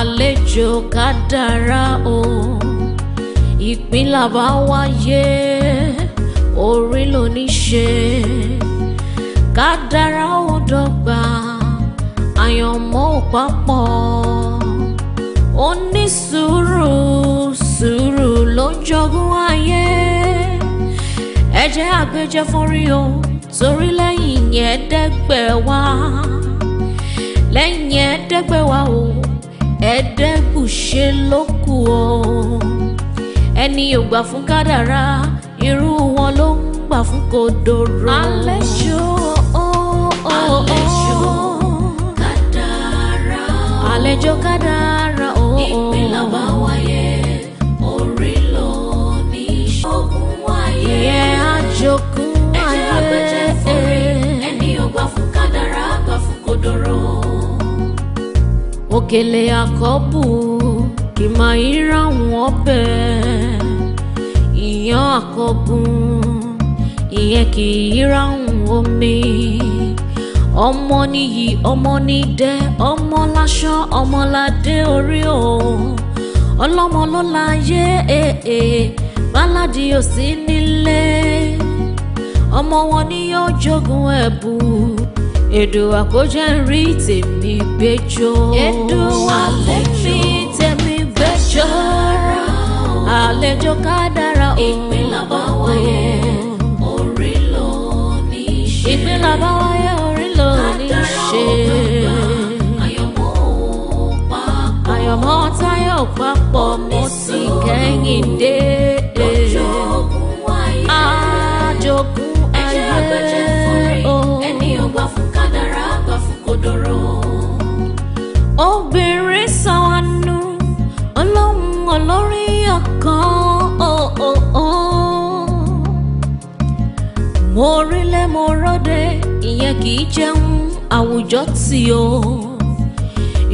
àlejò kádàrá o ìpínlẹ̀ bá wáyé orí ló ní ṣe kádàrá ò dọ́gba àyànmọ́ ò papọ̀ onísùúrù sùúrù ló ń jogún ayé ẹ jẹ́ àgbéjẹ́ fún rí o torí lẹ́yìn yẹn dẹ́gbẹ̀ẹ́ wá lẹ́yìn yẹn dẹ́gbẹ̀ẹ́ wá o ẹ̀ẹ́dẹ́gbùṣe ló kù o ẹni ò gbà fún kádàrá irú wọn ló ń gbà fún kodoro. àlejò àlejò kádàrá o àlejò kádàrá o. ìpínlẹ̀ bá wáyé orí lọ ní ṣọ́gun wáyé. ìyẹn àjòkò. òkèlè àkọ́bù ìmọ̀ ìràwọ̀n ọbẹ̀ ìyàn àkọ́bù ìyẹn kì í ráhùn omi ọmọ nìyí ọmọ nídẹ ọmọ láṣọ ọmọ ládé orí o ọlọ́mọ ló láyé èè eh, eh. báládì ò sí nílé ọmọ wọn ni yóò jogún ẹ̀bùn. Èdùà kó jẹ́ n rí tèmi gbẹ́jọ́. Èdùà lẹ́mi tèmi gbẹ́jọ́. Àlejò kádàrá o. Ìpín làbá wáyé orí ló ní ṣe. Ìpín làbá wáyé orí ló ní ṣe. Àyọ̀mọ́ táyọ̀ papọ̀ mo sì kẹ́yìn dé. Lójú ogun ayé. Àjogún ayé. Ẹ jẹ́ àgbẹ̀jẹ̀. mo rílẹ̀ mo rọ́dẹ ìyẹn kì í jẹun àwùjọ tì o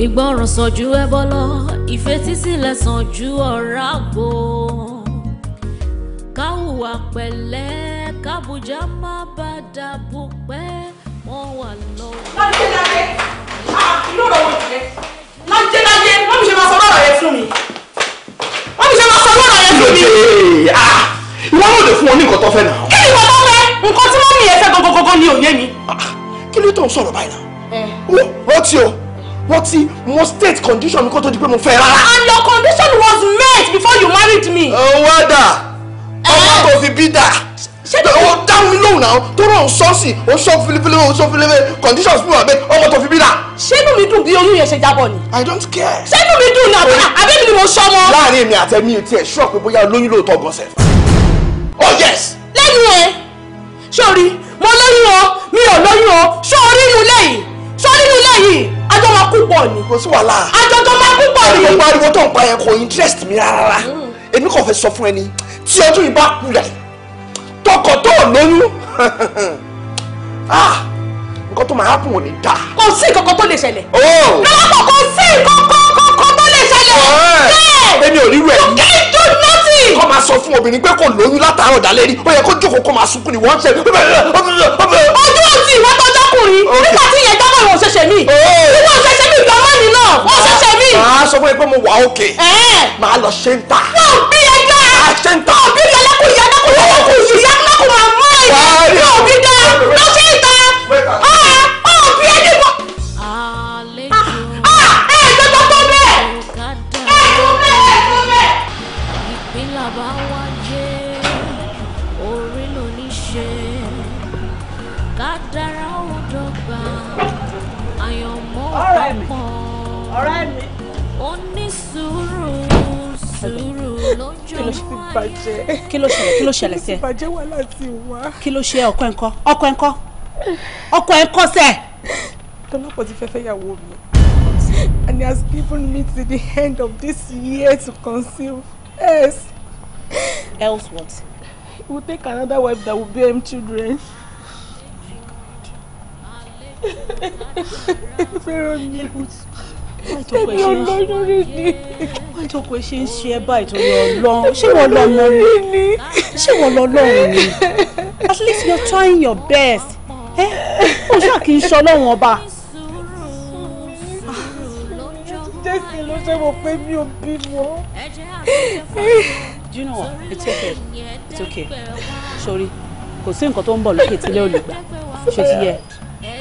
ìgbọràn sàn ju ẹbọ lọ ìfetísílẹ̀ sàn ju ọ̀rá gbò ká hùwà pẹ̀lẹ́ kábùjá má bá dàbò pẹ́ wọ́n wà lọ́wọ́. lájẹ́ láyé inú ọ̀rọ̀ wọn jẹ́ lájẹ́ láyé wọ́n fi ṣe máa sọ lọ́rọ̀ yẹn fún mi wọ́n fi ṣe máa sọ lọ́rọ̀ yẹn fún mi. Ah, ìwọ náà lè fún wọn ní nǹkan tó fẹ́ nà. kí ni nǹkan tó fẹ́ nǹkan tí mọ́mí yẹn fẹ́ gangan ni ò yé mi. Ah, kí ló tó ń sọ̀rọ̀ báyìí náà rántí eh. o rántí mo state condition mi kó tó di pé mo fẹ́ rárá. and your condition was met before you married me. owó dà eh? ọmọ tó fi bí dà ó dáhùn mi lóhùn náà tó rọrùn sọ́ọ̀sì ó sọ filifili ó sọ filifili conditions fún wa bẹ́ẹ̀ ọmọ tó fi bí dà. ṣẹ́nu mi dùn bí oyún yẹn ṣe jábọ̀ ni. i don't care. ṣẹ́nu mi dùn náà àbẹ́mi ni mo sọ mọ́. láàrin èmi àtẹ̀mí tiẹ̀ ṣọ́ọ̀pù bóyá olóyún lóòótọ́ gọ̀ọ́sẹ̀. oh yes. lẹ́nu ẹ̀ sórí mo lóyún o mi ò lóyún o sórí inú lẹ́yìn sórí inú lẹ́yìn ajọ́ máa kú pọ̀ ni. kò sí wàhálà. ajọ́ tó máa kú pọ̀ ni. pariwo pariwo tó ń pa yẹn kò interest mi rárá hmm. èmi kò fẹ́ sọ fún ẹni tí ọdún yìí bá kulẹ̀ tọkọ tó lóyún ah, nǹkan tó máa hápùn ò ní dáa. kò sí nǹkan tó lè ṣẹlẹ̀. lọ́wọ́ oh. kò sí nǹkan kò bẹ́ẹ̀ èmi ò rírú ẹ̀. you can't do nothing. kọ́ máa sọ fún obìnrin pé kò lóyún látàárọ̀ dálẹ́ rí ó yẹ kó jókòó kó máa sunkún ní wọ́n ṣe. ojú òsì ìwọ tó jọkùnrin nígbà tí ìyẹn jábọ̀ ìwọ ṣẹ̀ṣẹ̀ mi ìwọ ṣẹ̀ṣẹ̀ mi gbọ́mọ́ mi náà wọ́n ṣẹ̀ṣẹ̀ mi. màá sọ fún ẹ pé mo wà ókè màá lọ ṣe ń ta. wọ́n bí ṣẹlẹ̀ sí ẹ. kí ló ṣe ọkọ ẹ̀ńkọ́ ọkọ ẹ̀ńkọ́ ọkọ ẹ̀ńkọ́ sẹ̀. dọ́lápọ̀ ti fẹ́ fẹ́ yàwó mi and he has given me to the end of this year to conceal yes. else what. he will take another wife that will bear him children. fẹ́ràn mi tẹ̀mí ọlọ́run rí ni. wọ́n tó pé ṣe ń ṣe ẹ báyìí tó lọ lọ́run ṣé wọ́n lọ lọ́run ni ṣé wọ́n lọ lọ́run ni at least you're trying your best ẹ eh? ó ṣáà kì í ṣọ lọ́run ọba. jẹ́sí ló ṣe mọ̀ pé mi ò bímọ. do you know what it's okay it's okay sorry kò sí nǹkan tó ń bọ̀ lókè tílé ò lè gbà ṣe ti yẹ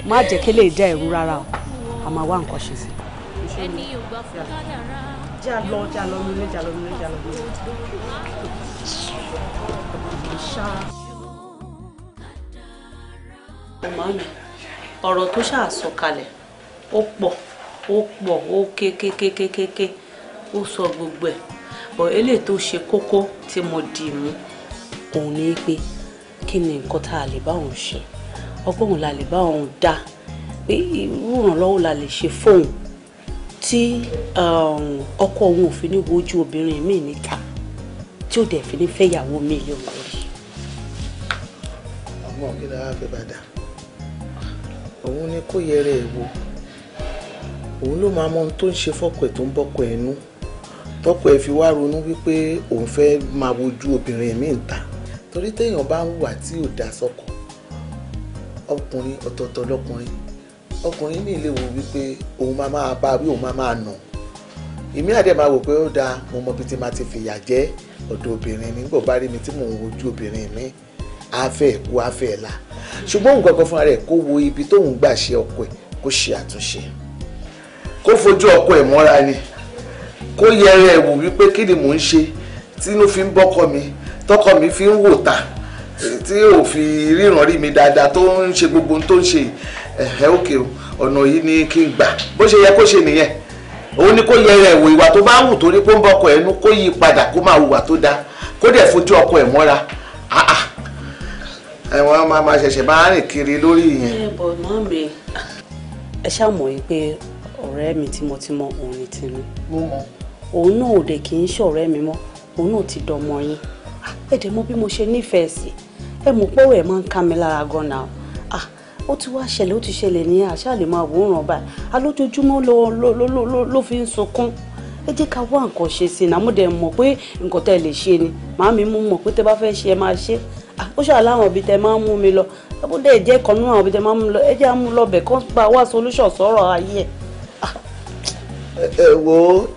má jẹ́ kí lè dá ẹ̀rú rárá o a máa nǹkan ṣe sí ẹni ògbà fún kádàrá. jà lọ jà lọ mi lé jà lọ mi lé jà lọ mi lé. ọmọmi ọ̀rọ̀ tó ṣáà sọ kalẹ̀ ó pọ̀ ó pọ̀ ó kékékékékéké ó sọ gbogbo ẹ̀ bọ̀ eléyìí tó ṣe kókó tí mo dì mú òun ní pé kí ni nǹkan tá a lè bá òun ṣe ọgbọ́n la lè bá òun dá pé irú ìrànlọ́wọ́ la lè ṣe fóun tí um, ọkọ òun ò fi ní wojú obìnrin míì níta tí ó dẹ̀ fi ní fẹ́yàwó mi yọ̀ wọ́n rí. ọmọ kí lára fi bàdà òun ni kó yẹra ẹ̀ wo òun ló máa mọ ohun tó ń ṣe fọ́kọ ẹ̀ tó ń bọ́kọ ẹ̀ nú tọ́kọ ẹ̀ fi wá ronú wípé òun fẹ́ máa wojú obìnrin míì níta torí téèyàn bá ń wà tí ò dá sọ́kọ ọkùnrin ọ̀tọ̀ọ̀tọ̀ lọkùnrin ọkùnrin mi lè wò wípé òun máa máa bá wí òun máa máa nù èmi àdé máa wò pé ó dáa mo mọ ibi tí màá ti fìyà jẹ ọ̀dọ̀ obìnrin mi nígbà bá rí mi tí mò ń wojú obìnrin mi afẹ́ ẹ̀kú afẹ́ ẹ̀la ṣùgbọ́n òun kankan fúnra rẹ̀ kó wo ibi tóun gbà ṣe ọkọ ẹ̀ kó ṣe àtúnṣe kó fojú ọkọ ẹ̀ mọ́ra ni kó yẹra ẹ̀ wò wípé kí ni mò ń ṣe tínú fi ń bọ́kọ mi tọkọ mi fi ń wò ta tí ò ríran rí mi dáadáa tó ń ṣe gbogbo ohun tó ń ṣe yìí ẹ̀hẹ́ òkè o ọ̀nà yìí ni kí n gbà bó ṣe yẹ kó ṣe nìyẹn òun ni kó yẹra ẹ̀wò ìwà tó bá wù torí pé ń bọkọ ẹnu kó yí padà kó máa hùwà tó dáa kó dẹ̀ fojú ọkọ ẹ̀ mọ́ra ẹ̀wọ̀n ah, ah. máa máa ṣẹ̀ṣẹ̀ máa rìn kiri lórí ìyẹn. ẹ bọ̀ mọ́ mi ẹ ṣàmọ̀ yìí pé ọ̀rẹ́ mi tímọ́tímọ́ òun ni tinú òun náà ò dẹ̀ kì í ṣọ̀rẹ́ mi mọ́ òun náà ti dọmọ yín ah, ẹ dẹ̀ mọ̀ bí mo ṣe nífẹ̀ẹ́ sí ẹ mọ̀ pé ọ̀rọ̀ ẹ̀ máa ń ká mi lára gan-an ó ti wá ṣẹlẹ̀ ó ti ṣẹlẹ̀ ní àṣà lè máa wòran báyìí alójoojúmọ́ ló ló ló ló fi ń sunkún ẹ jẹ́ ká wá nǹkan ṣe sí i nàmú dẹ̀ mọ̀ pé nǹkan tẹ́ lè ṣe ni màá mi mú mọ̀ pé tẹ́ bá fẹ́ ṣe ẹ máa ṣe ó ṣáà láwọn ibi tẹ́ máa ń mú mi lọ ó dẹ̀ jẹ́ kan nínú àwọn ibi tẹ́ máa ń mú lọ ẹ jẹ́ àmú lọ́bẹ̀ kan gba wá solution sọ̀rọ̀ ayé ẹ̀. ẹ wo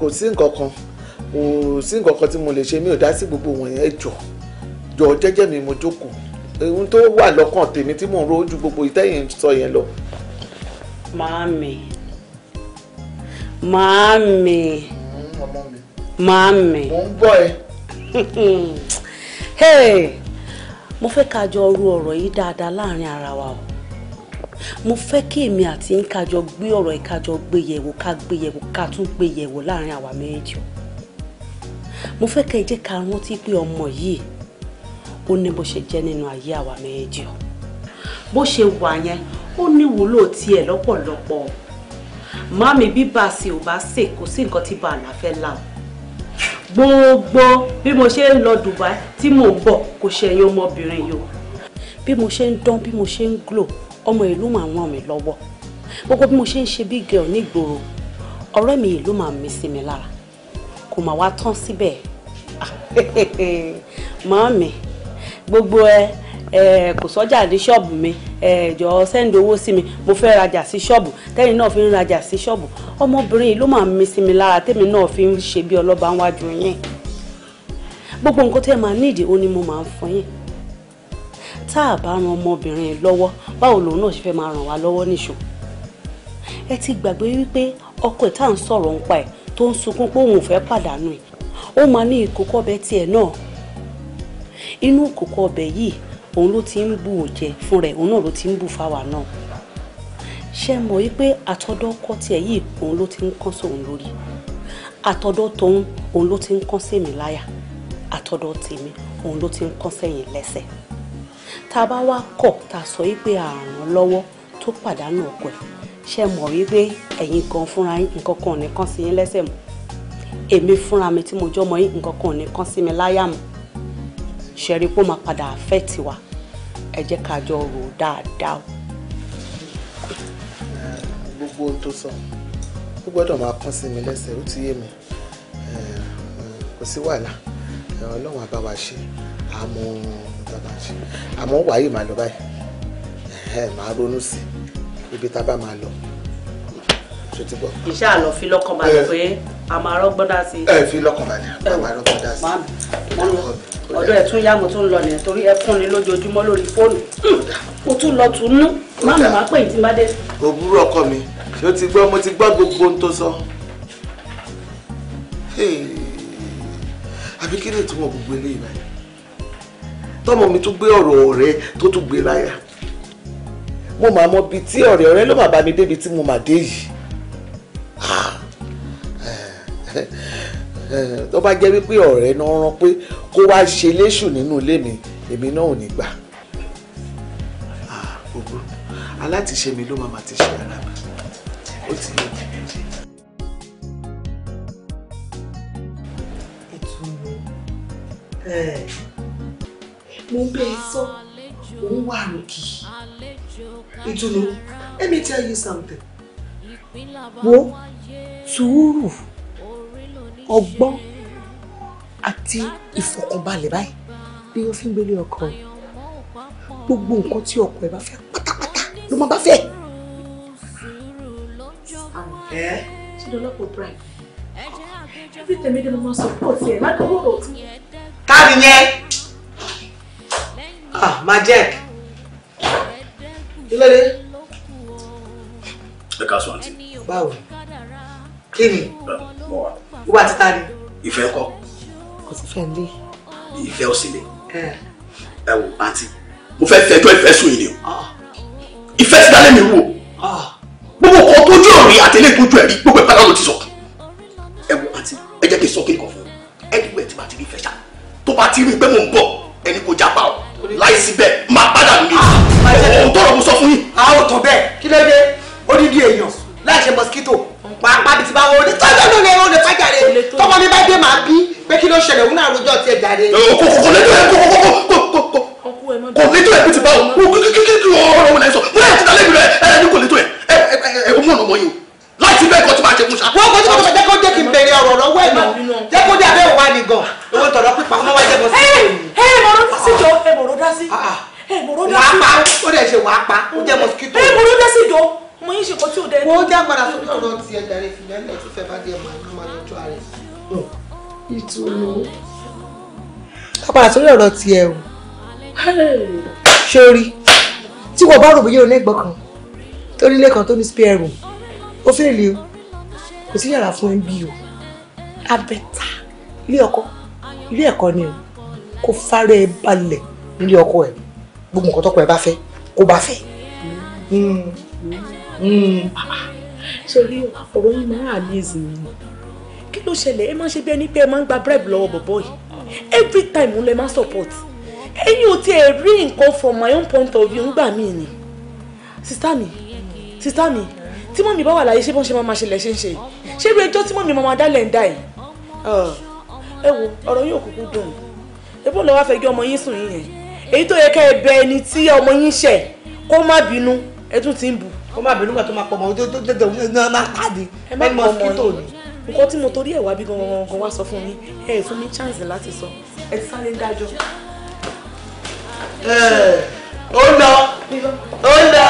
kò sí nǹkan kan kò sí nǹkan kan tí mo lè ṣe mi ò dá sí gbogbo wọ̀nyẹn jọ jọ jẹ́jẹ́ mi mo jókòó ohun tó wà lọ́kàn tèmi tí mò ń rojú gbogbo ìtẹ́yìn sọ yẹn lọ. Màámi. Màámi. Màámi. Mo ń gbọ́ ẹ. Hey! Mo fẹ́ ká jọ ru ọ̀rọ̀ yìí dáadáa láàrin ara wa o. Mo fẹ́ kí èmi àti yín ká jọ gbé ọ̀rọ̀ yìí ká jọ gbé yẹ̀wò ká gbé yẹ̀wò ká tún gbé yẹ̀wò láàrin àwa méjì Mo fẹ́ kẹ́ ẹ jẹ́ ká rántí pé ọmọ yìí ó ní bó ṣe jẹ́ nínú ayé àwa méjì o bó ṣe wà yẹn ó ní wúlò tiẹ̀ lọ́pọ̀lọpọ̀ mami bí bá a ṣe ò bá ṣe kò sí nǹkan tí bàálà fẹ́ là gbogbo bí mo ṣe ń lọ Dubai tí mò ń bọ̀ kò ṣẹ̀yìn ọmọbìnrin yìí o bí mo ṣe ń dán bí mo ṣe ń glow ọmọ ìlú máa ràn mí lọ́wọ́ gbogbo bí mo ṣe ń ṣe bí girl nígboro ọ̀rẹ́ mi ìlú máa mí sí mi lára kò mà wá tán síbẹ̀ màámi gbogbo ẹ kò sọ́jà ní ṣọ́ọ̀bù mi ẹ̀jọ̀ sẹ́ńdì owó sí mi mo fẹ́ rajà sí ṣọ́ọ̀bù tẹ́yìn náà fi ń rajà sí ṣọ́ọ̀bù ọmọbìnrin yìí ló máa ń mi sí mi lára tẹ́mi náà fi ń ṣe bí ọlọ́ba ń wájú yín gbogbo nǹkan tẹ́ máa nídìí ó ní mo máa ń fún yín tá a bá ran ọmọbìnrin lọ́wọ́ báwo lòun náà ṣe fẹ́ máa ràn wá lọ́wọ́ nìṣó ẹ ti gbàgbé wípé ọkọ ẹ̀ tá ń sọ̀rọ̀ ń ẹ̀ tó ń sunkún pé òun ò fẹ́ pàdánù ẹ̀ ó máa ní ìkókọ́ bẹ́ẹ̀ tiẹ̀ náà inú òkòkò ọbẹ̀ yìí òun ló ti ń bù jẹ fún rẹ̀ òun náà ló ti ń bù fáwa náà ṣe mọ̀ wípé àtọ́dọ́ ọkọ tiẹ̀ yìí òun ló ti ń kán sóun lórí àtọ́dọ́ tòun òun ló ti ń kán sèmi láyà àtọ́dọ́ tèmi òun ló ti ń kán sẹ́yìn lẹ́sẹ̀ tá a bá wá kọ̀ tá a sọ wípé àrùn lọ́wọ́ tó pàdánù ọkọ ẹ̀ ṣe mọ̀ wípé ẹ̀yin gan fúnra yín nǹkan kan ò ní kán sí yín lẹ́sẹ̀ mọ́ èmi fúnra mi tí mo jọ́ mọ́ yín nǹkan kan ò ní kán sí mi láyà mọ́ ṣẹ̀rí pé ó máa padà àfẹ́ tiwa ẹ jẹ́ ká jọ rò dáadáa. gbogbo tó sọ ó gbọ́dọ̀ máa sí mi lẹ́sẹ̀ ó ti yé mi kò sí wàhálà ọlọ́run àbá wa ṣe àmọ́ ṣe àmọ́ wàá yìí máa lọ báyìí máa ronú sí ibi tá a ṣètìgbọ́. iṣẹ́ àlọ́ fi lọ́kàn balẹ̀ eh. pé a máa rọ́gbọ́n dá sí. ẹ eh, fi lọ́kàn balẹ̀ a máa rọ́gbọ́n dá sí. ọ̀dọ̀ ẹ̀ tún yàgò tó ń lọ nìyẹn torí ẹ fún ni lójoojúmọ́ lórí fóònù mo tún lọ tún nú má mi máa pè é tí má dé. òbúrò ọkọ mi ṣé o ti gbọ́ mo ti gbọ́ gbogbo ohun tó sọ. àbí kí ni ìtumọ̀ gbogbo eléyìí báyìí tọmọ mi tún gbé ọ̀rọ̀ ọ̀rẹ́ tó tún gbé láyà mo máa mọ bíi tí ọ̀rẹ́ ọ̀rẹ́ ló máa bá mi débi tí mo máa dé yìí Eh, eh, tó bá jẹ́ wípé ọ̀rẹ́ náà rán pé kó wá ṣe léṣù nínú ilé mi èmi náà ò ní gbà gbogbo alátiṣe mi ló máa ti ṣe ara mi ó ti yẹ. Eh, mo ń bẹ ẹ sọ òun wà lókì ìtùnú let me tell you something wo sùúrù ọgbọ́n àti ìfọkànbalẹ̀ báyìí bí wọ́n fi ń gbélé ọkọ rẹ̀ gbogbo nǹkan tí ọkọ ẹ̀ bá fẹ́ pátápátá ló máa bá fẹ́. ṣé lọ́lọ́pọ̀ brian every time ẹ̀dẹ̀ ló máa support ẹ̀ ládùúgbò rò tún. káàdì yẹn ah majek ilé dé. ẹ ká sọ àǹtí. báwo ni kí ni ìwà àti ta ni. ìfẹ́ kọ́. kò sí fẹ́ lé. ìfẹ́ ò sí lé. ẹ wò àǹtí mo fẹ́ fẹ́ ìfẹ́ sùn yìí ni o ah. ìfẹ́ ti dálé mi rú o ah. gbogbo kan tójú ọ̀rìn àtẹlé tójú ẹ̀rí gbogbo ẹ̀ pátá ló ti sọ ẹ wò àǹtí ẹ jẹ́ kí n sọ kí n kọ̀ fún ẹ ẹ dúpẹ́ tí bá ti rí ìfẹ́ ṣá tó bá ti rí pé mò ń bọ̀ ẹni kò jápa o láì síbẹ̀ máa padà ah, mi ẹ̀wọ̀n tọrọ mo sọ fún yín. a ò tọ̀ bẹ́ẹ̀ kí ló dé odidi èèyàn láì ṣe mosquito ṣẹlẹ̀ òun náà rojọ́ tiẹ̀ jáde. kò kò lẹ́jọ́ ẹ̀ kò kò kò kò kò kò lẹ́jọ́ ẹ̀ bí ti bá o kò kí kí kí ọ̀rọ̀ wọn náà sọ wọ́n yà ti dalẹ́ mi rẹ̀ ẹ̀ ní kò lẹ́jọ́ ẹ̀ ẹ̀ ẹ̀ ẹ̀ mú yìí o láti bẹ́ẹ̀ kọ́ tí máa jẹ musa. wọ́n kọ́ tí mo tọ́ jẹ́ kó jẹ́ kí n bẹ̀rẹ̀ ọ̀rọ̀ lọ́wọ́ ẹ̀ náà jẹ́ kó dé abẹ́ òwa nìgan owó tọ̀dọ̀ pípa ọmọ wa jẹ́ bọ́ sí. ẹ ẹ mọ̀rọ̀ dá sí jọ ẹ mọ̀rọ̀ dá sí. wàá pa ó dẹ̀ ṣe wàá pa ó jẹ́ mosquito. ẹ mọ̀rọ̀ dá sí jọ mo yín ṣe kó tí ò dẹ́. wọ́n dá padà sórí ọ̀rọ̀ tiẹ̀ dàrẹ́ fìdí ẹ̀ náà fẹ́ bá díẹ̀ máa ń lọ́jọ́ ààrẹ ìtùnú. ká padà sórí ọ̀rọ̀ tiẹ̀ o ṣorí tí wọ́n bá rò bóyá onígbọ̀n kan tó nílé kan tó ní spare room ó fèlè o kò sí yàrá fún ẹbí o abẹ́ta ilé ọkọ ilé ẹ̀kọ́ ni o kó fárẹ́ balẹ̀ nílé ọkọ ẹ̀ gbogbo nǹkan tọkọ ẹ̀ bá fẹ́ kó bá fẹ́. sori hmm. hmm. ọ̀rọ̀ yìí máa àmì ìzìn mi kí ló ṣẹlẹ̀ ẹ máa ṣe bí ẹni pé ẹ máa ń gba bribe lọ́wọ́ bọ̀bọ̀ yìí every time ń lọ ẹ máa support ẹ̀yin ò tiẹ̀ rí nǹkan from my own point of view ńgbà míì ni sista mi sista mi tí mọ̀mí bá wà láyé ṣé bọ́n ṣe máa ṣẹlẹ̀ ṣe ń ṣe ṣé irú ẹjọ́ tí mọ̀mí máa dálẹ̀ ń dá ẹ̀ ẹ wo ọ̀rọ̀ yóò kúkú dùn ebó lọ wá fẹjọ́ ọmọ yín sùn yín yẹn èyí tó yẹ ká ẹ bẹ ẹni tí ọmọ yín ṣẹ̀ kó má bínú ẹ tún ti ń bù. kó má bínú gbà tó máa pọ̀ mọ́ ojú tó dẹ̀ máa pàdé ẹ mọ́síkítò ni nǹkan tí mo torí ẹ̀ wá bí gangan gangan wá sọ fún mi ẹ fún mi chance láti sọ ẹ ti sáré dájọ́. ó lọ ó lọ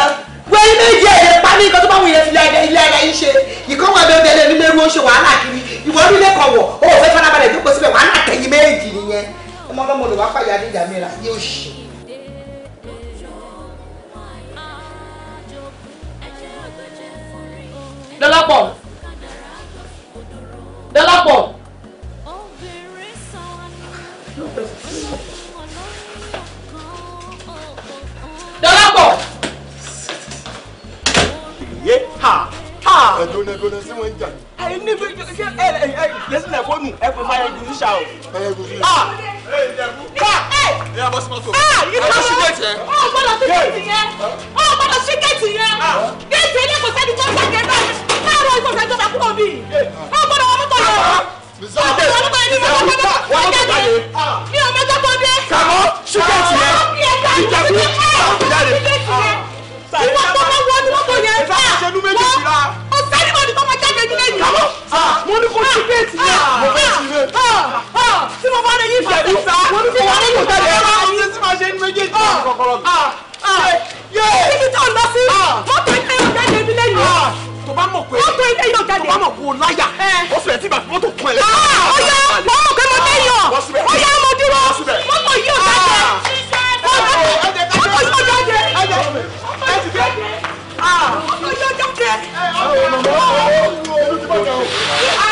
wọ́n ilé méjì ẹ̀yẹ pa ní nǹkan tó bá wù yẹn fi ilé ara yín ṣe ìkan wà bẹ́ẹ̀ bẹ́ẹ̀ nínú ewu oṣù wàhálà kiri ìwọ nílé kan wọ̀ ó fẹ́ farabalẹ̀ tó pèsè bẹ́ẹ̀ wàhálà tẹ̀yìn méjì nìyẹn ọmọ ọlọ́mọ ló wá pàyà ní ìyá mẹ́ra yóò lọ́lọ́pọ̀ Dọ́lápọ̀. Dọ́lápọ̀. Yé ha ha. Ẹ̀dọ́nà ẹ̀dọ́nà sí wọ́n ń jà. Ẹ ní bí ṣe ẹ ẹ ẹ lẹ́sìn ẹ̀ fóònù ẹ fi máa yẹ gùn ṣá o. Ẹ yẹ gùn ṣá. Ẹ ẹ dẹ̀kú. Ká ẹ. Ẹ yà bọ́ sí mọ́tò. Ẹ yà bọ́ sí gẹ̀ẹ́tì yẹn. Ó gbọ́dọ̀ sí gẹ̀ẹ́tì yẹn. Ó gbọ́dọ̀ sí gẹ̀ẹ́tì yẹn. Gẹ̀ẹ́tì yẹn kò sẹ́ni tó ń bá gẹ̀ẹ́tì yẹn ọ̀rọ̀ ìgbọ̀n fẹ́ jọba kúrò bí. ó gbọ́dọ̀ wọn mọ́tò yẹn. ó ah, gbọ́dọ̀ wọn mọ́tò yẹn ní wọn mọ́tò wọn jáde. Ah, mi ò mẹ́tọ́ tó dé. kàmọ́ ṣúkẹ́ẹ̀tì yẹn ìjàkú jáde. ìwọ tó bá wọ ní mọ́tò yẹn. wọ́n ó sẹ́ni mọ́ ni tó máa jáde nílé yìí. kàmọ́ mo ní kó ṣúkẹ́ẹ̀tì ah, yẹn mo fẹ́ ti rẹ̀. tí mo bá lè yí ìfẹ́ mi sá. mo ní kó wọlé yóò jáde. mo ní kí n tó lọ sí. mọ́tò ìfẹ́ yóò jáde nílé yìí tó bá mọ̀ pé mọ́tò ilé yóò jáde tó bá mọ̀ pé o láyà ó sì rẹ̀ tí màá mọ́tò kan ẹ̀ lẹ́yìn. ọ̀yà mo mọ̀ pé mo tẹ̀yàn ọ̀yà mo dúró mọ́tò yóò jáde mọ́tò yóò jáde mọ́tò yóò jáde.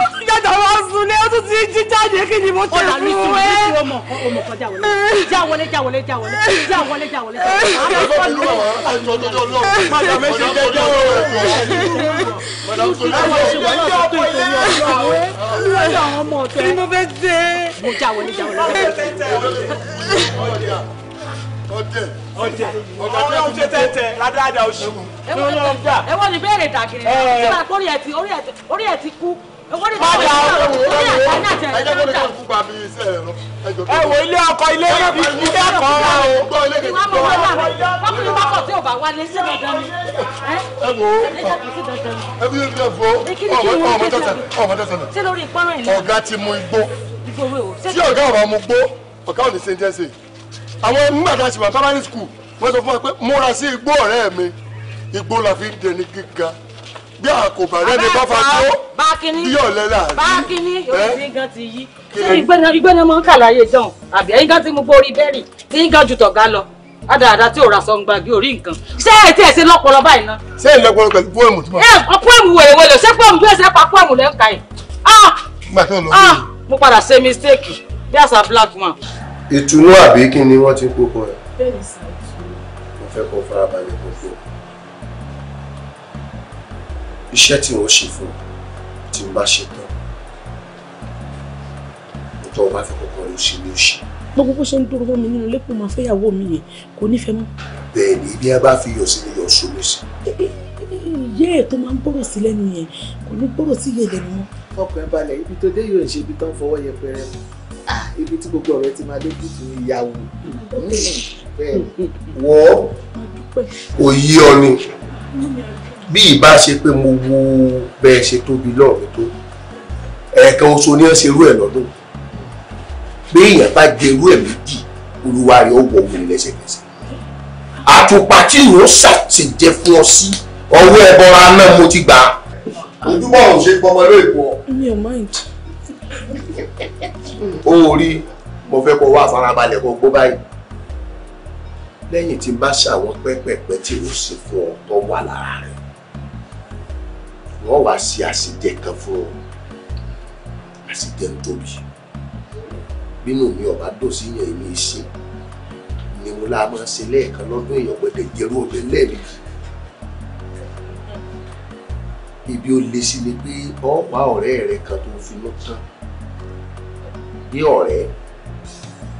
ó tún jàjà wá sùn ní ó tún ti jí jáde kí ni mo ṣe fún ẹ. ọmọ kan já wọlé já wọlé já wọlé já wọlé já wọlé já wọlé. madame ṣe jẹjẹ o madame ṣe jẹjẹ o tó ìtòlú já wọlé já wọlé ọjẹ ọjẹ Ọlọ́run ṣe tẹtẹ ládàáda oṣù. ẹ wọ́n ní bẹ́ẹ̀rẹ̀ dàgìrì náà síbà orí ẹ̀ ti kú ẹ ilé ọkọ ilé ibi ilé ẹ̀kọ́ wa o. ìwà mọ̀ wọ́n wà lọ́kùnrin bá kọ̀ tí ò bá wálé sí dandan ni. ẹ wo ẹ bí yóò fọ ọmọ tẹsán ọmọ tẹsán náà. ṣé lórí ìpọ́nrán ìlú. ọ̀gá ti mu igbó tí ọ̀gá ọ̀rọ̀ mu gbó ọ̀gá ò ní ṣe ń jẹ́sẹ̀. àwọn nígbà tá primary school wọ́n sọ fún wa pé múra sí igbó ọ̀rẹ́ mi igbó la fi ń dẹni gíga bí àkóbá rẹ ni bá fa tó yóò lẹ́la rí. báàkínní òsì gan ti yí ìgbẹ́ náà máa ń kà láyé jọ̀hún àbí ẹ̀yìn gan ti mú borí bẹ́ẹ̀rì tí ń gan ju tọ̀gá lọ ádàáda tí òòrà sọ ń gbàgbé orí nǹkan ṣé ẹ tí ẹ ṣe lọ́pọlọ báyìí ná. ṣé ẹ lọ́pọlọ pẹ̀lú pọ́ẹ̀mù tí mo. ẹ pọ́ẹ̀mù wèrè wèrè ṣé pọ́ẹ̀mù bí ẹ̀ṣẹ̀ pa pọ́ẹ̀mù lẹ́ǹkà yìí. Ah! Ah! mo padà ṣe mistake bí àṣà black man. ìtùnú àbí kí ni wọ́n ti kókó ẹ̀. mo fẹ́ kó farabalẹ̀ kókó iṣẹ́ tí wọ́n ṣe fún tí n bá ṣe tán nítorí wọ́n bá fẹ́ kọ́kọ́ ló ṣe ló ṣe. gbogbo bó ṣe ń dúró mi nínú lẹ́kùn máa fẹ́ ìyàwó mi yẹn kò nífẹ̀ẹ́ mọ́. bẹ́ẹ̀ ni ibi a bá fi yọ̀ sí ni yọ̀ sómi sí. ìyá ẹ̀ tó máa ń gbọ́rọ̀ sí lẹ́nu yẹn kò ní gbọ́rọ̀ sí yẹn lẹ́nu mọ́. ọkùnrin balẹ̀ ibi tó dé yóò ṣe ibi tó ń fọwọ́ yẹpẹrẹ mọ́ ah. ibi tí gbogbo ọ̀rẹ́ ti máa dé kùtù ìyàwó bẹ́ẹ̀ wọ́ òyí ọ ni bí ìbá ṣe pé mo wo bẹ́ẹ̀ ṣe tóbi lọ́ọ̀mí tó ẹ̀ẹ̀kan oṣù ni wọ́n ṣe irú ẹ̀ lọ́dún bí èèyàn bá jẹ irú ẹ̀ méjì olúwa rẹ̀ ó wọ òun lẹ́sẹ̀kẹsẹ̀ àtùpà tí yóò ṣàtìjẹ fún ọ sí ọwọ́ ẹ̀bọra náà mo ti gbà á. ojúbọ̀ ò ṣe gbọmọ ló ìbọ̀. mi ò mind. ohun orí mo fẹ́ kó wá farabalẹ̀ kó gbó báyìí lẹ́yìn tí n bá ṣàwọn pẹ́pẹ́pẹ́ tí ó sì fún ọ tó wà lára rẹ̀ wọ́n wá sí àṣìjẹ kan fún ọ àṣìjẹ ń tóbi bínú mi ọba dùn sí yàn èmi ìṣe ni mo láa máa ṣe lẹ́ẹ̀kan lọ́dún èèyàn gbọ́dọ̀ jẹ́rú ọbẹ̀ lẹ́ẹ̀mejì ibi ó le sí ni pé ọ wá ọ̀rẹ́ rẹ kan tó fi ló tán bí ọ̀rẹ́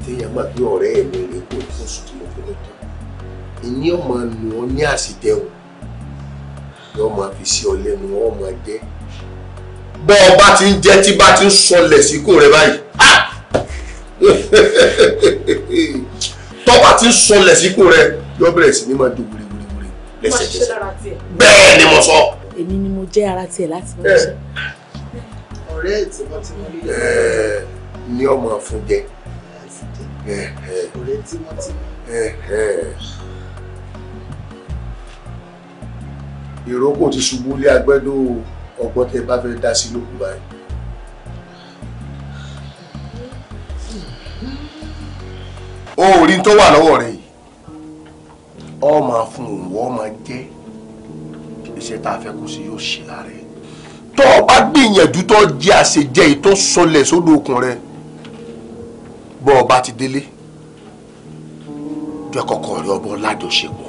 téèyàn mọ̀ bí ọ̀rẹ́ mi rè kó tó sùn tó fi ló tán ìní ọmọ nù ọ ní àṣìjẹun ni wọ́n máa fi sí ọ lẹ́nu wọ́n máa jẹ́ bọ́ ọ bá ti ń jẹ́ tí bá ti ń sọlẹ̀ síkùn rẹ báyìí tọ́ ti ń sọlẹ̀ síkùn rẹ yóò bẹ̀rẹ̀ sí ní máa dùn wúriwúriwúri lẹ́sẹ̀kẹsẹ̀ bẹ́ẹ̀ ni mo sọ. èmi ni mo jẹ́ ara tiẹ̀ láti máa ṣe. ọ̀rẹ́ ẹ̀ wọ́n ti mú mi. ní ọmọ fún jẹ. ọ̀rẹ́ tí wọ́n ti mú mi. ìrókò ti ṣubú lé agbẹ́dọ̀ ọgbọ́n tẹ bá fẹ́ dá sí lókù báyìí. o ò rí tó wà lọ́wọ́ rẹ̀ yìí ọ máa fún òwò ọ jẹ́ iṣẹ́ tá a fẹ́ kó sí yóò ṣe lára ẹ̀ tó o bá gbìyànjú tó jẹ́ àṣejẹ́ yìí tó sọlẹ̀ sódò okùn rẹ̀ bọ́ ọ bá ti délé jẹ́ kọ́kọ́ rẹ̀ ọbọ̀ lájọṣepọ̀.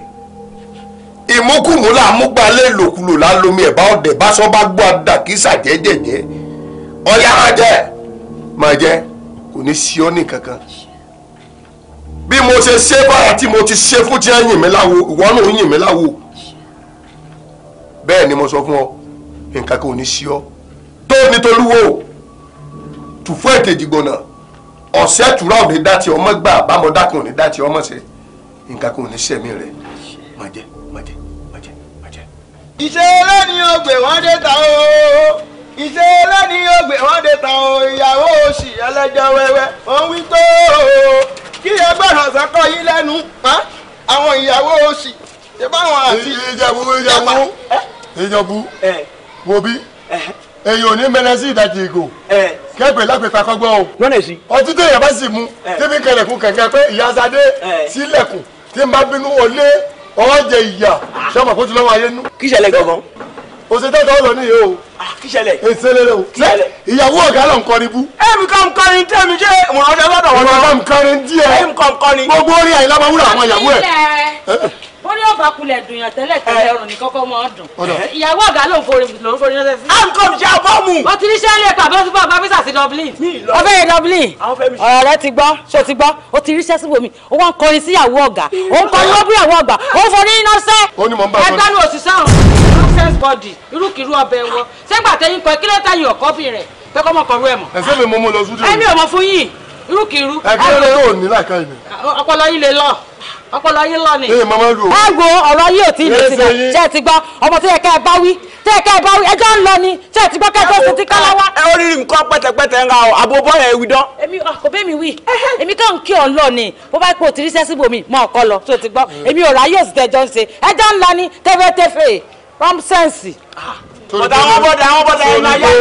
ìmúkùmú là ń múgbà lé lòkulò lálomi ẹ̀bá ọ̀dẹ̀ bá sọ bá gbọ́ àdàkísà jẹ́jẹ̀jẹ́ ọ̀yà máa jẹ́ máa jẹ́ kò ní sí ọ́ ní kankan bí mo ṣe ṣe báyà tí mo ti ṣe fún tí wọ́n yìn mí láwo ìwọ náà ń yìn mí láwo bẹ́ẹ̀ ni mo sọ fún ọ nǹkan kan ní sí ọ tó ní tolúwo tùfú ètèjì gbọ̀nà ọ̀sẹ̀ tùrọ̀ ò ní dá ti ọmọ gbà bámọ́dá kan ní dá ti ọmọ ṣe nǹkan kan ní sẹ̀mí rẹ̀ ìṣe lẹ́ni ògbè wọ́n dé ta o ìṣe lẹ́ni ògbè wọ́n dé ta o ìyàwó oṣì ẹlẹ́jọ́ wẹ́wẹ́ wọ́n wí tó o kí ẹ gbọ́dọ̀ sọ́kọ́ yín lẹ́nu àwọn ìyàwó oṣì ṣe báwọn àti. ìjẹ̀bú ìjẹ̀bú ìjọ̀bú wo bí èyí ò ní mẹ́lẹ́ sí ìdajì ìgò kẹ́pẹ́ lápẹ́pẹ́ akọ́gbọ́ o ọtí tó yẹ bá sì mu tí fi kẹlẹ̀kùn kẹ̀kẹ́ pé ìyá sadé sílẹ̀kùn tí n bá bínú wọlé ọjẹ ìyà sọmọ kó ti lọ́wọ́ ayé nú. kí ṣẹlẹ̀ gangan. òṣèlú tẹ́tọ̀ ọ̀rọ̀ ni yìí ah, o. kí ṣẹlẹ̀. èsèlérè o. kí ṣẹlẹ̀. ìyàwó ọ̀gá lọ nkọrin bú. ẹ̀mí kan kọrin tẹ́mi jẹ́ mọ̀nàdọ́lọ́dọ̀ wọn. mọ̀nàdọ́lọ́dọ̀ kọrin díẹ̀. ẹ̀mí kan kọrin. gbogbo orin àyìnlá máa wúlò àwọn ìyàwó ẹ̀ ó ní ọba kulẹ̀ dùnyàn tẹ́lẹ̀ tẹ́lẹ̀ eh. ọrùn ní kọ́kọ́ mọ́ ọdún ìyàwó ọ̀gá ló ń forí ló ń forí lọ́sẹ̀ sí. ankom jẹ́ ọkọ mu. mo ti ní sẹ́ẹ̀lì ẹ̀ka bí wọ́n ti fún ọba bísà sí Dublin. ọbẹ̀ yẹn Dublin ọ̀rọ̀ rẹ ti gbọ́ ṣó ti gbọ́ ó ti ríṣẹ́ síbòmí ó wá ń kọrin sí ìyàwó ọ̀gá ó ń kọrin lọ́bí ìyàwó ọ̀gá ó ń forí iná sẹ́. lè lọ ọpọlọ lọ ni. ẹ mama lu o. aago ọ̀rọ̀ yìí ò tí ì lè ti bọ̀ ṣe ti gbọ́ ọmọ tó yẹ ká ẹ bá wí tó yẹ ká ẹ bá wí ẹjọ́ ń lọ ni ṣe ti gbọ́ kẹjọ́ sí ti kọ́lá wá. ẹ ó rí nǹkan pẹ́tẹ́pẹ́tẹ́ ń ra o àbò bọ́ọ̀yà ewi dán. èmi ah, kò bẹ́ẹ̀ mi wí èmi kàn ń kí ọ lọ ni bó bá kó o ti ríṣẹ́ síbò mi mọ ọkọ lọ tó ti gbọ́ mm. èmi ọ̀rọ̀ ayé òsì tẹjọ́ ń ṣe ẹjọ́ ń lọ ni tẹ́fẹ́tẹ́fẹ́ rọ́mṣẹ́ǹsì. bọ̀dà àwọn bọ̀dà àwọn bọ̀dà ẹ̀ máa yá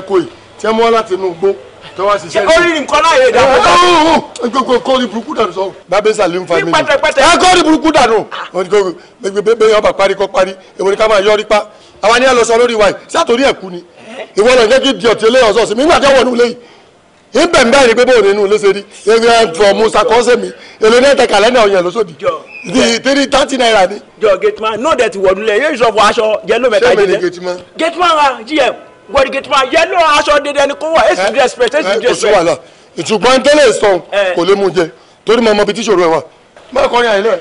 gbé tí wọ́n láti inú igbó tí wọ́n ṣiṣẹ́. ó rí nǹkan náà yé dànù. gbogbo kọ́ọ̀rì burúkú dànù sọ. bàbá ìsàlẹ̀ ń fa mi. ẹ kọ́ọ̀rì burúkú dànù. bẹ́ẹ̀ yọba parí kọ́ parí èwo ni ká máa yọrí pa àwa ni ẹ lọ sọ lórí wa yìí sátòrí ẹ̀ kú ni ìwọ lọ jẹ́ di ọ̀tí eléyọ̀ sọ̀sì mi nígbà tí wọ́n nù léyìí ibẹ̀ ń báyìí pé bó nínú ló ṣe rí ẹgbẹ́ di three thirty naira ni. jọ gateman no debt wọ̀nulẹ̀ yóò sọ fún aṣọ yẹlò mẹ́ta jẹ́ dẹ́ gateman wa gm gbọ̀dìgìtì máa yẹ́lò aṣọ dédé ẹni kó wọ̀ èsì dress press èsì dress press. kò sí wàhálà ìtùgbọ́n tẹ́lẹ̀ sọ eh. kò lè mú jẹ torí mo mọ ibi tí ìṣòro ẹ wà má kọrin àìlẹ́.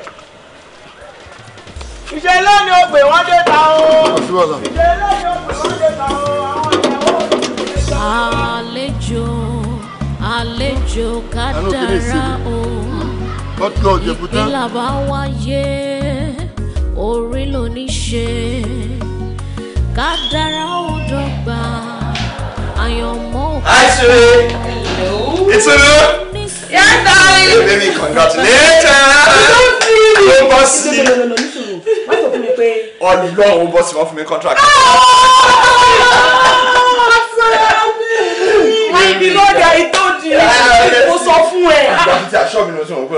ìṣẹ̀lẹ̀ ni ó gbé wọ́n dé ta o ìṣẹ̀lẹ̀ ni ó gbé wọ́n dé ta o àlejò àlejò kádàrá o ìpìlà bá wáyé orí ló ṣe kádàrá ó dọ́gba Hi sweet. It's Olu. Yeah, darling. baby, congratulations. Ó bọ́ sí. Wọ́n sọ fún mi pé. Ọlọ́ ó bọ́ sí wọ́n fún mi contract. Wọ́n ibi lọ́dà ìtọ́jú. Mo sọ fún ẹ. Ìgbà tí aṣọ́ mi lọ sí wọn pé.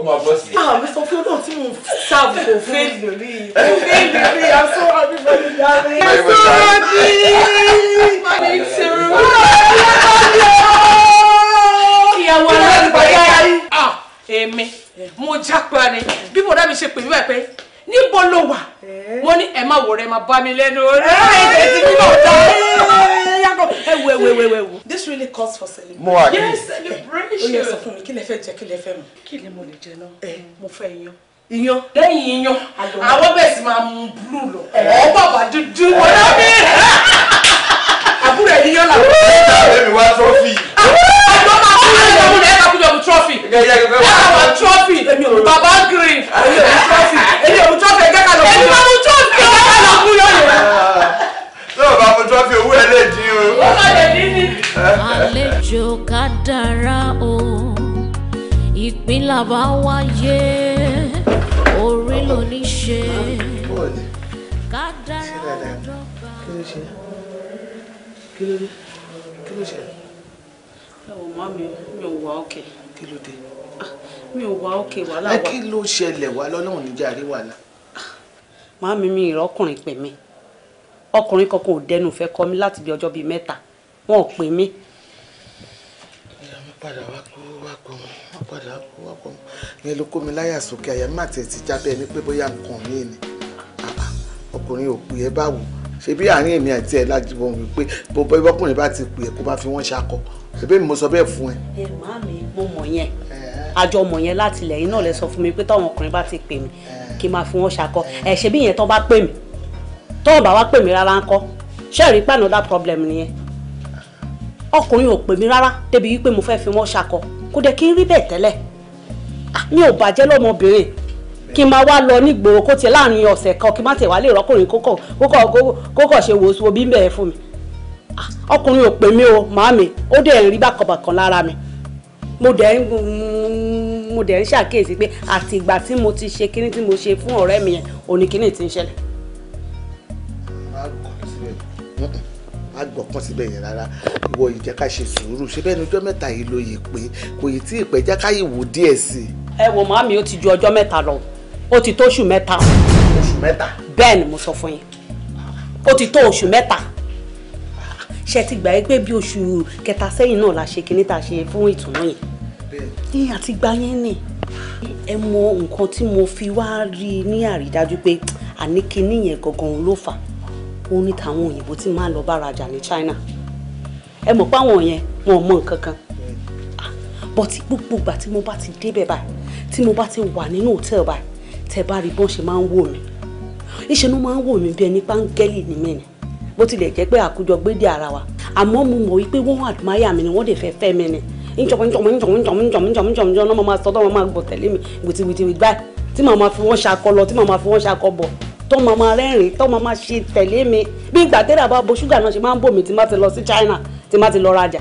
Oh, máa bọ́ sílẹ̀. àwọn àmì sọ fún náà tí mo sáàbù kò fail lórí kò fail lórí i'm so happy for you darling. i'm so happy. my name is seru. ìyàwó aláàbò bàbá yìí. èmi mo jápa ni bí mo dá mi ṣe pè mí wá pé níbo ló wà eh. wọ́n ní ẹ má wò rẹ má bá mi lẹ́nu orí ẹ̀ ti bí náà dá ẹ wo eh. ẹ wo eh. ẹ wo ẹ wo. this really calls for celebration. mo agree yes celebration. ó yẹ sọ fún mi kí lẹ fẹ́ jẹ kí lẹ fẹ́ mu. kí lẹ mo lè jẹ náà mo fẹ́ yan iyan lẹ́yìn iyan àwọn bẹ́ẹ̀ sì máa mú búlù lọ ọ bàbá dúdú wọn náà bí àbúrò iyan làwọn. ọ̀rẹ́ mi wá sọ́fì ẹ̀ka kújọ ẹ̀ka kújọ mu trọ́fì ẹ̀ka wà trọ́fì bàbá green èmi ò mu trọ́fì ẹ̀ka kà lọ kújọ èmi máa mu trọ́fì ẹ̀ka kà lọ kújọ yẹn. tó o bá mu trọ́fì owó ẹ lè dín o. owó lè dín ni. àlejò ká dára o ìpín làbá wáyé orí ló ní ṣe ká dára o dọ́gba. kí ló ṣe kí ló ṣe kí ló ṣe ẹ̀wọ̀ mọ́ mi mi ò wá òkè. kí ló dé. Ah, mi ò wá òkè wàhálà wa. kí ló ṣẹlẹ̀ wá lọ́lọ́run níjà rí wàhálà. Ah, màá mi mi ìrọ́kùnrin pè mí ọkùnrin kankan ò dẹnu fẹ́ kọ mí láti bí ọjọ́ bíi mẹ́ta wọn ò pè mí. ìyá mi padà wá kú wá kọ mọ wọn padà wá kú wá kọ mọ ìyẹn ló kó mi láyà sókè àyà má tẹ̀ ti jábẹ́ ni pé bóyá nǹkan mi ni ah, ọkùnrin ò pè é báwo ṣebí àárín èmi àti ẹ̀ lájú wọn wípé bọ́bọ́ bá ti pè é kó bá fi wọ́n ṣakọ ṣebí mo sọ bẹ́ẹ̀ fún ẹ. ẹ máa mi mo mọ̀ yẹn àjọ mọ̀ yẹn láti ilẹ̀ yìí náà lẹ sọ fún mi pé táwọn ọkùnrin bá ti pè mí kí n máa fi wọ́n ṣakọ ẹ ṣebí yẹn tán bá pè mí tán bá wá pè mí rárá ńkọ́ ṣé rí pàánù dá problem nìyẹn ọkùnrin ò pè mí rárá débi wípé mo fẹ́ fi wọ́n ṣakọ kó dẹ̀ kí n rí bẹ́ẹ̀ tẹ́lẹ̀ ah, mi ò bàjẹ́ lọ́mọbìnrin kí n máa wá lọ nígboro kó tiẹ̀ láàrin ọ̀sẹ̀ kan kí n má tiẹ̀ wá lè rọ́kùnrin kókọ̀ ṣe wòó sí obí ń bẹ̀ẹ́ ọkùnrin ò pè mí o màámi ó dẹ̀ ń rí bákanbàkan lára mi mo dẹ̀ ń mo dẹ̀ ń ṣàkíyèsí pé àti ìgbà tí mo ti ṣe kíní tí mo ṣe fún ọ̀rẹ́ mi yẹn òní kíní ti ń ṣẹlẹ̀. má gbọ̀kan síbẹ̀ yẹn rárá ìwọ yìí jẹ́ ká ṣe sùúrù ṣé bẹ́ẹ̀ ni ọjọ́ mẹ́ta yìí ló yìí pé kò yìí tí ìpẹ́ jẹ́ ká yìí wò díẹ̀ sí i. ẹ wo màámi ó ti ju ọjọ́ mẹ́ta lọ ó ti tó oṣù mẹ́ta. oṣù mẹ́ta. bẹ́ẹ̀ ni mo sọ fún yín ó ti tó oṣù mẹ́ta ṣe ti gbà yí pé bí oṣù kẹta sẹ́yìn náà la ṣe kinní tá a ṣe fún ìtùnú yẹn ní àti gbà yẹn ni ẹ mọ nǹkan tí mo fi wá rí ní àrídájú pé àní kinní yẹn gangan ló fà òun ní tàwọn òyìnbó tí máa ń lọ bára jà ní China ẹ mọ̀ páwọn yẹn wọn ò mọ nǹkan kan bọ́tí ah, gbogbo ìgbà tí mo bá ti débẹ̀ báyìí tí mo bá ti wà nínú hòtẹ́ẹ̀lì báyìí tẹ bá rí bọ́n ṣe máa ń wò mí níṣẹ́ ló máa ń wò mí bí ẹni páńgẹ́lì ní mẹ́rin bó tilẹ̀ jẹ́ pé àkójọ gbédè ara wa àmọ́ mo mọ̀ wípé wọ́n admire mi ni wọ́n dẹ̀ fẹ́ fẹ́ mi ni njọmọ njọmọ njọmọ njọmọ njọmọ njọmọ njọmọ njọmọ náà máa sọ tó máa gbọ́ tẹ̀lé mi wìtìwìtì gbà tí màá máa fi wọ́n ṣakọ lọ tí màá máa fi wọ́n ṣakọ bọ̀ tó máa máa rẹ́rìn tó máa máa ṣe tẹ̀lé mi bí ìgbà tẹ́lẹ̀ àbá bo ṣúgà náà ṣe máa ń bò mí tí má ti lọ sí China tí má ti lọ rajà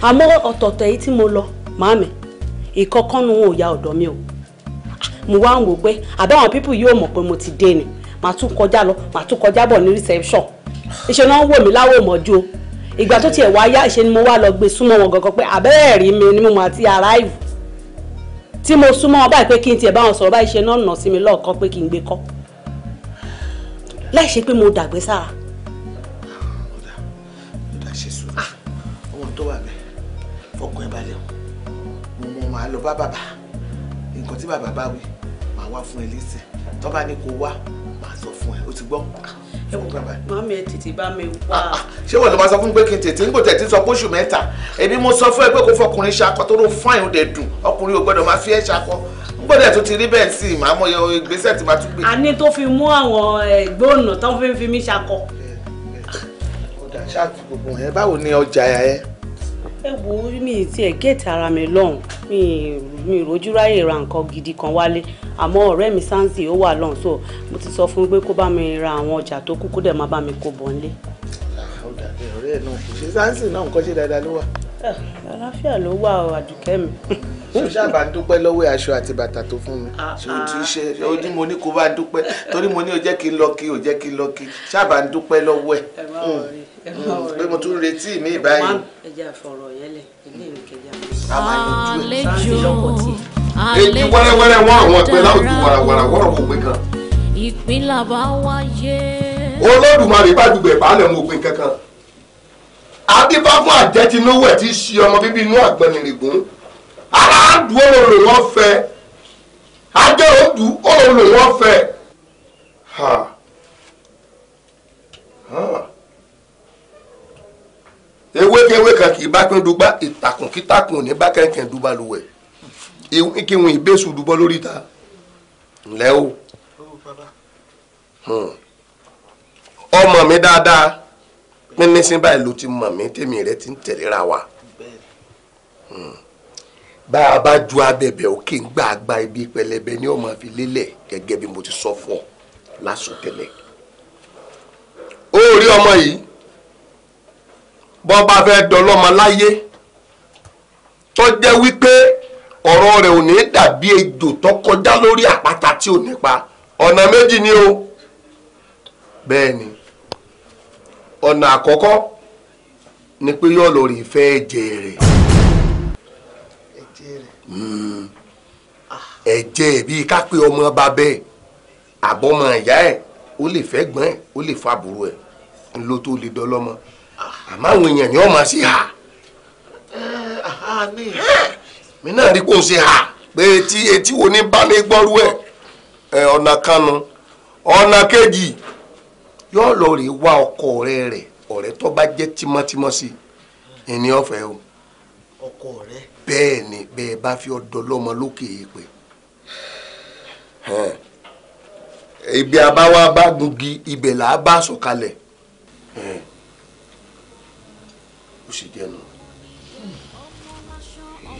àmọ́ ọ̀tọ̀ọ̀tọ̀ yìí tí mo lọ màámi ìkọ̀kọ́nu wọn ò ya ọ̀dọ̀ mi o mo wá ń wò pé àbáwọn pípù yóò mọ̀ pé mo ti dé ni màá tún kọjá ìṣe náà ń wò mí láwò mọ́jú ìgbà tó tiẹ̀ wáyá ìṣe ni mo wá lọ gbé súnmọ́ wọn gangan pé àbẹ́rẹ́ rí mi ni mo mọ̀ àti arrive tí mo súnmọ́ wọn báyìí pé kí n tiẹ̀ bá wọn sọ̀rọ̀ báyìí ṣe náà nà sí mi lọ́ọ̀kan pé kí n gbé kọ́ láì ṣe pé mo dàgbé sára. Ah, nǹkan tí bàbá bá wí màá wá fún ẹ lẹ́sẹ̀ tó bá ní wá màá sọ fún ẹ ó ti gbọ́ ẹ wò bàbá. mami ẹ tètè bá mi wá. Ah, ah. ṣé wọn ló máa sọ fún mi pé kí n tètè ń gbò tètè sọ pósù mẹ́ta èmi mo sọ fún ẹ pé kó fọkùnrin ṣakọ tó ló fáìn òde dùn ọkùnrin ò gbọ́dọ̀ máa fi ẹ ṣakọ gbọ́dọ̀ tó ti rí bẹ́ẹ̀ sí i màá mọ ìgbésẹ̀ tí màá tún gbé. a ní tó fi mú àwọn ẹ̀gbọ́n eh, tó fi ń fi mí ṣakọ. ọ̀dà ṣáàtì gbogbo yẹn báwo ni ọjà ẹ. ẹ wo mi ti ẹ̀ mi mi rojú ráyè ra nǹkan gidi kan wálé àmọ́ ọ̀rẹ́ mi Sanzi ó wà lọ́hùn so mo ti sọ fún pé kó bá mi ra àwọn ọjà tó kú kó dẹ̀ má bá mi kó bọ̀ nílé. ọ̀rẹ́ ẹ̀ náà kò ṣe Sanzi náà nǹkan ṣe dáadáa ló wà. Eh, àlàáfíà ló wà àdùkẹ́ mi ṣoṣà bá ń dúpẹ́ lọ́wọ́ aṣọ àti bàtà tó fún mi ah, ṣé o ti ah. ṣe o ní mo ní kó bá dúpẹ́ torí mo ní o jẹ́ kí n lọ kí o jẹ́ kí n lọ kí ṣàbà ń dúpẹ́ lọ́wọ́ ẹ̀ hmm. Hmm. pé mo tún retí mi báyìí. ẹ àlejò ètí wẹ́rẹ́wẹ́rẹ́ wọ́n àwọn ẹgbẹ́ láwùjọ wàràwàrà wọ́rọ̀ mọ̀ pé kan. ìpínlẹ̀ bá wáyé. olódùmarè bá dùgbẹ̀ baálẹ̀ mọ̀ pé kankan. adébáfún àjẹtinúwẹ̀ ti ṣe ọmọ bíbí inú àgbọnìrìgún. ara àdùn olóòlò wọn fẹ́. ajẹ́ òdù olóòlò wọn fẹ́. Ha. Ha ewékewé kan kì í bá pín dùgbà ìtàkùn kítàkùn ní bá kẹ̀kẹ́ dùgbà lùwẹ̀ kí wọn ìbésù dùbọ́ lórí ta ǹlẹ́ o ọmọ hmm. mi dáadáa pínnísín báyìí ló ti mọ̀ mí tèmi rẹ ti ń tẹ̀léra wa hmm. bá a bá ju abẹ̀bẹ̀ òkè ń gbà gba ibi pẹlẹbẹ ní ọmọ fi lélẹ̀ gẹ́gẹ́ bí mo ti sọ fún ọ lásùn tẹ́lẹ̀ ó rí ọmọ yìí bọ́ bá fẹ́ dọlọ́mọ láyé tó jẹ́ wípé ọ̀rọ̀ rẹ̀ ò ní dàbí ejò tó kọjá lórí àpáta tí ò nípa ọ̀nà méjì ni o bẹ́ẹ̀ ni ọ̀nà àkọ́kọ́ ni pé yóò lọ rí ìfẹ́ ẹ̀jẹ̀ rẹ̀ ẹ̀jẹ̀ hmm. ah. bíi ká ọmọ bàbá ẹ̀ àbọ̀mọ̀ ìyá ẹ̀ ó lè fẹ́ gbọ́n ẹ̀ ó lè fa àbúrò ẹ̀ ńlọ tó lè dọ́lọ́mọ. àmáwọn èèyàn ni wọ́n máa sí ha mi náà rí kó n ṣe ha pé etí wo ni balẹ̀ gbọ́rú ẹ̀ ọ̀nà kanu ọ̀nà kejì yóò lọ rè wá ọkọ rẹ rẹ ọ̀rẹ́ tó bá jẹ́ tímọ́tímọ́ sí ẹni ọ̀fẹ́ o ọkọ rẹ bẹ́ẹ̀ ni bẹ́ẹ̀ bá fi lọ́mọ lókè ibi àbáwá bá ibẹ̀ là á bá ṣe jẹ́ nu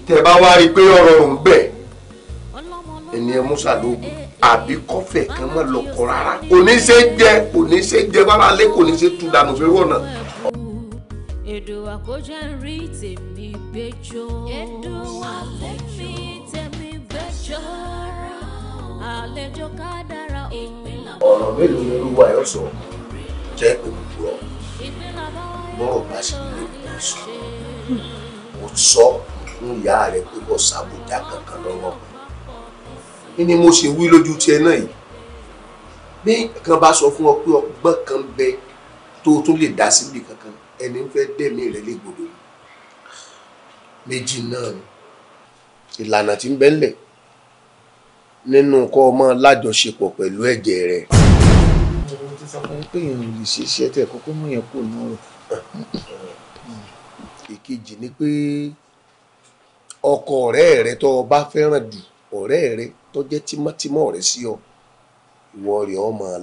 tẹ́ bá wá rí i pé ọ̀rọ̀ ọ̀hún bẹ̀ ẹni ẹ mú sàlóògùn àbí kọfẹ kan mọ lọkọ rárá kò ní ṣe jẹ kò ní ṣe jẹ bára lé kò ní ṣe tu dànù fún irú ọ̀nà. èdò àkójọ ń rí tèmi gbẹjọ èdò àlẹ́ mi tèmi gbẹjọ àlejò ká dára o. ọ̀rọ̀ mélòó ni olúwa ẹ̀ sọ jẹ́ ìpè bọ́rọ̀ bá ṣe lè ló sọ kò sọ fún ìyá rẹ pé kò sábòjá kankan lọ́wọ́ ni mo ṣe wí lójú tiẹ̀ náà yìí bí kan bá sọ fún ọ pé ọgbọ́n kan bẹ tó tún lè dá síbi kankan ẹni ń fẹ́ dẹ̀mí rẹ légbodò méjì náà ni ìlànà tí ń bẹ́ńlẹ̀ nínú kọ́ ọmọ lájọṣepọ̀ pẹ̀lú ẹ̀jẹ̀ rẹ. mo ti sọ fún yín pé èèyàn lè ṣe iṣẹ́ tẹ̀ kọ́kọ́ mọ̀ yẹn kúrò náà rẹ̀ ìkejì ni pé ọkọ ọ̀rẹ́ rẹ tó o bá fẹ́ràn jù ọ̀rẹ́ rẹ tó jẹ́ tímọ́tímọ́ rẹ sí ọ ìwọ rẹ ọ máa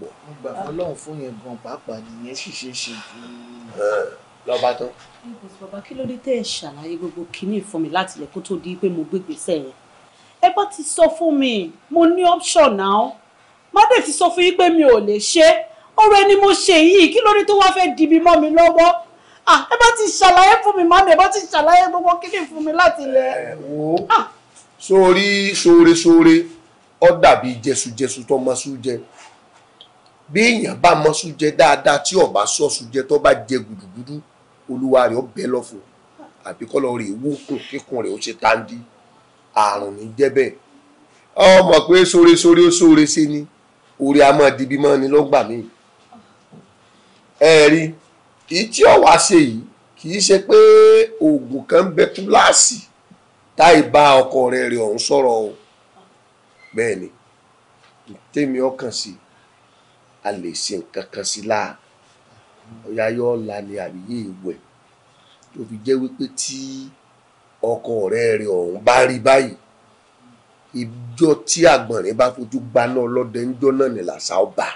mo gbà Ọlọ́run fún yẹn gan pàápàá nìyẹn sì ṣe é ṣe jù. lọ́ba tán. bàbá kí ló dé tẹ́ ẹ ṣàlàyé gbogbo kínní fún láti ilẹ̀ kó tó di pé mo gbégbèsè rẹ̀ ẹ bá ti sọ fún mi mo ní option náà má dé ti sọ fún yín pé mi ò lè ṣe ọ̀rọ̀ ẹni mo ṣe yìí kí ló tó wá fẹ́ dibi mọ́ mi lọ́wọ́ Ah, ẹ bá ti ṣàlàyé fún mi màmí ẹ bá ti ṣàlàyé gbogbo kíkì fún mi láti ilẹ̀. ẹ wo ah. sórí sóore sóore ọ dàbí jẹsùjẹsù tó mọṣú jẹ bí èèyàn bá mọṣú jẹ dáadáa tí ọba sọṣù jẹ tó bá jẹ gùdùgùdù olúwa rẹ̀ ọ bẹ lọfọ àbí kọlọ rẹ wó kùn kíkùn rẹ̀ ó ṣe táǹdì àrùn ní jẹ ọmọ pé sóore sóore ó sóore sí ni orí a máa ni ló ń ẹ rí i èyí tí ó wá ṣe yìí kì í ṣe pé oògùn kan bẹ kíláàsì táì bá ọkọ rẹ rẹ ọ̀hún sọ̀rọ̀ o bẹ́ẹ̀ ni tèmi ọkàn sí a lè ṣe nǹkan kan sí láà ọ̀yá yọ ọ̀la ni àbíyé ìwẹ̀ tó fi jẹ́ wípé tí ọkọ rẹ rẹ ọ̀hún bá rí báyìí ìjọ tí àgbọ̀nrín bá fojú gbaná ọlọ́dẹ ńjọ́ náà ni làṣà ọba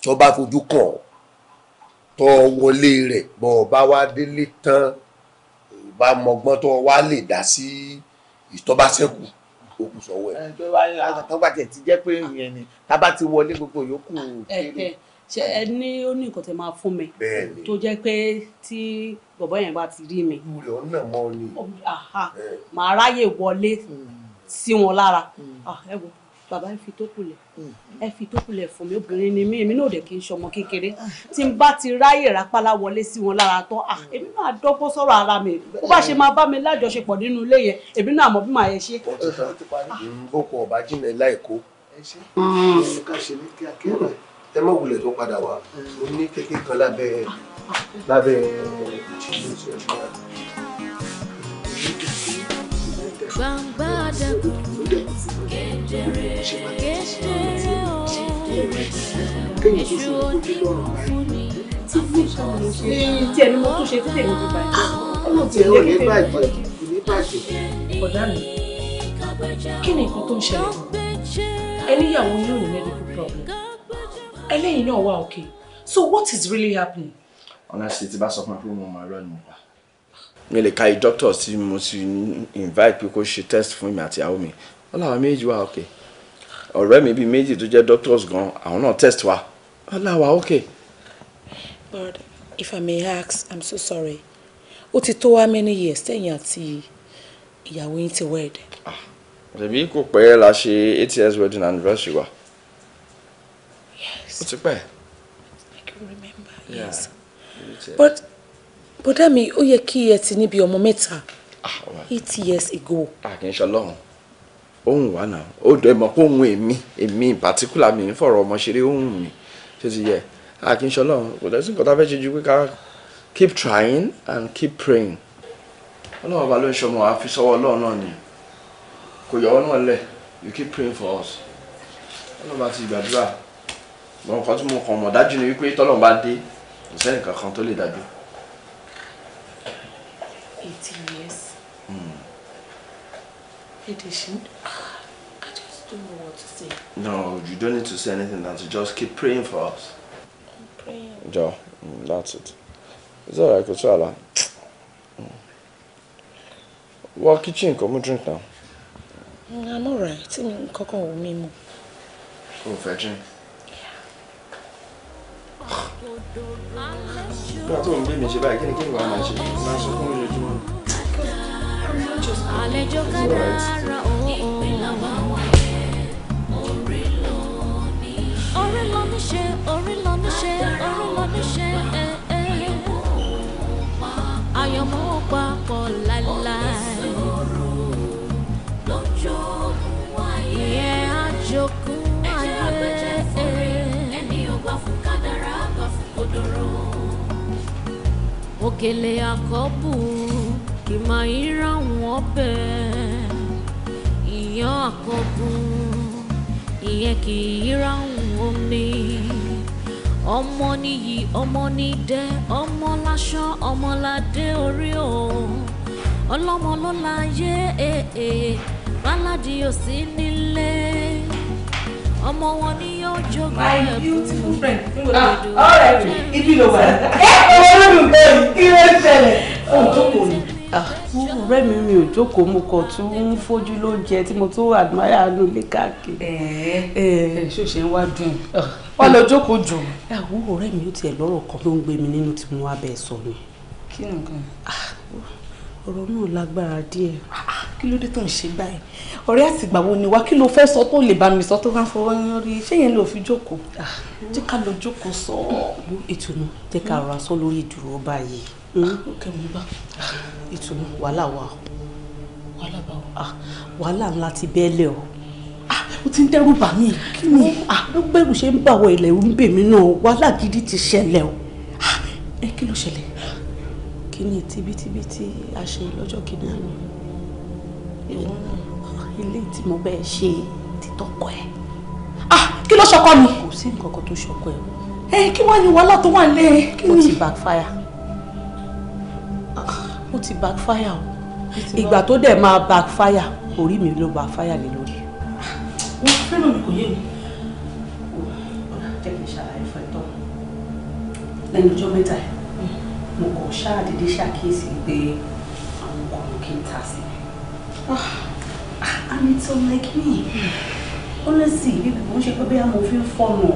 tí ọba fojú kàn ọ́ tọ́ wọlé rẹ̀ bọ̀ bá wá délé tán bá mọgbọ́n tó wá lè dá sí ìtọ́ba sẹ́kù òkú sọ́wọ́ ẹ̀. tó bá yẹ àtọ́gbà tẹ̀ ti jẹ́ pé ìyẹn ni tá a bá ti wọlé gbogbo yòókù. ẹ ẹ ṣe ẹ ní ó ní nǹkan tẹ máa fún mi tó jẹ́ pé tí bọ̀bọ́ yẹn bá ti rí mi. ìwúrẹ̀ ọ̀hún náà mọ́ ni. màá ráyè wọlé hmm. sí wọn lára hmm. ah, ẹ wo bàbá ẹ fi tó kulẹ̀ hmm. ẹ fi tó kulẹ̀ fún mi obìnrin ni mí èmi náà dẹ̀ kí n ṣọmọ kékeré tí n bá ti ráyè rápálá wọlé sí wọn lára tán à ah, hmm. èmi náà dọ́gbọ́n sọ̀rọ̀ ara mi bó bá ṣe máa bá mi lájọṣepọ̀ nínú ilé yẹn èmi náà mọ̀ bí màá yẹ ṣe. boko ọba jìnnà láìkó hmm. ẹ má wulẹ̀ tó padà wá mo ní kékeré kan lábẹ́ lábẹ́ ìjìnlẹ̀ gbangba dẹkùn kedere kedere ọ̀rẹ́ èṣù onímọ̀ fún ni àfikún sí i. ní tí ẹni mo tún ṣe títẹ̀ mi ti bàjẹ́. ọmọ tí ẹ ò ní bàjẹ́ ní bàjẹ́. ọ̀dà mi kí ni nǹkan tó ń ṣẹlẹ̀ mọ́ ẹníyàwó yóò ní medical problem ẹlẹ́yìn náà wà okay so what is really happening. honestly tí bá sọ fún mi pé mo máa rọ ni pa mi lè ka i doctor tí mo ti invite pé kó ṣe test fún mi àti àwọn mi wọn méjì wà ok ọ̀rẹ́ mi bíi méjì tó jẹ́ doctors gan àwọn náà test wa wọn ok. but if i may ask i'm so sorry ó ti tó wá many years sẹ́yìn àti ìyàwó yín ti wed. tẹ̀bí ah, kò pẹ́ la ṣe eight years wedding anniversary wa. yes ó ti pẹ́. i can remember yes. Yeah. but bọ́dá mi ó yẹ kí ẹ ti níbi ọmọ mẹ́ta ah, eight years ago. àkìnṣe ah, ọlọ́run ohun wa náà ó dẹ̀ mọ̀ pé ohun me in pàtíkùlà mi ń fọ̀rọ̀ ọmọ ṣeré ohun mi ṣé ti yẹ àkìnṣe ah, ọlọ́run kò dẹ́sí nǹkan tá a fẹ́ ṣe keep trying and keep praying ọlọ́run ọba ló ń ṣọmọ àfi sọ́wọ́ ọlọ́run náà ni kò yọ ọ́ náà you keep praying for us ọlọ́run bá ti gbàdúrà mọ̀ nǹkan tí mo kàn mọ̀ dájú ni wípé tọ́lọ́run bá dé kò sẹ́yìn kankan tó lè dájú eighty years. Mm. Edition. I just don't know what to say. No, you don't need to say anything than to just keep praying for us. I'm praying. Yeah, mm, that's it. It's all right, Kutuala. Mm. Well, kitchen, come drink now. Mm, I'm all right. I'm cooking with me. Oh, virgin. Nígbà tó ń gbé mi ṣe báyìí, kí ni kí n wá máa ṣe? Máa sọ àlejò kádàrá òun. Oh, oh. orí lọ ní ṣe orí lọ ní ṣe orí lọ ní ṣe ẹ eh, ẹ. Eh. àyọ̀mọ́ papọ̀ láíláí. òkèlè àkọ́bù kì máa ń ra wọn ìyàn àkọ́kùn ìyẹn kì í ra wọn ọmọ nìyí ọmọ nídẹ ọmọ láṣọ ọmọ orí o ọlọ́mọ ló láyé èè e, e. ò sí nílé ọmọ wọn ni yóò jogún ẹ̀bùn. my beautiful friend ah, ọ̀rẹ́ mi ibi ló wà. ẹ ọ̀rẹ́ mi bẹ́ẹ̀ kí ló ń ṣẹlẹ̀ ọ̀jọ̀ kò ní. Ah, ọ̀rẹ́ mi mi ò jókòó mo kàn tún ń fojú lóúnjẹ tí mo tún admire nù lé káàkiri. ẹ eh. ṣó ṣe ń wá dùn ah. wọn lọ jókòó jù. àwọn ah, ọ̀rẹ́ mi ó tiẹ̀ lọ́rọ̀ kan ló ń gbé mi nínú tí mo wá bẹ́ẹ̀ sọ ni. kí nìkan. ọ̀rọ̀ náà lágbára díẹ̀. kí ló dé tó ń ṣe báyìí ọ̀rẹ́ àtìgbà wo ni wá kí ló fẹ́ sọ tó lè bá mi sọ tó bá ń fọwọ́ yín rí ṣé yẹn ló fi jókòó jẹ́ ká lọ jókòó sọ. ìtùnú jẹ́ ká rọra sọ lórí ìdúró báyìí òkè hmm? mo gbà ìtùnú wàhálà wà o wàhálà bá o ah, wàhálà ńlá ti bẹ́ẹ̀lẹ̀ o ah, ó ti ń dẹ́rù bà mí kí ni ló ah, gbẹ́rù ṣe ń bàwọ̀ ilẹ̀ ń náà wàhálà gidi ti ṣẹlẹ̀ o ẹ kí ló ṣẹlẹ̀ kí ni tibitibiti a ṣe lọ́jọ́ kìíní àná ìwọ náà ilé tí mo bẹ́ẹ̀ ṣe títọ́kọ ẹ̀ kí ló ṣọkọ mi. kò sí nǹkan kan tó ṣọkọ ẹ. ẹ eh, kí wàá ní wàhálà tó wà nílé. mo ti backfire ó ti backfire o ìgbà tó dẹ̀ máa backfire orí mi ló backfire lé lórí. mo fẹ́ràn mi kò yé mi jẹ́ kí n ṣàlàyé fún ẹ tọ́ lẹ́nu ọjọ́ mẹ́ta mo kàn ṣáàdédé ṣàkíyèsí pé àwọn ọkùnrin kì í ta sí i ah, and it's like me honestly bí mo ṣe pé bí a mo fi ń fọ́nù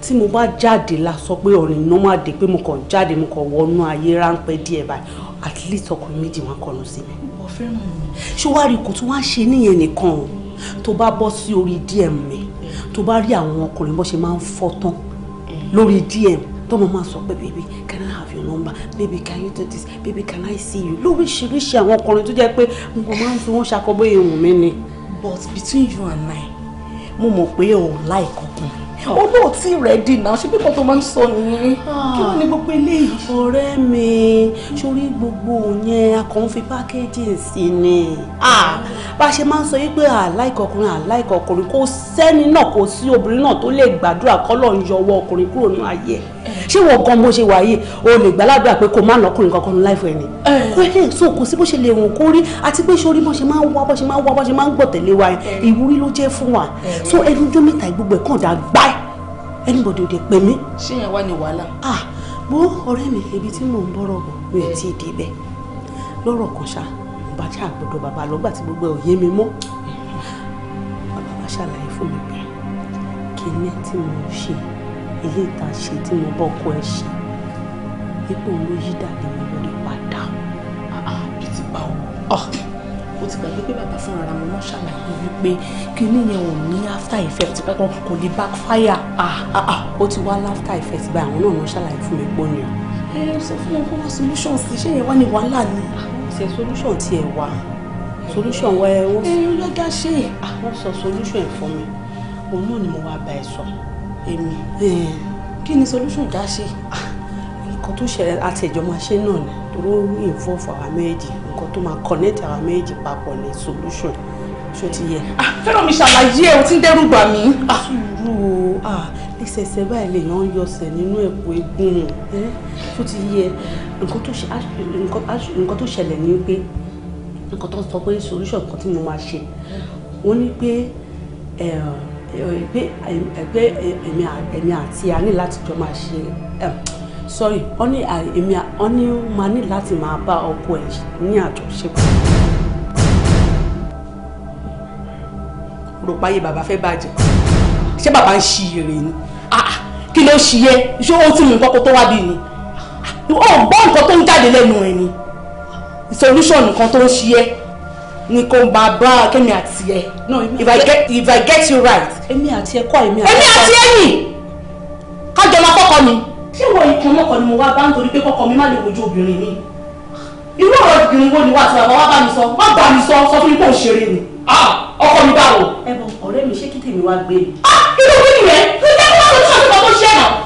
tí mo bá jáde la sọ pé ọ̀rìn iná máa dé pé mo kàn jáde mo kàn wọnú ayé ráńpẹ́ díẹ̀ báyìí at least ọkùnrin méjì wọn kọnu sí mi. ṣé wàá rí kò tún wá ṣe nìyẹn nìkan o tó bá bọ́ sí orí DM mi tó bá rí àwọn ọkùnrin bó ṣe máa ń fọ́ tán mm. lórí DM tó mo máa sọ pé baby can I have your number baby can you do this baby can I see you lóríṣiríṣi àwọn ọkùnrin tó jẹ́ pé mo máa ń fi wọ́n ṣàkọ́bọ̀ èèwọ̀n mi ni. but between you and I mo mọ̀ pé o ò láì kankan olóòtí rẹ̀ dìnnà ṣé pípọ̀ tó máa ń sọ nìyẹn kí wọ́n ní gbogbo eléyìí. ọ̀rẹ́ mi sórí gbogbo yẹn a kàn ń fi pákéjì sí ni bá a ṣe máa ń sọ wípé àláìkọkùnrin àláìkọkùnrin kò sẹ́ni náà kò sí obìnrin náà tó lè gbàdúrà kọ́lọ́ ń yọwọ́ ọkùnrin kúrò ní ayé ẹ̀ ṣé wọn gan bó ṣe wà o lè gbàládùra pé kò má lọkùnrin kankan ní láìfọ ẹni. ẹ so kò sí bó ṣe lè rùn kó rí àti pé sori bó ṣe máa ń wá bó ṣe máa ń wá bó ṣe máa ń gbọ̀tẹ̀lé wa ìwúrí ló jẹ́ fún wa so ẹnu jọ mẹ́ta gbogbo ẹ̀ kàn dá gbá ẹ̀ anybody ò dé pè mí. ṣé yẹn wá ní wàhálà. ah bó ọ̀rẹ́ mi ibi tí mò ń bọ̀rọ̀ bọ̀ mi ò tí ì débẹ̀ lọ́rọ̀ kan ṣá bàjẹ́ àgbọ̀dọ̀ bàbá lọ́gbà tí gbogbo ẹ̀ ò yé mi mọ́ bàbá ilé ìta ṣe tí mo bọ́ kọ́ ẹ ṣe ipò ló yí dàdé mi lórí padà ah, ah, bí ti bá ọ o ti gbàgbé pé bàbá fúnra ara mo náà ṣàlàyé wípé kinní yẹn ò ní after effect pẹ́pẹ́ kò lè backfire ah, ó ti wá after effect báyìí àwọn náà ló ṣàlàyé fún mi pọ́n ni ẹ sọ fún wọn kó wá solution sí ṣé yẹn wá ní wàhálà ni ṣe solution ti ẹ̀ wá solution wọ ẹ eh, wọ́n. ẹ ló dá ṣe àwọn sọ solution ẹ̀ fún mi òun náà ni mo wá bá ẹ sọ èmi eh, kí ni solution dá sí ah, nǹkan tó ṣẹlẹ̀ àti ìjọ máa ṣe náà ni torí involve àwa méjì nǹkan tó máa connect àwa méjì papọ̀ ni solution ṣó ti yẹ. Ah, fẹ́ràn mi ṣàlàyé ẹ̀ o ti ń dẹ́rù bà mí. Ah, sùúrù o ìṣẹ̀ṣẹ̀ báyìí lè yàn yọsẹ̀ nínú ẹ̀kú egun eh, ṣó ti yẹ nǹkan tó ṣẹlẹ̀ ni pé nǹkan tó sọ pé solution kan tí mo máa ṣe wọ́n ní pé eh, pé pé èmi àti a ní láti jọ máa ṣe sorry wọ́n ní èmi wọ́n ní máa ní láti máa bá ọkọ ẹ̀ ní àjọṣepọ̀. rò páyé bàbá fẹ́ bàjẹ́ ṣé bàbá ń ṣi èrè ni ah, ah, kí ló ṣi yẹ ṣé ó tún mú nǹkan tó wá bí ni ó ah, gbọ́ nǹkan tó ń jáde lẹ́nu ẹ̀ ni solution nǹkan tó ń ṣi yẹ ni kò máa bá kémi àti ẹ if i get if i get you right. èmi àti ẹ kọ́ èmi àti ẹ. èmi àti ẹ yìí kájọ máa kọ́kọ́ ni. ṣé ìwọ ìkan mọ́kàn ni mo wá bá nítorí pé kọ́kọ́ mi má lè wojú obìnrin mi irú ọ̀rọ̀ obìnrin wo ni wà tí bàbá wa bá mi sọ má bá mi sọ sọ fún mi kó o ṣeré ni ọkọ mi báwo. ẹ bọ ọ̀rẹ́ mi ṣé kí tèmi wá gbé mi. irú kí nìyẹn kí tèmi wá lọ sí ọdún kan tó ṣẹ́ náà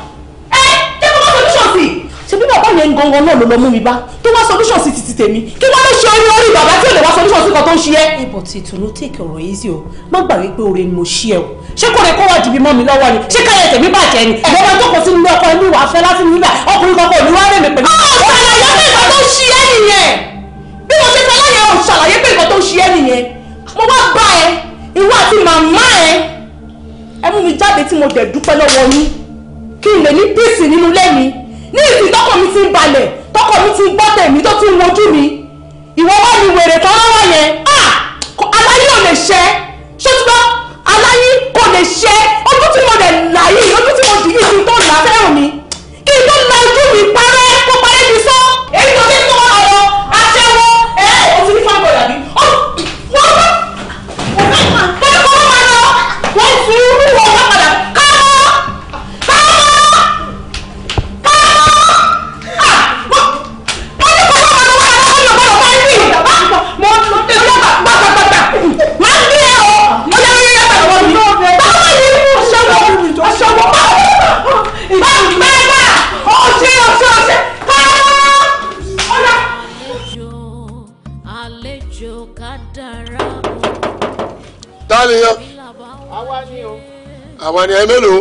bàbá yẹn gangan náà ló lọ mú mi bá tó wá solution sí títí tèmi kí wọ́n lè ṣe orí orí bàbá tí ò lè wá solution sí kan tó ń ṣe ẹ́. ibò tí ìtùnú tèkì ọ̀rọ̀ yìí sí o má gbà wípé oore ni mo ṣí ẹ o ṣé kò rẹ kó wá dìbí mọ́ mi lọ́wọ́ ni ṣé káyọ̀ tèmi bàjẹ́ ni ìjọba tó kọ sínú ọkọ inú ìwà afẹ́ láti nígbà ọkùnrin kankan òní wá rẹ̀ mi pẹ̀lú. ṣàlàyé ah, pé nǹkan tó ń ṣe ẹ́ nìyẹn bí mo ṣe ṣàlàyé o ṣàlàyé pé nǹkan tó ń ṣe ẹ́ nìyẹn mo wá bá ẹ ìwọ àti màmá ẹ ẹ mú mi jáde tí mo dẹ̀ dúpẹ́ lọ́wọ́ yín kí n lè ní pèsè nínú lẹ́mìí ní ìsìn tọkọ mi ti ń balẹ̀ tọkọ mi ti ń gbọ́ tèmi tó ti ń wojú mi ìwọ wá ní wèrè kan lọ́wọ́ yẹn ah! aláyé ò lè ṣẹ́ ṣótúbọ́ aláyé kò lè ṣẹ́ ojú tí mo lè là yìí ojú tí mo dì yìí kí n tó là fẹ́ràn mi kí n tó la ojú mi parẹ́. àwa nìyẹn. àwa ni o. àwa ni ẹ mélòó.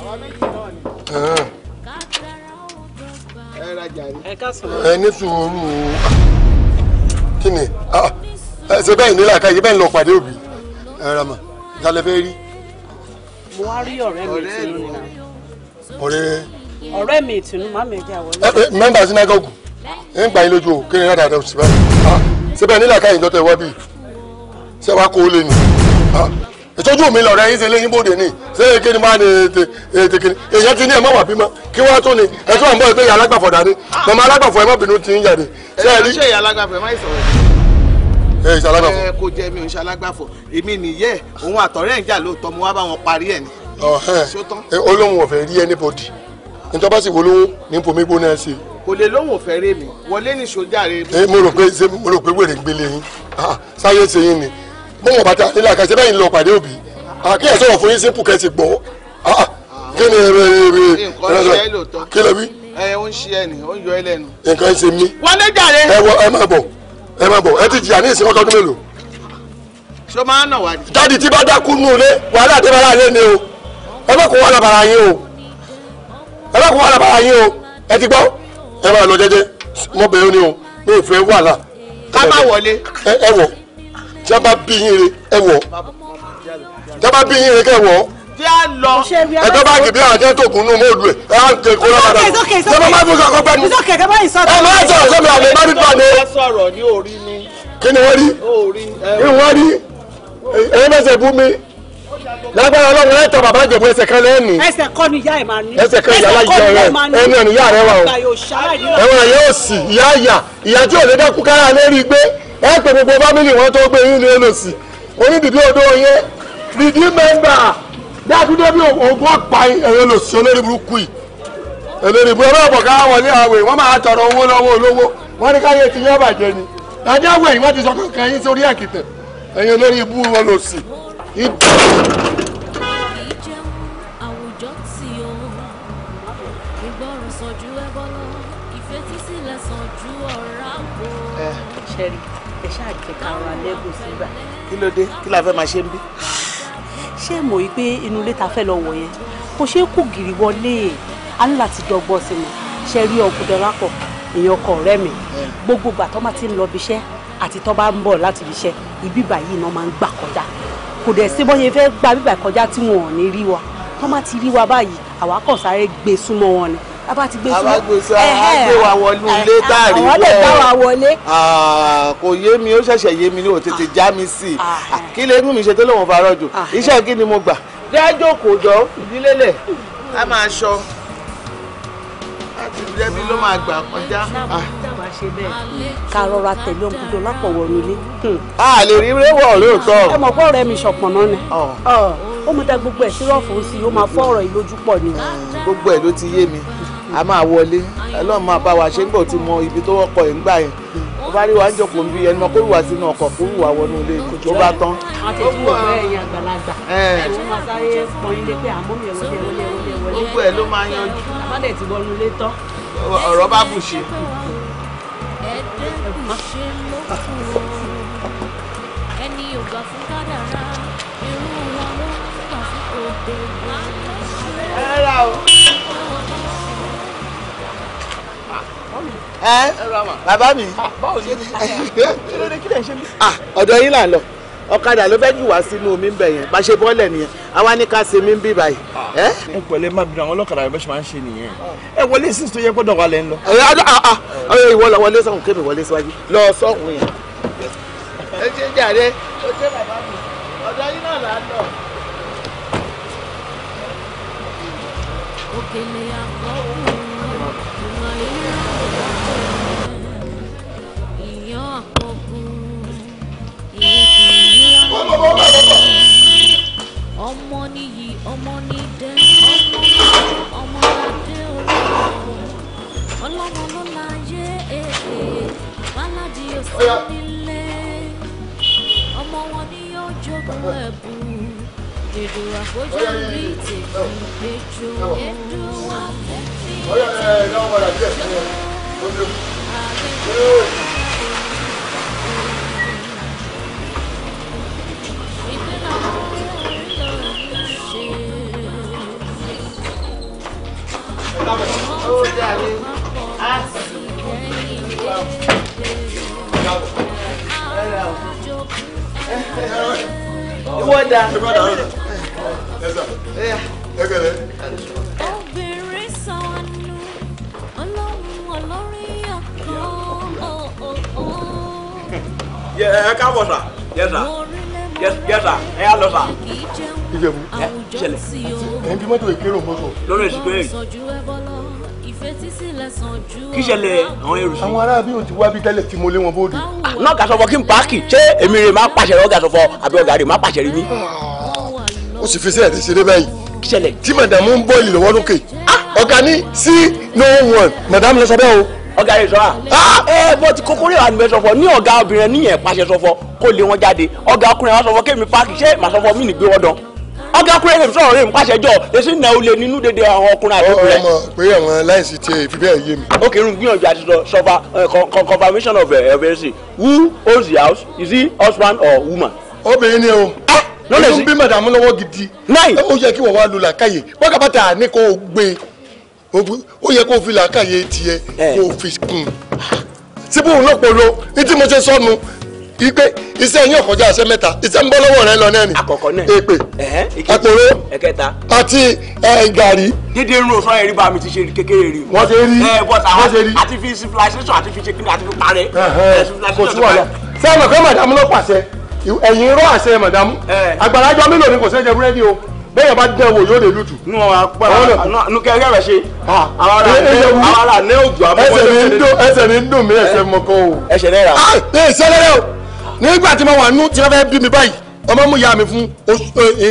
àwa méjì náà ni. Ah. ẹ rajà ni. ẹ ká sọ̀rọ̀. ẹ ní sùúrù o. kí ni ah, ẹ ṣe bẹ́ẹ̀ ní làákàyè bẹ́ẹ̀ ń lọ pàdé òbí ẹ ra mà ìtàlẹ́ fẹ́ rí. mo wá rí ọ̀rẹ́ mi ìtùnú nínú. ọ̀rẹ́. ọ̀rẹ́ mi ìtùnú má mi jà wọlé. mẹ́mbà sinagogu ń gbà yín lójú o kí ni rádàá dẹ̀ sí báyìí. Ah, ṣé bẹ́ẹ̀ ní làákàyè ìjọ tẹ̀ wá bíi ṣé wàá kó lé ni ah, ìtọ́jú mi lọ̀rẹ́ yín ṣe léyìn bóde ni ṣé kí ni máa ní ètè kí ni èyàn ti ní ẹ̀ mọ́ wà bímọ kí wọ́n tó ni ẹ̀ tó à ń bọ̀ ìpéyà alágbàfọ̀ dání màmá alágbàfọ̀ ẹ̀ mọ́ bínú ti ń yàdé. ẹ ṣe ìyá alágbàfọ̀ ẹ má ìsọ̀rọ̀ ẹ ṣe alágbàfọ̀. ẹ kò jẹ mi ò ń ṣe alágbàfọ̀ èmi nìyẹ òun àtọ̀rẹ́ ń jà lóòótọ́ mo wá bá wọn parí ẹ̀ ni. olóhùn ọ̀fẹ́ rí anybody nítorí bá sì wo lówó ní pomi gbóná ṣe. kò lè lóhùn ọ̀fẹ́ rèmi wọlé ní sójà rèmi. mo rò pé wèrè ń gbélé yín ah, sáyé ṣe yín ni mo mọ̀ bàtà nílẹ̀ àkàṣe bẹ́ẹ̀ ń lọ pàdé òbí àkíyàn sọ̀rọ̀ fún yín simple kẹ́sì gbọ́ kí ni ẹ̀rọ ẹ̀rọ ẹ̀rọ kí lè wí. ẹ ó ń ṣe ẹni ó ń yọ ẹ lẹ́nu. nǹkan ṣe mí. wọlé jàre. ẹ wọ ẹ má bọ̀ ẹ má bọ̀ ẹ ti jìyà ní ìsìn ọdọọdún mélòó. ṣó máa ń nà wá ni. dáàdi tí bá dákú nù lé wàhálà tó bára lé ni o ẹ bá kó wà lábàrà yín o ẹ bá kó wà lábàrà yín o ẹ ti gbọ́ ẹ máa lọ jẹ́jẹ́ mọ́bẹ̀ẹ́ ni o mi ò fẹ́ wàhálà. ká má wọlé. ẹ wọ̀ tí a bá bí yín re ẹ wọ̀ tí a bá bí yín re kẹ wọ̀ ẹgbẹ́ bá kìbí àwọn ajẹ́ kún nù mọ́ òdu ẹ̀ ẹ̀ ń kó lọ́wọ́ rẹ̀ tí a bá má fi kankan bẹ́ẹ̀ ẹ má sọ̀rọ̀ sọ́mi àmì ẹ má fi kí ni wọ́n rí kí ni wọ́n rí ẹ̀yin mẹ́sẹ̀ bú mi lágbára ọlọ́run ẹ̀ tọ́ bàbá jẹ̀bú ẹsẹ̀ kan lẹ́yìn ni ẹsẹ̀ kọ́ ìyá ẹ̀ máa ẹsẹ̀ kan ìyá ìyá rẹ ẹni ẹ̀ ìyá rẹ wà o ẹ̀wọ̀n yóò sì ìyá ìyá ìyá tí ò lè dẹ́kun káyà lérí gbé ẹ pè gbogbo fámìlì wọn tó gbé yín lé lòsì onídìdí odò yẹn rìdí mẹ́ńbà dákúndé bí ogun ọ̀pá ẹ̀rọ lòsì olórí burúkú yìí olórí burúkú ọlọ́pọ̀ ká wọlé àwẹ̀ wọ́n máa tọrọ owó lọ́wọ́ olówó ní káyé ti ni àrùn àlẹ́gùn síbà. kí ló dé kí la fẹ́ máa ṣe ń bí. ṣé mọ̀ yìí pé inú ilé ta fẹ́ lọ wọ̀ yẹn kò ṣeé kù gìrì wọlé a ní láti dọ́gbọ́n sí mi ṣe rí ọkùnrin dọ́lápọ̀ èèyàn ọkọ ọ̀rẹ́ mi gbogbo ìgbà tó bá ti ń lọ bí àti tó bá ń bọ̀ láti bí iṣẹ́ ibi báyìí náà máa ń gbà kọjá kò dẹ̀ sí bọ́yẹ fẹ́ gba bíbà kọjá tí wọn ò ní rí wa tó bá ti rí wa báyìí àwa kàn sáré gbé súnmọ́ wọn ni a bá ti gbé sílẹ̀ a bá gbé sílẹ̀ a gbé wa wọlé ilé táàrí wọ́n lè gbá wa wọlé. kò yé mi ó ṣẹ̀ṣẹ̀ yé mi ní òtètè já mi sí i kí lè inú mi ṣe tó lóun farọ́ jù iṣẹ́ kí ni mo gbà. dájọ́ kò jọ ìdílé lẹ̀ a máa ṣọ láti rẹ́bí ló máa gbà kọjá. ká rọra tẹ̀lé ọkùnjọ lápọ̀wọ̀ nílé. Hmm. a lè rí réwọ̀ lóòótọ́. ẹ mọ̀ fọ́ rẹ mi ṣọ̀pọ̀n náà ni. ó mú da gbogbo ẹ̀ sírọ̀fù sí i ó máa fọ́ ọ̀rọ̀ ìlójú pọ̀ ni. gbogbo ẹ̀ ló ti yé mi a máa wọlé ọlọ́run máa bá wa ṣe ń gbọ̀ tí mo ibi tó wọ́pọ̀ yìí ń gbà yẹn ó bá rí wa ń jòkó bí ẹni mọ́ kó sínú ọkọ̀ kó wà wọnú ilé tó bá tán. gbogbo ẹ̀ ló máa yanjú. àbádẹ̀ ti wọnú ilé tán. ọ̀rọ̀ bá bù ṣe. ẹni bàbá mi ah, ah, ọ̀dọ̀ yín là ń lọ ọ̀kadà ló fẹ́ jù wá sínú omi bẹ̀ yẹn bá ṣe bọ́ọ̀lẹ̀ nìyẹn àwa ní ká ṣe mí bí báyìí. n ah. pẹ̀lẹ́ má bínú àwọn ọlọ́kadà rẹ̀ bẹ́ẹ̀ ṣe máa ń ṣe nìyẹn ẹ wọlé sí tó yẹ gbọ́dọ̀ wà lẹ́ ń lọ. ọyọ ìwọ lọ wọlé sọhùn kébì wọlé síwájú lọ sọhùn yẹn. ẹ ṣe jàre ọjọ́ bàbá mi ọ̀dọ̀ yín náà là ń lọ. ọmọ nìyí ọmọ ní dẹ ọmọ ọmọ ládé olóko ọlọ́mọ ló la yé èèyàn báládì òsì nílé ọmọ wọn ni yóò jogún ẹ̀bùn èdò àkójọ rí tèmi péjú èdò àfẹ́fẹ́ ètò àlejò. Ìwọ da. Obìnrin sanu, yes. olórí ọkọ. Ẹ káàbọ̀ sà, yẹ sà, yẹ sir. Yes, sir. Yes, sà. Ìjẹ̀bú, ẹ ṣẹlẹ̀. Ẹ ń bí mọ́tò ìkérò mọ́tò. Lọ́rọ̀ èsì pé kí ṣẹlẹ̀ àwọn ẹrù sí. àwọn aráàbí ò ti wá bí tẹ́lẹ̀ tí mo lé wọn bóde. náà gàṣọ fọ kí n paaki ṣé èmi rè máa pàṣẹ rẹ ọgàṣọ fọ àbí ọgà rè máa pàṣẹ rẹ mi. ó sì fi sí ẹ̀ ti ṣeré báyìí. kí ṣẹlẹ̀. tí màdàmú ń bọ́ọ̀lì lọ́wọ́ lókè. Ah, ọ̀gá ní sí no one màdàmú lọ sọ bẹ́ẹ̀ o. ọgá rẹ sọ à. Ah, ah! ẹ bọ́ ti kókó rẹ̀ àdùnmẹ́ sọ fọ ní ọ̀gá obìnrin níyẹn pàṣẹ sọ fọ kó lé wọn jáde ọ̀gá ọkùnrin àwọn sọ fọ kémi paaki ṣé màá sọ fọ mí nìgbé wọ́dọ̀ ọgá kúrẹ́ ṣe sọ̀rọ̀ rẹ̀ nípasẹ̀ jọ èsì náà ó lè nínú dédé àwọn ọkùnrin àti obìnrin. ọmọ pé àwọn láìsí ti ìfi yé mi. ok irun gbìyànjú àti sọfà eh, confirmation of evidence eh, who owns the house is he husband or woman. obìnrin ni o lọ́lẹ̀ sí. ìlú bí màdàmú lọ́wọ́ gidi. ó yẹ kí wọ́n wá lu làkàyè wákàbàtà ní kò gbé ó yẹ kó fi làkàyè tiẹ̀ eh. kó fi kún. síbò ń lọ́pọ̀ lo ní tí mo ṣe sọnù ipe iṣẹ́ yín ọ̀kọ́jà iṣẹ́ mẹ́ta iṣẹ́ ń bọ́ lọ́wọ́ rẹ lọ náà ni. àkọ́kọ́ náà èpè àpòrò àti gàrí. dídé irun òsán ẹ̀rí bá mi ti ṣe kékeré rí. wọ́n ṣe rí wọ́n ṣe rí. àti fi civilization àti fi ṣe kíni àti fi parẹ́. kò sí wàhálà sẹ́wọ̀n pé màdàmú ló pàṣẹ ẹ̀yìn rọ́ àṣẹ màdàmú àgbàlagbà mélòó ni kò sẹ́jẹ búrẹ́dì o bẹ́ẹ̀ bá dán wò yóò lè lùtù. nù àpárá nù kẹ́kẹ́ rẹ̀ ṣe. àwọn ará ní òjò àbúkọ́ ẹsẹ̀ ní ń dùn mí ẹsẹ̀ mọ́kọ́ o. ẹsẹ̀ náírà. ẹ ìṣẹ́lẹ̀ rẹ o nígbà tí mo wà nú tí wọ́n fẹ́ bí mi báyìí ọmọ mú ìyá mi fún eh,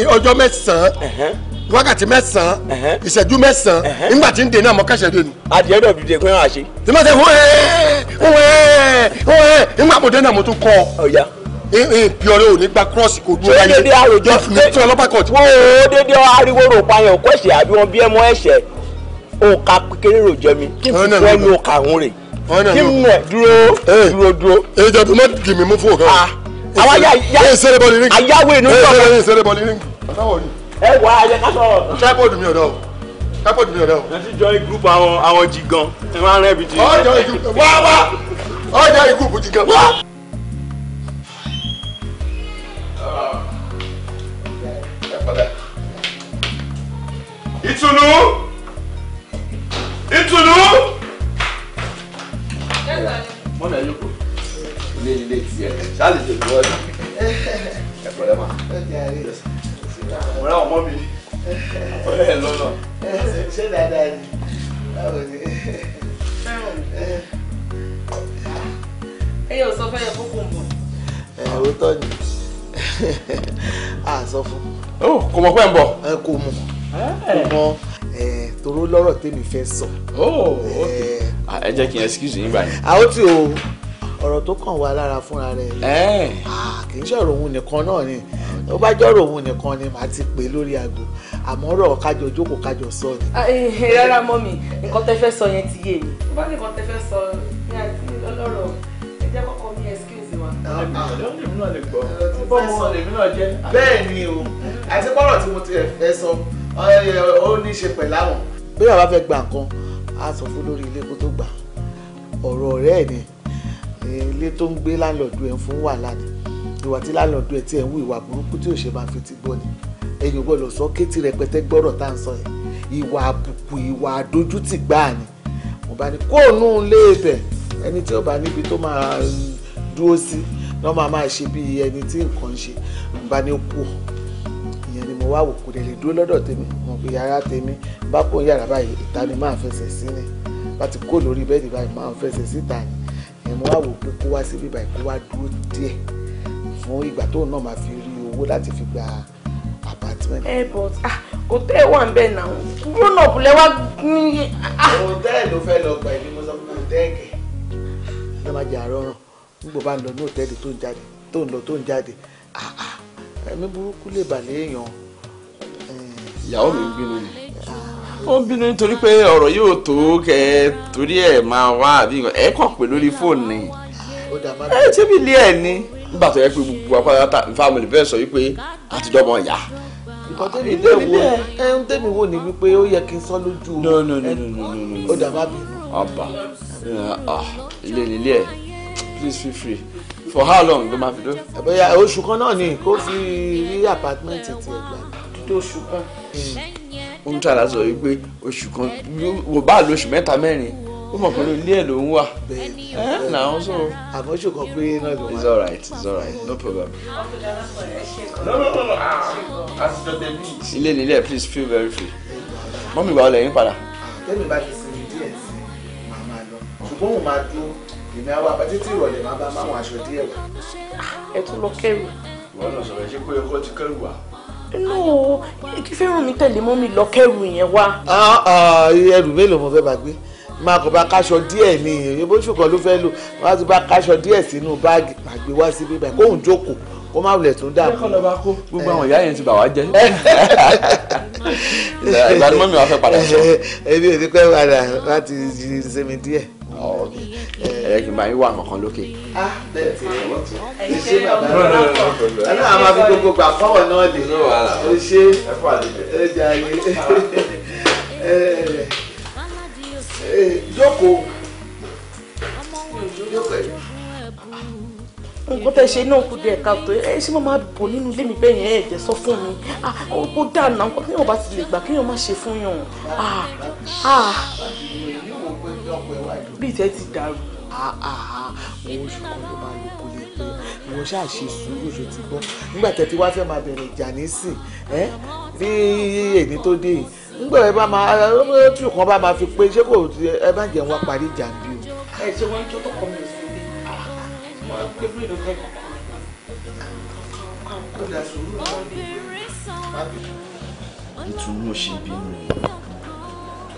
eh, ọjọ́ mẹ́sàn-án wákàtí mẹ́sàn-án ìṣẹ́jú mẹ́sàn-án nígbà tí ń dè náà kẹ́sẹ̀ dé nu. adìẹ dọ̀ dùdú ẹ̀kọ́ yẹn ṣe. tí mo ṣe wẹ́ẹ́ wẹ́ẹ́ wẹ́ẹ́ nígbà mo dé mo tún kọ́ ọ ìpìọ̀rẹ́ ò ní cross kò dúró láyé dédé àròjọ fún ọlọ́pàá kan tí. wọ́n ò dédé ariwo rò payàn kó ẹ̀ṣẹ̀ àbí wọn bí ẹ mọ ẹ̀ṣẹ̀ òǹkà kékeré rò jẹ mi kí n fi fẹ́ nu òǹkà òun rè kí n nẹ dúró dúró dúró. ẹ jẹ́ bí mo gì mí mú fún òkan. Ah, àwa yà yà àyàwó inú ìjọba. ẹ ṣẹlẹ bọ́ọ̀lì ríngì. ẹ wà á yẹ ká sọ̀rọ̀. kápọ̀dù mi ọ̀dọ́ o kápọ̀dù mi ọ̀dọ́ o. ẹ ti jọ igúrúpù àwọn àwọn jìgàn ẹ máa ń rẹ́ ibi jì. ọjọ́ igúrúpù wá wá ọjọ́ igúrúpù jìgàn wá. ìtùnú ìtùnú mọ́mí ẹ yókò ilé ilé tiẹ̀ ṣáàlì tó lọ́ọ́ ni ẹ pẹ̀lẹ́ ma mo rà ọmọ mi ọ̀rẹ́ ẹ lọ́nà. ṣé dáadáa ni báwo ni. ẹyẹ ò sọ fẹ́ yẹ kókó ah, oh, ń bọ̀. ẹ ò tọ́ ni a sọ fún. kò mọ̀ pé ń bọ̀. kò mọ̀ kò mọ̀ toró lọ́rọ̀ tèmi fẹ́ sọ. Oh, ah, ẹ jẹ́ kí n excuse yín báyìí. a ó ti o ọ̀rọ̀ tó kàn wá lára fúnra rẹ̀ ah, kì í ṣọ̀rọ̀ òun nìkan náà ni ó bá jọ̀rọ̀ òun nìkan ni màá ti pè lórí aago àmọ́ ọ̀rọ̀ kájọ jókòó kájọ sọ ni. Ah, eh, eh, rárá mọ́mì nǹkan tẹ́ fẹ́ sọ yẹn ti yé mi. bá nǹkan tẹ́ fẹ́ sọ ní àti ọlọ́rọ̀ ẹ jẹ́ kọ́kọ́ mi excuse wa. bẹ́ẹ̀ ni o àti bọ́rọ̀ tí mo ti fẹ́ sọ ó ní í ṣe pẹ̀lú àwọn. bí bàbá fẹ́ gba nǹkan á sọ fún lórí ilé kó tó gbà ọ̀rọ̀ ọ̀rẹ́ ẹ̀ ni ilé tó ń gbé láńlọ́ọ̀dù ẹ̀ fún wàhálà ni ìwà tí láńlọ́ọ̀dù ẹ̀ tí ẹ̀ ń wú ìwà burúkú tí òṣè máa fi ti gbọ́ ni ẹ̀yìn gbọ́dọ̀ sọ kétí rẹpẹtẹ gbọ́rọ̀ tá à ń sọ yẹn ìwà àbùkù ìwà àdójútì gbáà ni mo bá ní kóònù lé ibẹ̀ ẹni tí ó bá níbi tó máa dúró sí lọ́ máa ṣe bí ẹni tí nǹkan ń ṣe mo bá ní kú mo wá wò kò dẹ̀ lè dúró lọ́dọ̀ tèmi mo pe yàrá tèmi bá kó yàrá báyìí ìta ni máa fẹsẹ̀ sí ni bá ti kó lórí bẹ́ẹ̀dì báyìí máa fẹsẹ̀ síta ni ẹ̀ mo wá wò pé kó wá síbí báyìí kó wá dúró díẹ̀ fún ìgbà tóun náà máa fi rí owó láti fi gba apartment. ẹ bọ hòtẹ́ẹ̀ wà ń bẹ̀ náà grown up lẹ wá ní. hòtẹ́ẹ̀ ah. ló fẹ́ lọ gbà ìbí mo sọ ẹ má jẹ àárọ̀ nígbò bá ń lọ ní hòtẹ́ẹ̀lì tó ń jáde tó ń lọ tó ń jáde ah, ah, ẹ̀mí burúkú lè bà léèyàn ìyàwó mi ń bínú ni ó ń bínú nítorí pé ọ̀rọ̀ yóò tó kẹ torí ẹ̀ máa wá àbí ẹ kàn pé lórí fóònù ni ẹ ṣé bí ilé ẹ ní nígbà tó yẹ pé gbogbo apáta fámìlì fẹ́ sọ wípé a ti dọ́mọ ìyá. nǹkan tẹ́mi dé ni wípé ó yẹ kí n sọ lójú ó dà má ọba ah, ilé nílé ẹ please feel free for how long ló máa fi dó. bóyá oṣù kan náà ni kó fi rí apartment tiẹ̀ gbà tó oṣù kan. Hmm. ó ń tàlà sọ wípé oṣù kan wò bá lóṣù mẹ́ta mẹ́rin ó mọ̀ pé ilé ẹ̀ ló ń wà. bẹ́ẹ̀ náà ń oṣù kan pé náà ló wà. it's alright it's alright no problem. no no no no àtijọ́ ah, tẹ̀lé. ilé nílẹ̀ please feel very free. mọ́mí ìgbà ọlẹ́yìn padà. tẹ́mi bá ti sinmi díẹ̀ sí màá máa lọ ṣùgbọ́n mo máa dún èmi àwọn àbájá tí ìrọ̀lẹ́ máa bá máwọn aṣọ díẹ̀ wá. Ah, ẹ tún lọ kẹrù. wọn náà sọ̀rọ̀ ẹ ṣe kó yẹ kó ti kẹrù wá no kí fẹ́ràn mi tẹ̀lé mọ́ mi lọ kẹ́rù yẹn wá. Ah, ah, ẹrù mélòó mo fẹ́ bá gbé máa kọ̀ bá káṣọ díẹ̀ ni èyí bó ṣùkọ́ ló fẹ́ lò wá ti bá káṣọ díẹ̀ sínú báàgì àgbé wá sí bíbẹ̀ kóun jókòó kó má wulẹ̀ tún dààmú. ẹ̀kọ́ lọ́ba kó gbogbo àwọn ìyá yẹn ti bà wá jẹ́. ìgbà ni mọ́mí wa fẹ́ padà sọ. ẹbí ò ní pẹ́ padà láti sinmi díẹ̀ ẹ kì í bá yín wà kankan lókè. Ah, bẹ́ẹ̀ ti ẹ wọ́n tún ẹ ṣe bàbá ẹ náà máa fi gbogbo gbà fọwọ́ náà dé ẹ ṣe ẹ jà yé ah. ẹ jókòó jókòó ẹ nǹkan tẹ́ ṣe náà kú díẹ̀ káàtó ẹ ṣé mo máa bò nínú ilé mi bẹ́ẹ̀ yẹn ẹ̀jẹ̀ sọ fún mi ah, ó dáa náà nǹkan tí yóò bá ti lè gbà kéèyàn má ṣe fún yàn bíi tẹ́ ti dàrú àwọn oṣù kan ló máa lò kó lè pé ṣáà ṣe sùúrù ṣe ti gbọ́ nígbà tẹ́ wá fẹ́ máa bẹ̀rẹ̀ ìjà nísìn bí èmi tó dé yìí nígbà ẹ bá máa tí nǹkan bá máa fi pé ṣé kò ẹ bá jẹun wá parí ìjà bí o. ẹ ṣe wọn tó tọkọ mi sí ibi wọn gbé bí fẹ́ kó dà sùúrù wọn ní ìgbé. ìtùnú ò ṣe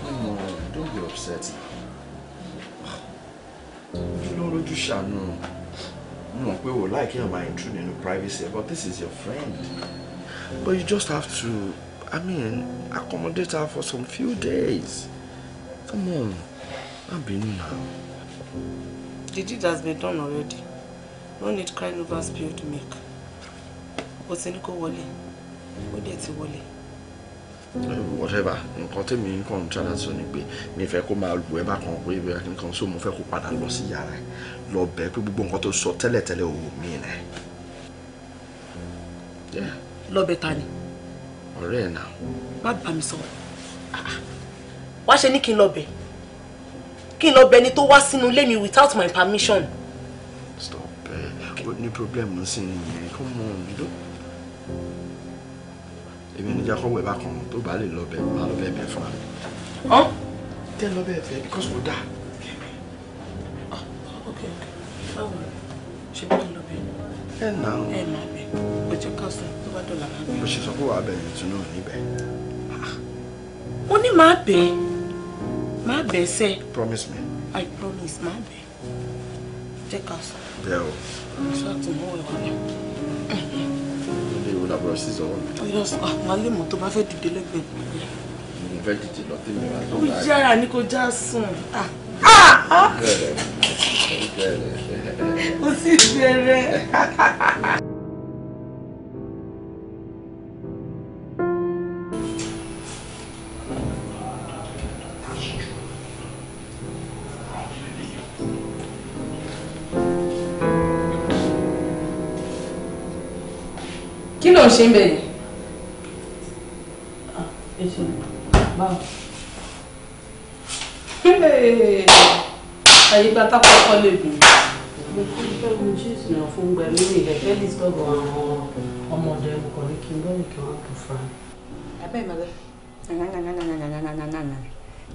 hmm, don't be upset kí ló ń rojú ṣàánú mo mọ̀ pé wò láì kí ẹ̀ máa intrude nínú privacy but this is your friend but you just have to I mean accommodate her for some few days come on I'm being now. The deed has been done already no need crying over spilled milk o ti ní kó wọlé ó dẹ̀ ti wọlé whatever nǹkan tẹ̀mí nǹkan ń tẹ́lá sọ ni pé mi fẹ́ kó máa lù ẹ́ bá kan pé bẹ́ẹ̀ nǹkan sọ mo fẹ́ kó padà lọ sí yàrá lọ bẹ́ẹ̀ pé gbogbo nǹkan tó sọ tẹ́lẹ̀tẹ́lẹ̀ ò mí nà lọ́bẹ̀ ta ni. ọ̀rẹ́ ẹ̀ náà. má bà mí sọ wá ṣe ní kí n lọ bẹ̀ kí n lọ bẹ̀ ẹni tó wá sínú ilé mi without my permission. stop ẹ o ní problem sí i yẹn come on you don't èmi ò ní jẹ́ kọ́wọ́ ẹ̀ bá kàn tó bá lè lọ bẹ̀ bá lọ bẹ̀ bẹ̀ fúnra mi. ọ́ tẹ́ lọ bẹ̀ fẹ́ because kò dáa. Ah, ẹ nà ó. ẹ má bẹ ọjọ́ kọsán tó bá dọlà má o ṣe sọ pé wàá bẹ ìtùnú níbẹ̀. Ah, ó ní má promise me. i promise má bẹ jẹ kọsán. bẹ́ẹ̀ o. ṣé àtúnwò àbúrò sí ìsọwọ́ mi. ọyọ sọ àwọn alẹ́mọ̀ tó bá fẹ́ dìde lẹ́gbẹ̀ẹ́. mo fẹ́ dìde lọ tẹ́lẹ̀ wá tó ó yára ní kò já sùn. Ah, ó sì bẹ̀rẹ̀. ṣe ń bẹ̀rẹ̀. ètò báwo. ayé gba tápá ọkọ lè gùn. mo kí fẹ́ mu jíìsì náà fún gba lórí ilẹ̀ fẹ́lí sọ́gbọ̀n àwọn ọmọdé ọkọ̀ ní kí n bẹ́ẹ̀ kí wọ́n kò fara. abẹ́ ìmọ̀lẹ́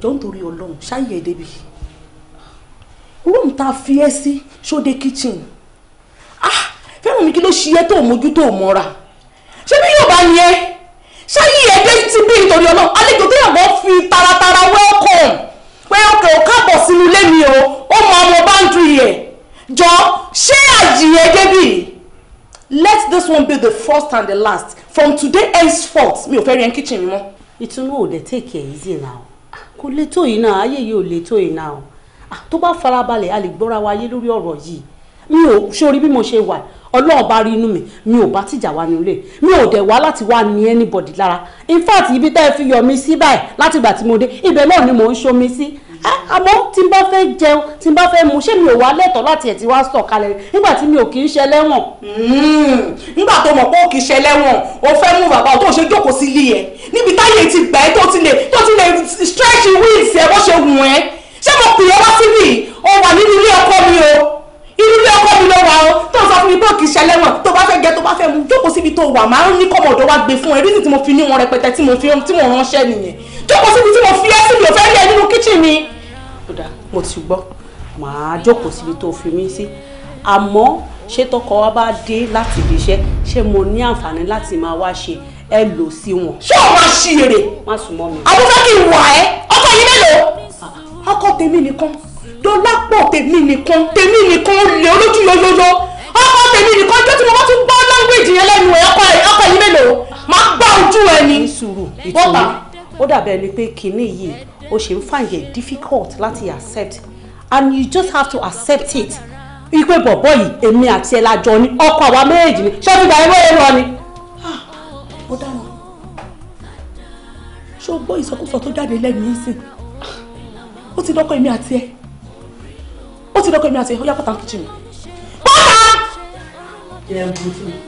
jọ ń torí ọlọ́run ṣáyé ẹ̀ débi rúùmù tá a fi ẹ́ sí ṣóde kitchen ah fẹ́ràn mi kí ló ṣe ẹ́ tó mójú tó mọ́ra ni ẹ ṣáyé ẹgbẹ́ ti bí nítorí ọlọ́run àlejò tó yàgbọ́ fi taratara welcome pé ọkọ̀ ò káàbọ̀ sínú ilé mi o ó mọ ọmọ boundary yẹ jọ ṣé àjìyẹ débì let this one be the first and the last from today henceforth mi ò fẹ́ rí ẹ kitchen mi mọ́. ìtúnú ò dé take care easy now kò lè tó yìí náà ayé yìí ò lè tó yìí náà ah, tó bá farabalẹ̀ a lè gbọ́ra wa yé lórí ọ̀rọ̀ yìí mi ò sórí bí mo ṣe wà ọlọ́run bá rí inú mi mi ò bá tìjà wá nílé mi ò dẹ̀ wá láti wá ní anybody lára in fact ibi tẹ́ ẹ fi yọ mi sí báyìí láti ìgbà tí mo dé ibẹ̀ náà ni mò ń ṣomi sí ah, àmọ́ tí n bá fẹ́ jẹun tí n bá fẹ́ mu ṣé mi ò wá lẹ́tọ̀ọ́ láti ẹ̀ ti wá sọ̀kalẹ̀ nígbà tí mi ò kì í ṣe lẹ́wọ̀n. Hmm, nígbà tó mọ̀ pé ó kì í ṣe lẹ́wọ̀n ó fẹ́ mú bàbá tó ṣe jókòó sí ilé ẹ̀ níbi táyé ti gbà ẹ́ tó ti lè tó ti lè stretch wheels ẹ̀ bó ṣe wù ẹ́ ṣé mo pè ọ́ wá síbí ó wà nínú ilé ọkọ mi o ilé ọkọ mi lọ wà ó tó sọ fún mi pé kì í ṣẹlẹ́wọ̀n tó bá fẹ́ jẹ tó bá fẹ́ mu jókòó síbi tó wà máa ń ní kọ́mọ̀dọ́ wá gbé fún ẹ rí tí mo fi ní wọn rẹpẹtẹ tí mo fi tí mo ránṣẹ́ nìyẹn jókòó síbi tí mo fi ẹ́ sí mi ò fẹ́ rí ẹ nínú kíchìn mi. kódà mo ti gbọ́ màá jókòó síbi tó fi mí sí àmọ́ ṣé tọkọ wa bá dé láti ibi iṣẹ́ ṣé mo ní àǹfààní láti máa wá ṣe ẹ lò sí wọn. ṣé o máa ṣí má sùn mọ́ mi. àwọn kí n wà ẹ́ ọkọ yìí mélòó. Ah, ọkọ tèmi nìkan dọ́lápọ̀ tèmi nìkan tèmi nìkan lè olójú yọyọyọ ọkọ tèmi nìkan jẹ́ tí mo bá tún gbọ́ láńgbèjì yẹn lẹ́nu ẹ̀ ọkọ ọkọ yìí mélòó máa gbá ojú ẹ ni. ìṣòro ó dàbí ẹni pé kinní yìí ó ṣe ń fàyè difficult láti accept and you just have to accept it ìpè bọ̀bọ̀ yìí èmi àti ẹ̀ lájọ ni ọkọ àwa méjèèjì ni ṣé fúnpa ẹ̀rọ ẹ̀rọ ni. Ah, ó dáná ṣé o gbọ́ ìsọkúsọ tó jáde lẹ́nu yìí sí ah, ó ti dọ́kọ̀ èmi àti ẹ̀ ó ti dọ́kọ̀ mi àti ẹ̀hóyá pátá kìchìn mi. pátá.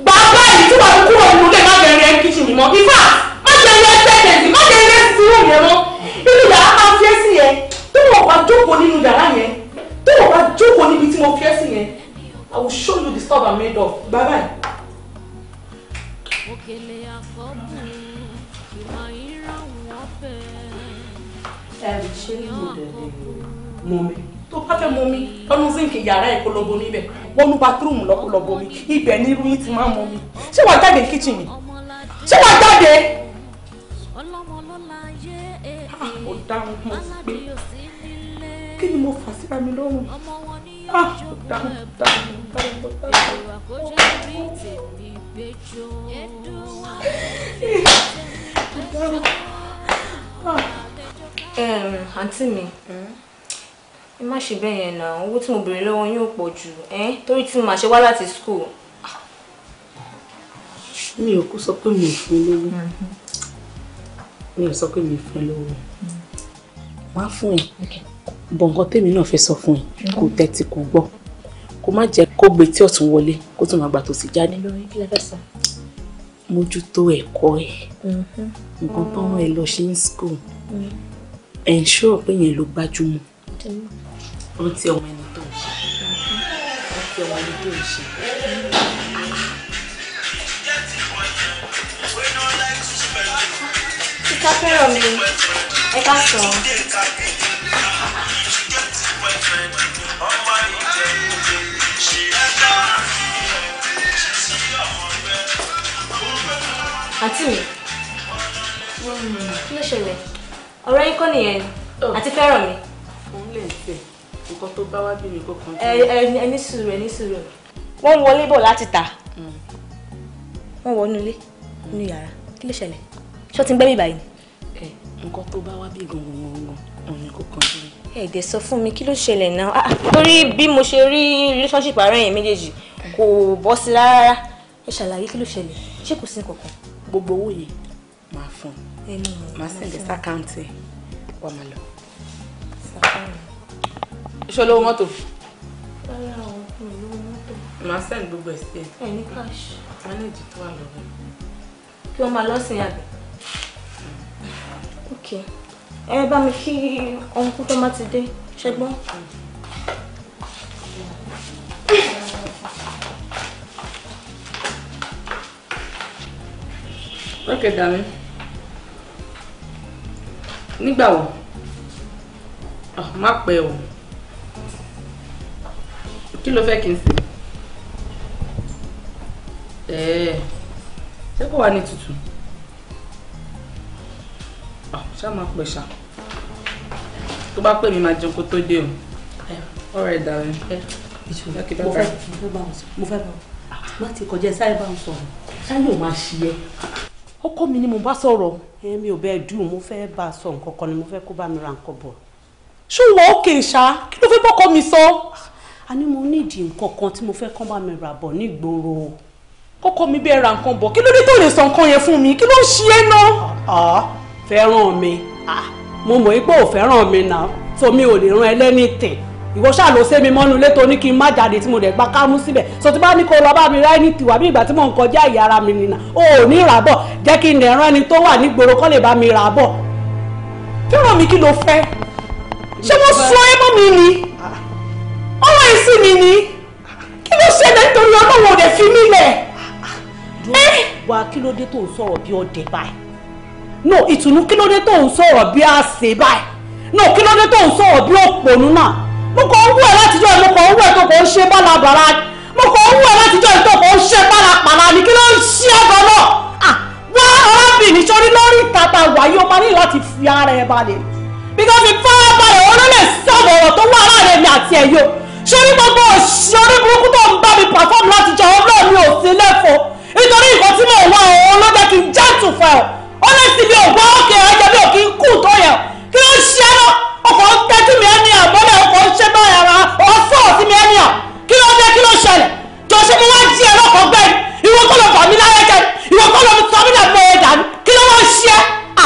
bàbá yìí tí wàá kúrò nínú ilé má bẹ̀rẹ̀ ẹ̀ kìchìn mi mọ́ ifá má jẹ ilé sẹ́kẹ̀sì má jẹ ilé sùúrù yẹn mọ́ inú yàrá máa fi ẹ́sìn yẹn tó wọ́n bá jókòó nínú yàrá yẹn tó wọ́n bá jókòó níbi tí mo fi ẹ́sìn yẹn I will show you the stuff I'm made of bye bye. òkèlè àfọ́bù ìmọ̀ ìrànwọ́ bẹ́ẹ̀. ẹ ṣe é lò dẹ̀ dẹ̀ mọ́ mi tó bá fẹ́ mu omi ọ̀nù sínkì yàrá ìpolongo níbẹ̀ wọnú bathroom lọ́pọ̀lọpọ̀ mi ibẹ̀ ní irú yín ti máa ń ṣé wàá jáde kíchìn ni ṣé wàá jáde. Ah, ó dáhùn mo pé kí ni mo fà síra mi lọ́rùn ah, ó dáhùn dáhùn dáhùn dáhùn. àǹtí mi ẹ má ṣe bẹ́ẹ̀ yẹn náà owó tí mo béèrè lọ́wọ́ yóò pọ̀ jù torí tí mo máa ṣe wá láti school. mi ò kú sọ pé mi ò fún ẹ lówó mm-hmm. mi ò sọ pé mi ò fún ẹ lówó má mm-hmm. fún ẹ bọ̀ǹkan tèmi náà fẹ́ sọ fún ẹ mm-hmm. kó tẹ́tí kó gbọ́ kó má jẹ́ kó gbé tí ọ̀tún wọlé kó tún máa gbà tó sì jáde mójútó ẹ̀kọ́ ẹ̀ nǹkan tó ń rán lọ ṣe ní school ẹ̀ ń ṣọ́ọ̀ pé yẹn ló gbájúmọ̀ rántí ọmọ ẹni tó ń ṣe rántí ọmọ ẹni tó ń ṣe. Ìka fẹ́ràn mi, ẹ ká sọ. Àǹtí mi, hmm. kí ló ṣẹlẹ̀? Ọ̀rẹ́ yín kọ́ nìyẹn, oh. àti fẹ́ràn mi nǹkan tó bá wá bí mi kó kan jù. ẹ ní sùúrù ẹ ní sùúrù. wọ́n ń wọlé bọ̀ láti ta. Mm. wọ́n wọ inú ilé inú yàrá kí ló ṣẹlẹ̀ ṣó ti ń gbẹ́mí báyìí. ẹ nǹkan tó bá wá bí gbọ̀ngbọ̀ngbọ̀ngbọ̀n òun ni kò kan jù. ẹ dẹ̀ sọ fún mi kí ló ṣẹlẹ̀ náà ah, torí bí mo ṣe rí relationship ara yẹn méjèèjì kò bọ́ sí rárá ẹ ṣàlàyé kí ló ṣẹlẹ̀ ṣé kò sí nǹkan kan. gbogbo owó yẹn máa fún un máa send ẹ sí àkáǹtì máa lọ iṣẹ́ olówó mọ́tò. rárá o mi ò lówó mọ́tò. màá send gbogbo ẹ̀ sí ẹ. ẹ ní káàṣì. mánéèjì tó wà lọ́wọ́. kí wọ́n máa lọ́sìn àgbẹ̀. ok ẹ bá mi kí ọ̀nkú tó má ti dé ṣẹgbọ́n. Okay, Dami. Nígbà wo? Ah, má pẹ́ o kí ló fẹ́ kí n sè ẹ̀ẹ́ ṣé kò wá ní tútù ṣá máa pè ṣá tó bá pè mí máa jẹun kó tó dé o ọ̀rẹ́ ìdàrin mo fẹ́ bá má ti kọjá sáré bá ń sọ̀rọ̀ sáré ò máa ṣí ẹ ọkọ mi ni mo bá sọ̀rọ̀ èmi ò bẹ́ẹ̀ dùn mo fẹ́ bá a sọ nǹkan kan ni mo fẹ́ kó bá mi ra nǹkan bọ̀ ṣùgbọ́n ó kè é ṣá kí ló fẹ́ bọ́kọ mi sọ a ní mo nídìí nǹkan kan tí mo fẹ́ kán bá mi rà bọ̀ nígboro kọ́kọ́ mi bẹ́ẹ̀ ra nǹkan bọ̀ kí ló dé tó lè sọ nǹkan yẹn fún mi kí ló ń ṣe é náà. fẹ́ràn mi mo mọ̀ pé ò fẹ́ràn mi náà so mi ò lè ran ẹ tẹ̀ ìwọ ṣáà ló sé mi mọ́nu ilé ní kí n má jáde tí mo dẹ̀ gba kámú síbẹ̀ so tí bá ní kó lọ bá mi rá ẹni tìwá bí ìgbà tí mò ń kọjá ìyá ara mi nìyà o ò ní rà bọ̀ jẹ́ kí n lè rán ẹni tó wà nígboro kó lè bá mi rà bọ̀ fẹ́ràn mi kí ló fẹ́ ṣé mo sọ ẹ mọ́ mi ni ọmọ ìsìn mi ni kí ló ṣẹlẹ̀ nítorí ọlọ́wọ́ rẹ̀ fi mí lẹ̀. Eh? wá kí ló dé tó ń sọ̀rọ̀ bí ọdẹ báyìí no ìtùnú kí ló dé tó ń sọ̀rọ̀ bí àṣẹ báyìí no kí ló dé tó ń sọ̀rọ̀ bí òpònú náà mo kàn ń wú ẹ látijọ́ mo kàn ń wú ẹ tó kàn ń ṣe bálabàlá mo kàn ń wú ẹ látijọ́ tó kàn ń ṣe pálapàla ni kí ló ń ṣe ẹ gan ah, náà wá arábìnrin sọ́rí lórí ìtata wàyí o máa ní láti fi ara ẹ balẹ̀ because ìfarabalẹ̀ olólè sọ̀rọ̀ tó wà láàrin mi àti ẹ̀yọ́ sórí gbogbo òṣìṣẹ́ burúkú tó ń bá mi perform láti jọ ọlọ́ọ̀ mi ò sí lẹ́fọ̀ọ́ nítorí nǹkan tí mò ń wá òun ló jẹ́ kí n já tù fún ẹ̀ ó lè sì mi ò gbọ́ òkè ẹ̀jẹ̀ mi ò kí ń kù tó yẹ kí ló ṣe ẹ́ náà ọkọ̀ ń tẹ́tí mi ẹ́ ní àbọ̀lẹ̀ ọkọ̀ ń ṣe báyìí ara ọ̀sọ̀ sí mi ẹ́ ní à kí ló dé kí ló ṣẹlẹ̀ jọ ṣe mo wá jí ẹ lọ́kọ̀ gbẹ́ ni ìwọ kọ́ lọ fà mí láyẹ̀kẹ́ ìwọ kọ́ lọ sọ mí dàbí ẹ̀ dànù kí ló wá ṣe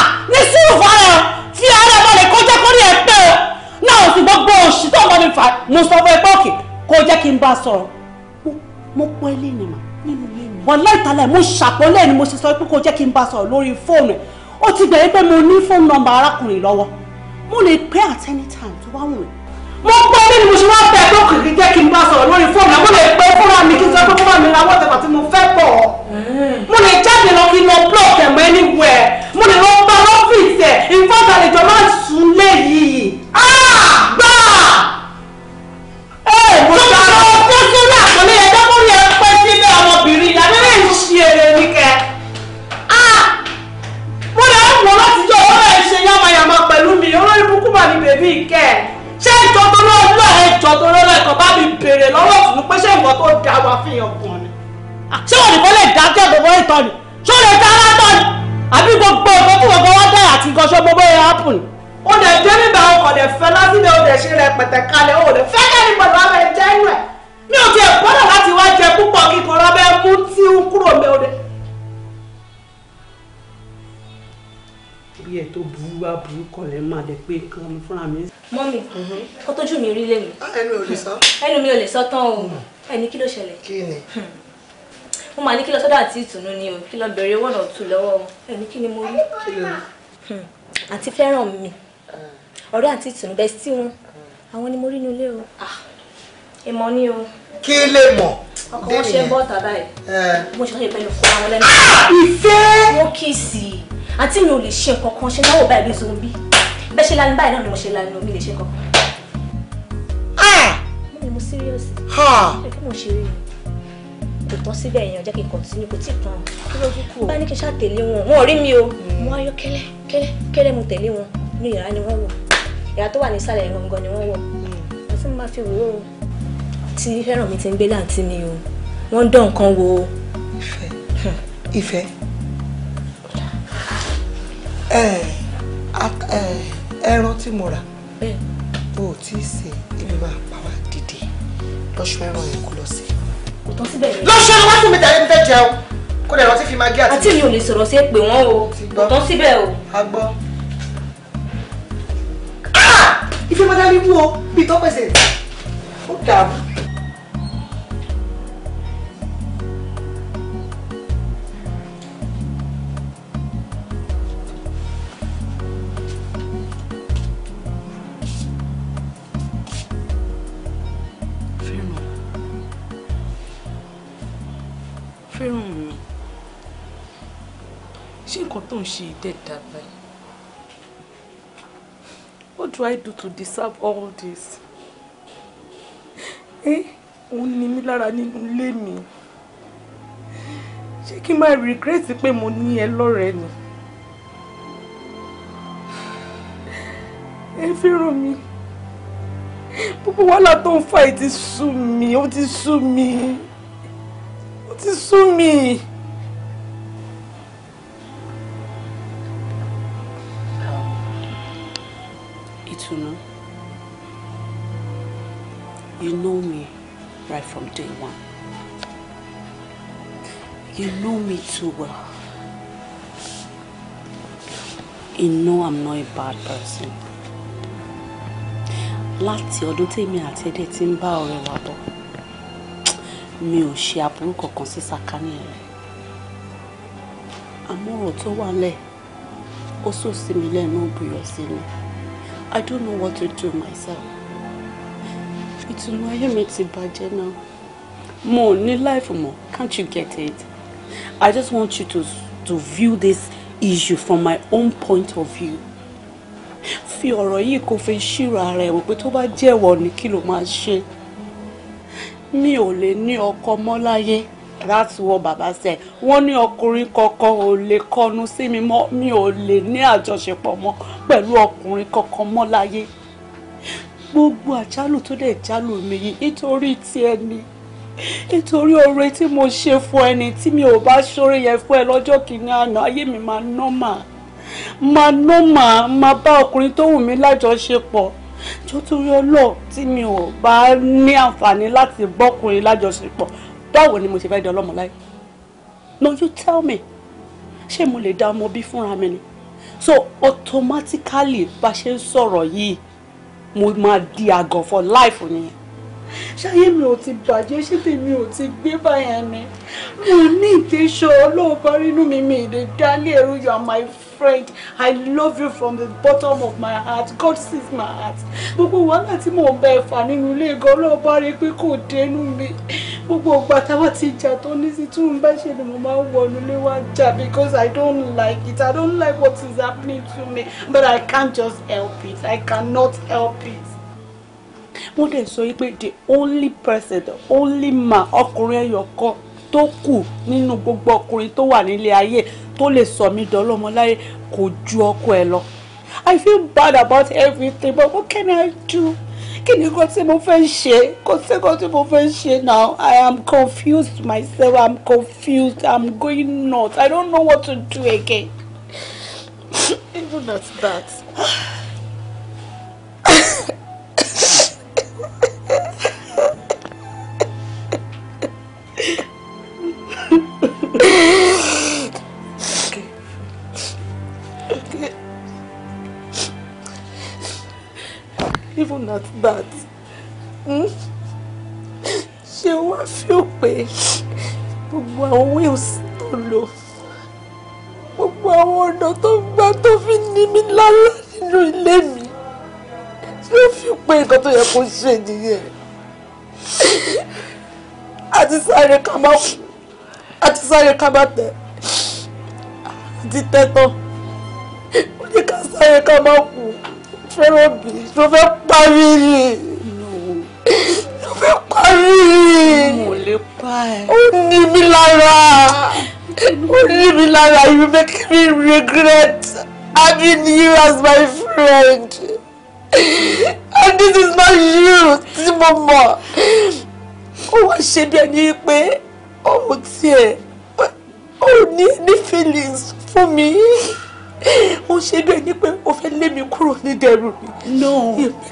à ní sùúrù fún ara fi ara balẹ̀ kọjá kọ́rí ẹ̀ pẹ́ o náà sì gbogbo òṣì tó ń bá mi fà mo sọ fún ẹ pé òkè kó jẹ́ kí n bá sọ̀rọ̀ mo pọ́ ilé ni mà nínú ilé mi wọ́n láìtàlẹ̀ mo ṣàpọ́nlẹ̀ ni mo ṣe sọ pé kó jẹ́ kí n bá sọ̀rọ̀ lórí fóònù ẹ̀ ó ti gbẹ̀yẹ́ pé mo ní fóònù nọ́mbà arákùnrin lọ́wọ́ mo lè pè at any time tó bá wù mí mo gbọ́ ní ni mo ṣe wá bẹ́ẹ̀ lókè jẹ́ kí n bá sọ̀rọ̀ lórí fóònù ẹ̀ mo lè pè fúnra mi kí n sọ pé fúnra mi ra wọ́tẹ̀pà sọ́tàn o ẹni kí ló ṣẹlẹ̀. kí ni. Hmm. mo máa ní kí lọ sọ́dọ̀ àti ìtùnú ni o kí lọ bẹ̀rẹ̀ wọ̀nà tù lọ́wọ́ ẹni kí ni mo rí. àǹtí hmm. fẹ́ràn mi ah. ọ̀rẹ́ àǹtí ìtùnú bẹ́ẹ̀ sí wọn hmm. àwọn ni mo rí ní ilé o. Ah. ìmọ̀ ni o. kí lè mọ̀. ọkọ wọn ṣe ń bọ́ ọ̀tà báyìí. Eh. mo ṣe ṣe pẹ̀lú fún àwọn lẹ́nu. Ah! ìfẹ́. wọ́n kì í sì àǹtí mi ò lè ṣe nǹkan kan ṣe náwó báyìí bí bẹ́ẹ̀ ṣe lanu báyìí náà ni mo ṣe lanu mi lè ṣe nǹkan kan serious. ẹ kí mo ṣe rí mi kò tán síbẹ̀ yẹn jẹ́ kí n continue kò tí ì tán kí ló kúkú o. bá ní kí n ṣáà tẹ̀lé wọn wọn rí mi o mo wá kẹ́lẹ́ kẹ́lẹ́ kẹ́lẹ́ mo tẹ̀lé wọn inú yàrá ni wọ́n wọ̀ yàrá tó wà ní ìsàlẹ̀ gangan ni wọ́n wọ̀ àti mo máa fi wò ó tí fẹ́ràn mi ti ń gbé láǹtí mi o wọ́n ń dán nǹkan wò ó. ìfẹ́ ìfẹ́ ẹran tí mo rà bó o tí sè é èmi máa pa wá lọ́ṣọ ẹran yẹn kó lọ sí. kò tán síbẹ̀ yẹn. lọ́ṣọ ẹran wá sí mi tàbí fẹ́ jẹun kó lè rántí fi máa gé àti. àti mi ò lè sọ̀rọ̀ sí èpè wọn o kò tán síbẹ̀ o. a gbọ́. ìfẹ́ ah! o bíi tọ́pẹ̀sẹ̀ ó dààmú. tó ń ṣe ìdẹ́ẹ̀dá báyìí what do I do to deserve all this? ẹ́ eh? òun ni mí lára nínú ilé mi ṣé kí n máa regret pé mo ní ẹ lọ́rẹ̀ẹ́ ni ẹ fẹ́ràn mi gbogbo wàhálà tó ń fà yìí ti sú mi ó ti sú mi ó ti sú mi. You know me right from day one. You know me too well. You know I'm not a bad person. Láti ọdún tèmi àti ẹdẹ ti ń bá ọ̀rẹ́ wa bọ̀, mi ò ṣe aburú kankan sí sàkání rẹ̀. Àmọ́ràn tó wà lẹ̀, ó sòsí mi lẹ́nu òbí rẹ̀ sí ni. I don't know what to do myself ìtùnú ayé mi ti bàjẹ́ now. More, ní life more? can't you get it I just want you to to view this issue from my own point of view fi ọ̀rọ̀ yìí kò fi ṣírò ara ẹ̀ wò pé tó bá jẹ́wọ́ ni kilo ló máa mi ò lè ní ọkọ mọ́ láyé láti wọ bàbá sẹ wọ́n ní ọkùnrin kọkọ ò lè kọnu sí mi mọ́ mi ò lè ní àjọṣepọ̀ mọ́ pẹ̀lú ọkùnrin kọkọ mọ́ láyé gbogbo àjálù tó dẹ̀ jálù mi yìí nítorí ti ẹni nítorí oore tí mo ṣe fún ẹni tí mi ò bá ṣoore yẹn fún ẹ lọ́jọ́ kìíní àná ayé mi máa nọ́mà máa nọ́mà máa bá ọkùnrin tó wù mí lájọṣepọ̀ tó torí tí mi ò bá ní àǹfààní láti bọ́kùnrin lájọṣepọ̀ báwo ni mo ṣe fẹ́ di ọlọ́mọ no you tell me ṣé mo lè dá ọmọ bí fúnra mi ni so automatically bá ṣe ń sọ̀rọ̀ yìí mo máa di àgàn for life nìyẹn ṣáyé mi ò ti bàjẹ́ ṣé tèmi ò ti gbé báyẹn ni mo ní ìtẹ́sọ ọlọ́ọ̀bá rínú mi mi ìdè dálé ẹ̀rú you are my friend i love you from the bottom of my heart god sees my heart gbogbo wàhálà tí mò ń bẹ fà nínú ilé ìgò ọlọ́ọ̀bá rí pé kò dénú mi gbogbo ọgbà táwa ti jà tó ní sí tún bá ṣe ni mo máa ń wọnú ilé wá jà because i don't like it i don't like what is happening to me but i can't just help it i cannot help it wọ́n dẹ̀ sọ wípé the only person the only man ọkùnrin ẹyọ̀kan tó kù nínú gbogbo ọkùnrin tó wà nílé ayé tó lè sọ mí dọlọ́mọ láyé kò ju ọkọ ẹ lọ I feel bad about everything but what can I do? kí ni nǹkan tí mo fẹ́ ṣe kò sí nǹkan tí mo fẹ́ ṣe now I am confused myself I am confused I am going nuts I don't know what to do again. even at that. even at that hmm? ṣé wàá fi ó pé gbogbo àwọn wheels tó lò gbogbo àwọn ọ̀nà tó gbà tó fi ní mi lálẹ́ nínú ilé mi ṣé ó fi pé nǹkan tó yẹ kó ṣe nìyẹn àti sáré ká má àti sáré ká má tẹ àti tẹ tán ó ní ká sáré ká má kú fẹ́ràn bí tó fẹ́ parí rí tó fẹ́ parí rí mo lè pa ẹ́ ó ní mi lára ó ní mi lára you make me regret having you as my friend and this is not you tí mo mọ̀ ó wá ṣe bí ẹni pé ọmọ tiẹ̀ ó ní any feelings fún mi ó ṣe bẹ́ẹ̀ ni pé o fẹ́ lé mi kúrò ní dẹrù mi. no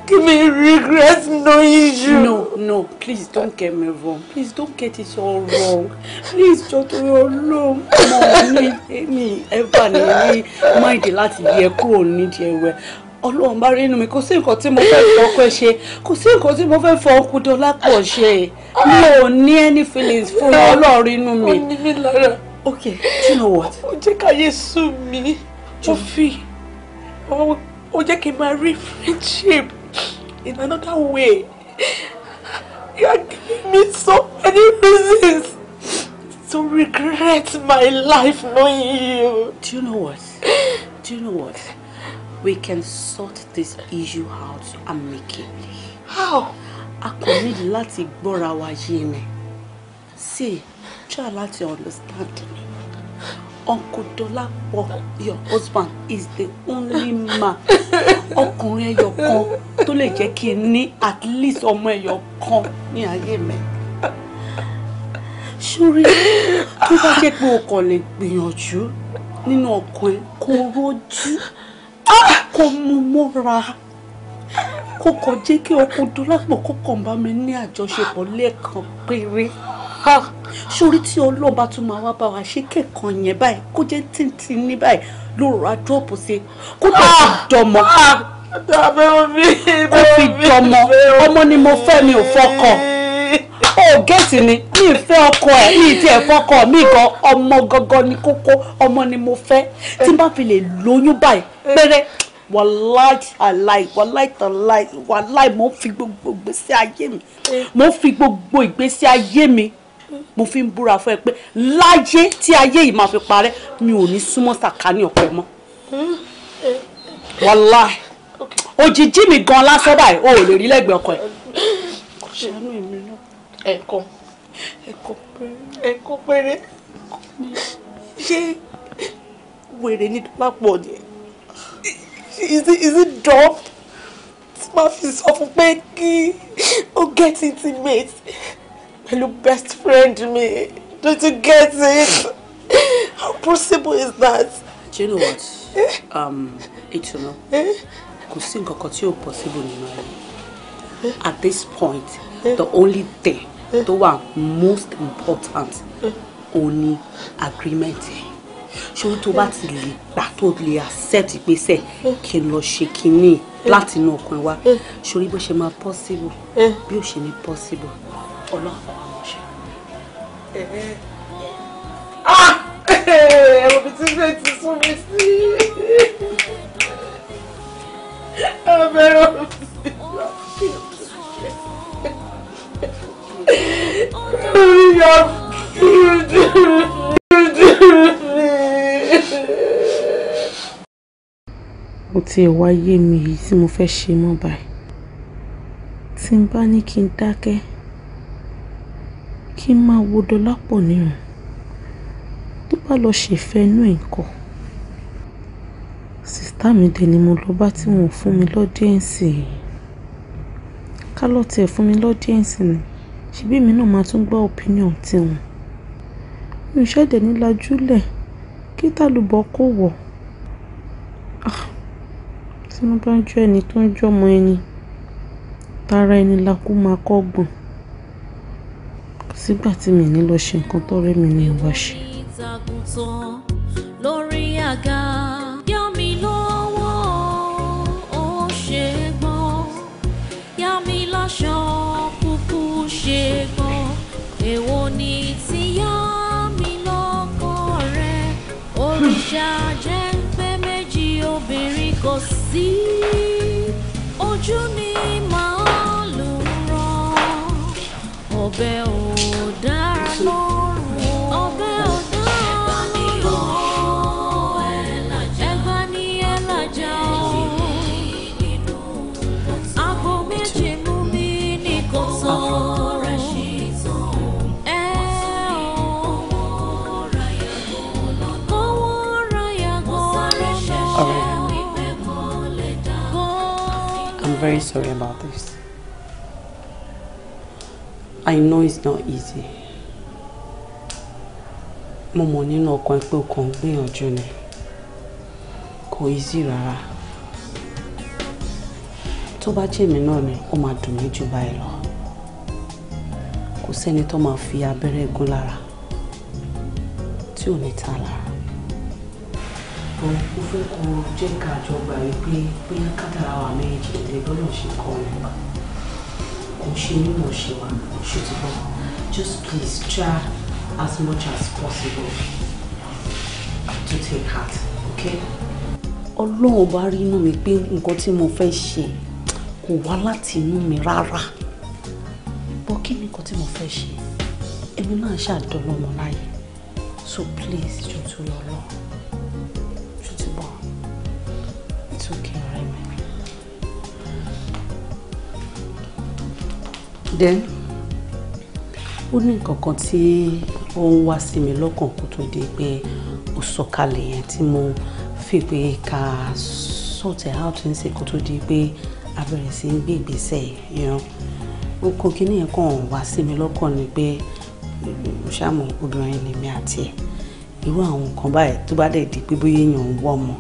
kí mi regret no issue. no no please don't get me wrong please don't get it all wrong please jọ torí ọlọ́run mọ mi mi ever ni mi mind láti yẹ kúrò nídìí ẹwẹ ọlọ́run bá rí inú mi kò sí nǹkan tí mo fẹ́ fọkọ ẹ ṣe kò sí nǹkan tí mo fẹ́ fọ ọkùn dọ́là pọ̀ ṣe mi ò ní any feelings fún ọlọ́run inú mi. ó ní mi lára. okay do you know what. ó jẹ́ káyé sú mi. Kofi, ó jẹ́ kí n máa rí friendship in another way. You are giving me so many reasons to regret my life knowing you. Do you know what? Do you know what? We can sort this issue out amicably. How? A kò ní láti gbọ́ra wa yé ni. See, try láti understand me. Uncle Dolapo, your husband, is the only man. Ọkùnrin ẹyọ kan tó lè jẹ́ kí n ní at least ọmọ ẹyọ kan ní ayé mi. Ṣúrí tó bá jẹ́ pé o kàn lè gbìyànjú nínú ọkàn ẹ kó rojú kó mú mọ́ra kó kàn jẹ́ kí Uncle Dolapo kó kàn bá mi ní àjọṣepọ̀ lẹ́ẹ̀kan péré sórí tí ọlọ́ba tún máa wá bá wa ṣe kẹ̀kọ́ yẹn báyìí kó jẹ́ tìǹtìǹ ní báyìí ló rọra dọ́ọ̀pù sí kó tó fi dọ̀mọ́ kó fi dọ̀mọ́ ọmọ ni mo fẹ́ mi ò fọkọ̀ ó géètì ni mi fẹ́ ọkọ ẹ̀ mi ti ẹ̀ fọkọ mi gan ọmọ gangan ni kókó ọmọ ni mo fẹ́ tí n bá fi lè lóyún báyìí péré wàláì àláì wàláì tàláì wàláì mo fi gbogbo ìgbésí ayé mi mo fi gbogbo ìgbésí ayé mi mo fi ń búra fún ẹ pé láyé tí ayé yìí máa fi parẹ́ mi ò ní súnmọ́ sàkání ọ̀pẹ mọ́ wàláì òjijì mi gan lásán báyìí o ò lè rí lẹ́gbẹ̀ẹ́ ọkọ ẹ̀. ṣàánú èmi náà. ẹ̀kọ́ ẹ̀kọ́ péré ṣé wèrè ní dọ́lápọ̀ ni is it is it dumb tí máa fi sọ fún pé kí o get intimate pẹ̀lú best friend me, don't you get it how possible is that. do you know what eh? um, ìtùnú eh? kò sí nǹkan kan tí ò possible nínú rẹ eh? at this point the only thing the one most important òun ni agreement yẹn ṣòro tó bá ti accept it, kí say lọ ṣe kínní láti inú ọkàn wa ṣòro bó ṣe máa possible bí ó possible ọlọ́run bá wà mọ̀ ṣe. ẹ̀rọ mi ti fẹ́ ti sún mi sí abẹ́rẹ́ mi sí lórí ya mo tiẹ̀ wá yé mi yìí tí mo fẹ́ ṣe mọ́ báyìí tí n bá ní kí n dákẹ́ kí n máa wo Dọlápọ̀ nírun. Tó bá lọ ṣẹ̀fẹ̀ inú ẹ̀ ńkọ́? Sìstá mi dè ni mo lọ bá tí wọ́n fún mi lọ́díẹ̀nsì. Ká lọ tí ẹ fún mi lọ́díẹ̀nsì ni, ṣèbí èmi náà máa tún gbọ́ opinion ti wọn. Mi ò ṣẹ̀dẹ̀ ní lajúlẹ̀ kí tàlùbọ̀ kó wọ̀. Ah, tí wọ́n bá ń jó ẹni tó ń jọ́mọ ẹni, tara ẹni la kú máa kọ́gbọ̀n sígbà tí mi ní lọ ṣe nǹkan tó rẹ́ mi ní ìwà ṣe. lórí mi ọbẹ̀ ò I'm very sorry about this. I know it's not easy. Mo mọ̀ nínú ọkàn pé o kàn ń gbìyànjú ni. Kò easy rárá. Tó bá jẹ́ èmi náà ni, ó máa dùn mí jù báyìí lọ. Kò sẹ́ni tó máa fi abẹ́rẹ́ gún lára tí ò ní ta lára. Mo fẹ́ kó jẹ́ ká jọ gbà wípé bóyá kádàrá wa méjì lè lọ́nà ṣe kọ́ ọ nípa kò ṣe ní just please try as much as possible to take heart okay. ọlọ́run bá rí inú mi pé nǹkan tí mo fẹ́ ṣe kò wá láti inú mi rárá bọ́ kí ni nǹkan tí mo fẹ́ ṣe èmi náà ṣàdánlọ́mọ láyé so please jọ̀ọ́ tó lọ́ọ́ then ó ní nǹkan kan tí ó ń wá sí mi lọ́kàn kó tó di pé ó sọ̀kalẹ̀ yẹn tí mo fi pé ká sọ̀tẹ̀ out ń ṣe kó tó di pé a bẹ̀rẹ̀ sí ń gbé ìgbésẹ̀ yẹn okun kínní yẹn kàn wá sí mi lọ́kàn ni pé ṣáàmù obìnrin lèmi àti ẹ̀ irú àwọn nǹkan báyìí tó bá dẹ̀ di pé bóyá èèyàn ń wọ́ ọmọ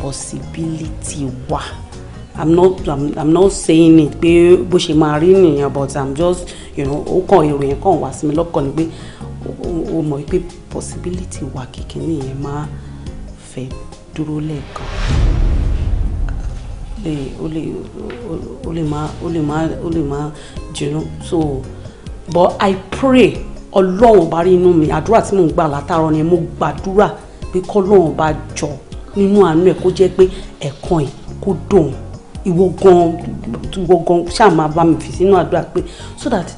possibility wà. Wow i'm not i'm, I'm not saying it pé bó ṣe máa rí nìyẹn but i'm just you know ó kàn ìròyìn kàn wá sí mi lọ́kàn ni pé ó mọ̀ pé possibility wà kìkì nìyẹn máa fẹ́ dúró lẹ́ẹ̀kan lè ó lè ó lè ma, ó lè má ó lè má jìnnà so but i pray ọlọ́run bá rí inú mi àdúrà tí mò ń gbà látàárọ̀ ni mo gbàdúrà pé kọ́lọ́run bá jọ nínú àánú ẹ̀ kó jẹ́ pé ẹ̀kan ẹ̀ kó dòun ìwọ gan ìwọ gan ṣáà máa bá mi fi sínú àdúrà pé so that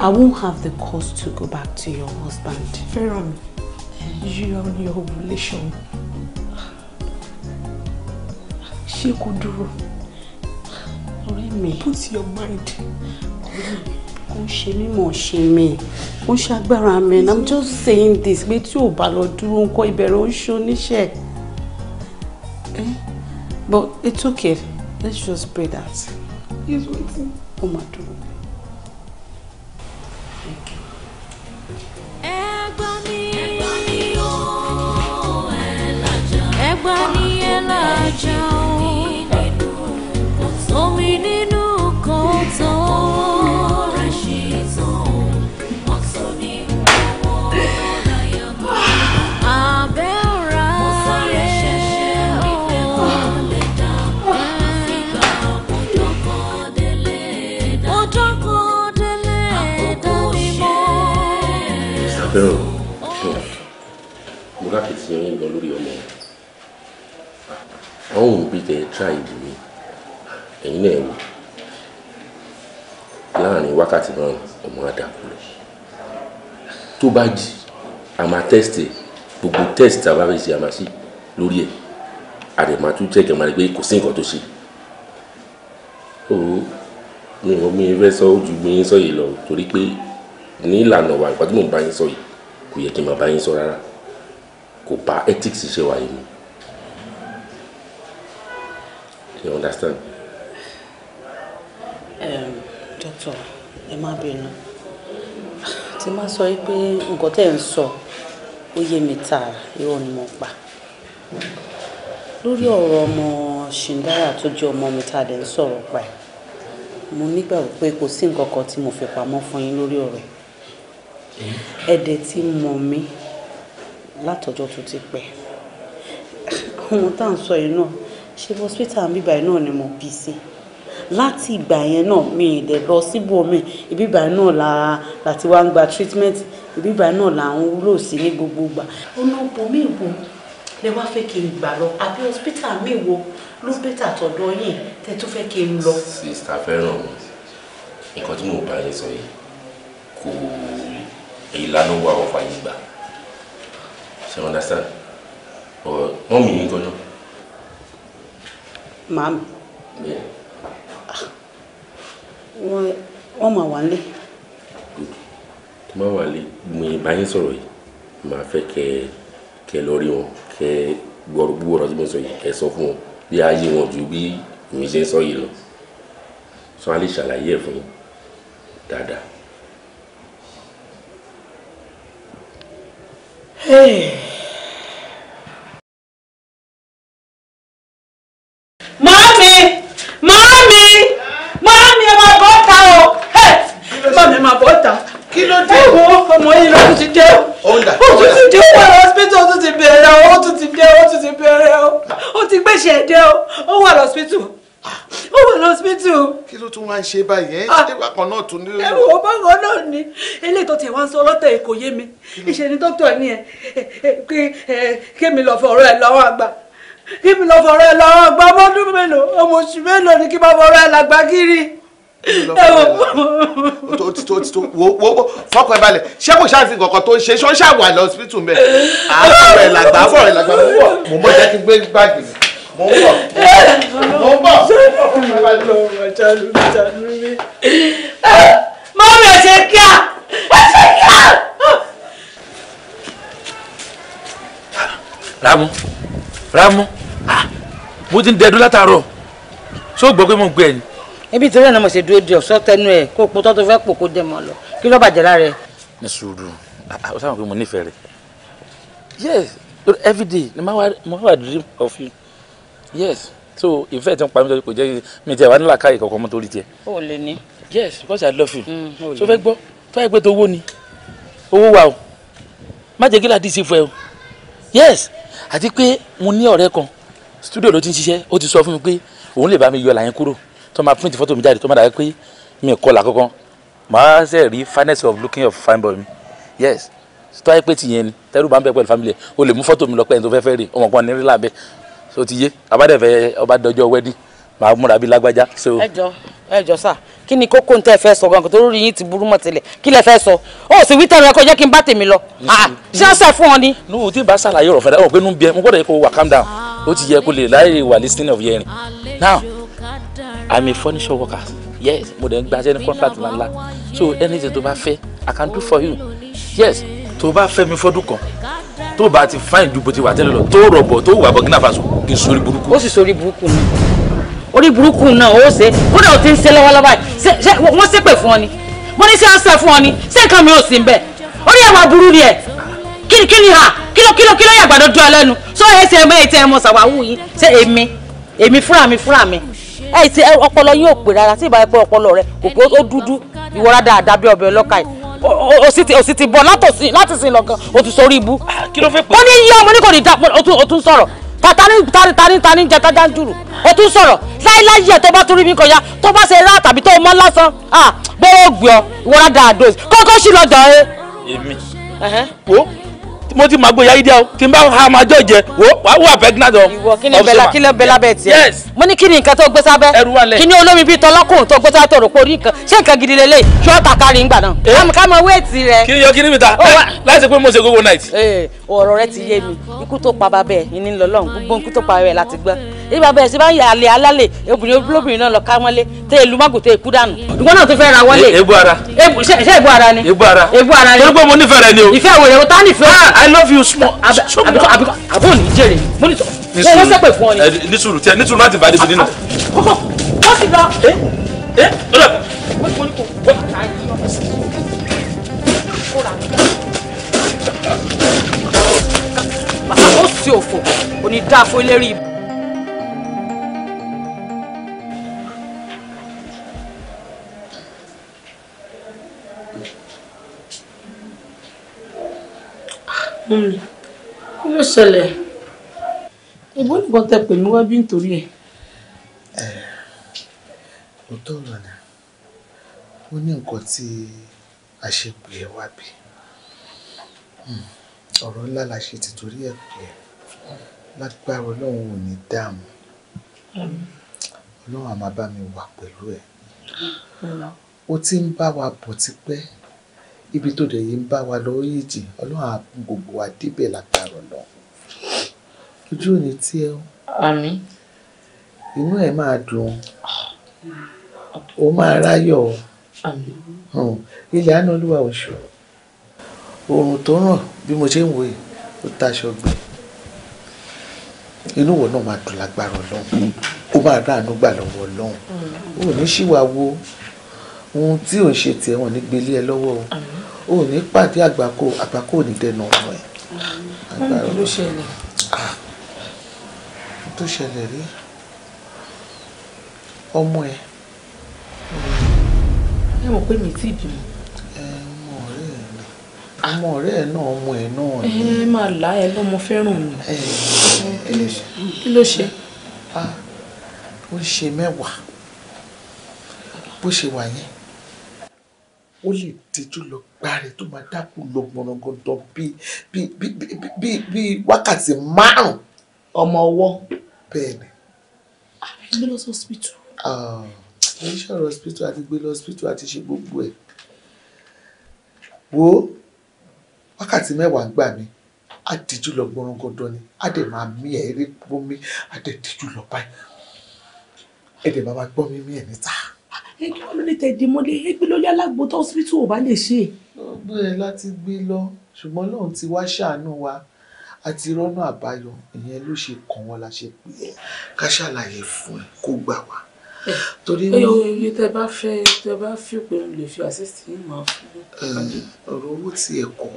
I won't have the cause to go back to your husband. Fẹ́ràn mi, you and your relation ṣé kò dúró. ọ̀rẹ́ mi put your mind. kò ṣe mí mọ̀ ṣe mí ó ṣàgbára mi and i'm just saying this pé tí ò bá lọ dúró nǹkan ìbẹ̀rẹ̀ ó ń oníṣẹ́ eh? but it's okay. Let's just pray that. He's waiting. Oh my God. Thank you. Ẹ̀gbọ́n wọ́n wò bí kẹ́ ẹ try ìdìbò ẹ̀yin náà wò láàrin wákàtí náà ọmọ àdàkù lọ tó bá jí a máa test gbogbo test a bá fẹ́ ṣe a máa ṣe lórí ẹ̀ a dẹ̀ máa tún check ẹ̀ máa rí pé kò sí nǹkan tó ṣe òru mi ò mi fẹ́ sọ ojú mi sọ yìí lọ torí pé ní ìlànà wa ìpàdé mò ń bá yín sọ yìí kò yẹ kí n máa bá yín sọ rárá kò bá ethics ṣe wáyé mu You understand? Um, doctor, ẹ má bínú. Tí máa so. pé nǹkan tẹ́ ń sọ ó yé mi tààrà irọ́ ni mo pa. Lórí ọ̀rọ̀ ọmọ Ṣìndára tó jẹ́ ọmọ mi tá a dẹ̀ ń sọ̀rọ̀ pa ẹ̀. Mo nígbàgbọ́ pé kò sí nǹkan kan tí mo fi pamọ́ fún yín lórí ọ̀rọ̀ ẹ̀. Ẹ̀dẹ̀ tí mọ̀ mí látọjọ́ tó ti pẹ́. Àwọn tá à ń sọ ṣe hospital ń bíbá náà ni mo bí sí láti ìgbà yẹn náà mi ì dẹ̀ lọ síbòmí ìbíbá náà la láti wá ń gba treatment ìbíbá náà là ń wúlò sí ní gbogbo ìgbà. ọ̀nà ọ̀pọ̀ mi wò lè wá fẹ́ kí n gbà lọ àbí hospital mi wò ló bẹ́tà tọ̀dọ̀ yín tẹ́ tó fẹ́ kí n lọ. sista fẹ́ràn mi nǹkan tí mo bá yín sọ yìí kò ìlànà wà ọ̀fà yìí gbà ṣe understand? wọ́n mi yín gan màá wọ́n máa wà nílé. tó máa wà nílé mo ìbá yín sọ̀rọ̀ yìí màá fẹ́ kẹ́ kẹ́ lọ rí wọn kẹ́ gbogbo ọ̀rọ̀ tí mo sọ yìí kẹ́ sọ fún wọn bí ayé wọn ju bí mi ṣe ń sọ yìí lọ sọ á ṣàlàyé ẹ̀ fún yín dáadáa. máa ń ṣe báyìí ẹ ṣe bákan náà tún ní. ẹrù wo bákan náà ni eléyìí tó tiẹ̀ wá ń sọ ọlọ́tẹ̀ kò yé mi ìṣe ni dókítà ni ẹ kémi lọ fọ̀rọ̀ ẹ lọ́wọ́ àgbà kémi lọ fọ̀rọ̀ ẹ lọ́wọ́ àgbà ọmọdún mélòó ọmọ oṣù mélòó ni kí n bá fọ̀rọ̀ ẹ làgbà kiri. fọkàn ẹ balẹ̀ ṣé kò ṣáà kankan tó ń ṣe ṣọ́ṣà wà lọ́sibítù mẹ́ àá làgbà fọ̀rọ̀ làgbà mọ́ mọ́ jẹ́ kí gbé gbàgbé mo ń bọ̀ mo ń bọ̀. mọ́mí ẹ ṣe kíá ẹ ṣe kíá. Rámú Rámú mo ti ń dẹdú látàárọ̀ ṣé o gbọ́ pé mo ń gbé ẹ ni. ibi ìtòrí ẹ̀ náà mo ṣe dúró di ọ̀ṣọ́ tẹnu ẹ̀ kó o pọ̀ tó tó fẹ́ pò kó jẹ mọ́ lọ kí ló bàjẹ́ lára ẹ̀. ní sùúrù ah, ah, o sábà pé mo nífẹ̀ẹ́ rẹ̀ yes everyday ni mo wá dream of you yes so ìfẹ́ tí ń pa mí lórí kò jẹ́ mi tiẹ̀ wá nílà káyè kankan mọ́ torí tiẹ̀. o lè ní. yes because i love you. Mm, so fẹ́ gbọ́ fẹ́ pé tó owó ni owó wa o má jẹ́ kí láti ṣe fún ẹ o yes àti pé mo ní ọ̀rẹ́ kan studio ló ti ń ṣiṣẹ́ ó ti sọ fún mi pé òun lè bá mi yọ làyẹn kúrò tó máa print fọ́tò mi jáde tó máa dàgbé pé mi kọ́ là kankan màá ṣe rí finance of looking of fine boy mi yes tó ayé pé tìyẹn ni tẹ́rù bá ń bẹ pẹ̀lú family ẹ̀ o lè mú fọ́tò mi lọ pẹ́yìn tó fẹ́ fẹ́ rè ọmọ kan ní rí làbẹ́ so ti yé abádẹ́fẹ́ ọba dọjọ́ wẹ́dí màá múra bí lágbájá. ẹ jọ ẹ jọ sà kí ni kókó ń tẹ́ fẹ́ sọ gan kò tó rí yín ti burú mọ́ tilẹ̀ kí lẹ fẹ́ sọ ó sì wí tẹnu ẹ kó kí n bá tèmi lọ ṣé ẹ fún ọ ni. nù tí bá ṣàlàyé ọ̀rọ̀ fẹ́rẹ́ ọ̀ pé nù bí ẹ mo gbọ́dọ̀ yẹ kó wà calm down ó ti yẹ kó lè láyè wà listening of hearing now i'm a furniture worker yes mo dẹ̀ ń gbaṣẹ́ ní contract ńláńlá so anything tó bá fẹ́ i can do for you yes tó bá fẹ́ mi fọ́dún kan tó bá ti fáìn ju bó ti wà tẹ́lẹ̀ lọ tó rọ̀bọ̀ tó wà bọ̀ gínà faso kì í sori burúkú. ó sì sori burúkú náà orí burúkú náà ó ṣe kódà ó ti ń ṣe lọ́wọ́lọ́wọ́ ṣe wọ́n ṣépè fún ọ ni mo ní ṣe ń ṣe fún ọ ni ṣé nǹkan mi ò sí ń bẹ̀ orí ẹ̀wà burú ni ẹ̀ kí ni ha kílò kílò kílò yàgbàdo dún ẹ lẹ́nu sọ ẹ ṣe ẹmọ ètò ẹmọ ṣàwáwù yìí ṣe èmi èmi fúnra mi fúnra mi ẹ ṣe ọpọlọ yín ò pè rárá tí ìbá ẹ pé ọpọlọ rẹ kò pé ó dúdú ìwọra dáadáa bí ọbẹ̀ ọlọ́kà yìí o sì ti bọ̀ láti sin lọ́gán o ti sórí ibú. Ah, kí ló fẹ́ pè é. ó ní yí ọmọ ní kò ní dá o tún sọ̀rọ̀ tani tani tani tani jẹ tájà ń jùrù o tún sọ̀rọ̀ láíláí yẹ tó bá tún rí mi kọjá tó bá ṣe rá tàbí tó mọ́ lásán gbọ́dọ̀ ah, gbìọ́ ìwọ́n rádà àdó kókó sí lọ́jọ́ ẹ. èmi wo mo ti máa gbóyà ìdí tí n bá ha máa jọ jẹ wo wà pregnant o. ìwọ kí ni bẹlá kí ló bẹlá bẹẹ tiẹ. mo ní kí ni nǹkan tó gbé sábẹ́. ẹrù wà lẹ. kí ni olómi bíi tọlọ́kùn tó gbé sábẹ́ tó rò pé orí nǹkan ṣé nǹkan gidi lélẹ̀ ṣọ́ọ̀tà kárí ńgbà náà. Eh? ká mọ wéètì rẹ. kí ni yọ kí ni mi ta láìsí pé mo ṣe gbogbo night. Eh ọ̀rọ̀ rẹ ti yé mi ikú tó pa bàbá ẹ̀ lọ́lọ́run gbogbo ikú tó pa bàbá láti gbọ́ èyí bàbá ṣe bá ń yà alẹ́ alálẹ̀ obìnrin olóbìnrin náà lọ ká mọ́lé tẹ ìlú mọ́gòtò ikú dànù ìwọ náà tó fẹ́ ra wọlé e-, ebu ara ṣe ebu ara ni ebu ara ebu ara ni torípé mo nífẹ̀ẹ́ rẹ ni o ìfẹ́ wèrè o tá nífẹ̀ẹ́ o. Ah, I love you small àbíkọ àbíkọ àbọ̀ ní jèrè mo ní bàtà ó sì òfò onídàáfó eléré ibù. mọ́mí kí ló ṣẹlẹ̀ ìbọn nìkan tẹ pè mí wá bí nítorí ẹ̀. òótọ́ ọ̀rọ̀ náà ó ní nǹkan tí a ṣe pè é wá bí. Hmm ọ̀rọ̀ ńlá la ṣe ti torí ẹ̀ pé lágbára ọlọ́run ò ní dààmú ọlọ́run á máa bá mi wà pẹ̀lú ẹ̀ ó ti ń bá wa bọ̀ tipẹ́ ibi tó dẹ̀ yìí ń bá wa lọ yìí jì ọlọ́run á gbogbo wa débẹ̀ lágbára ọlọ́run ojú ò tí ẹ o àmín inú ẹ máa dùn ó máa ráyọ̀ o àmín àánú olúwa ò oòrùn tó ràn bí mo ṣe ń wòye ó taṣọ gbẹ inú wo náà máa dùn lágbára ọlọ́run ó máa ráàánú gbà lọ́wọ́ ọlọ́run ó ní ṣìwà wo ohun tí ò ń ṣe tiẹ̀ wọ́n ní gbélé ẹ lọ́wọ́ o ò ní pàdé àgbákò àgbákò ò ní dẹnu ọmọ ẹ. wọ́n ló ṣẹlẹ̀. Ah, tó ṣẹlẹ̀ rí ọmọ ẹ. ẹ mọ̀ pé mi ti bímọ àwọn ọ̀rẹ́ ẹ̀ náà ọmọ ẹ̀ náà ni. ẹ máa là ẹ lọ́mọ fẹ́ràn mi. kí ló ṣe. ó ń ṣe mẹ́wàá bó ṣe wà yẹn ó lè tẹ́jú lọ gbáre tó máa dákú lọ gbọ̀nàgọ̀dọ̀ bíi bíi wákàtí márùn-ún. ọmọ ọwọ́. bẹ́ẹ̀ ni. Ah, gbé lọ sí hospital. oníṣẹ́ ah, ọ̀rọ̀ hospital àti gbé lọ hospital àti ṣe gbogbo ẹ̀ wo wákàtí mẹ́wàá ń gbà mí á dijú lọ gbọ́nrọ́gọ́dọ́ ni á dẹ̀ máa mí ẹ̀ eré pómi á dẹ̀ dijú lọ báyìí ẹ dẹ̀ máa gbọ́ mí mí ẹ̀ níta. ẹ kí wọn lè tẹ̀dí mọ́lẹ̀ ẹ gbé lórí alágbo tó hospital ò bá lè ṣe. bẹ́ẹ̀ láti gbé lọ ṣùgbọ́n lóun ti wá ṣàánú wa àti rọ́nà àbáyọ ìyẹn ló ṣe kàn wọ́n la ṣe pè é ká ṣàlàyé fún ẹ kó gbà wá torí náà. iye tẹ bá fẹ́ tẹ bá fi pé mo lè fi assist yín máa fún. ọ̀rọ̀ owó tiẹ̀ kọ́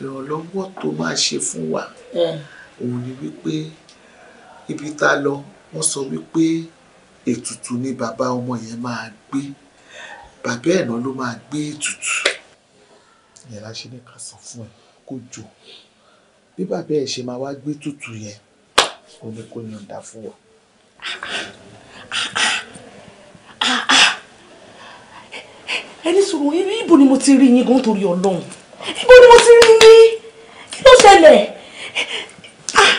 ìrànlọ́wọ́ tó máa ṣe fún wa òun ni wípé ibi tá a lọ wọ́n sọ wípé ètùtù ni bàbá ọmọ yẹn máa gbé bàbá ẹ̀ náà ló máa gbé ètùtù yẹn la ṣe ní ká sọ fún ẹ kó jọ bí bàbá ẹ̀ ṣe máa wá gbé ètùtù yẹn ó ní kó yọ̀ǹda fún wa. ẹni sọ̀rọ̀ ibo ni mo ti rí yín gan torí ọlọ́run ibo ni mo ti rí ni kí ló ṣẹlẹ̀ ah,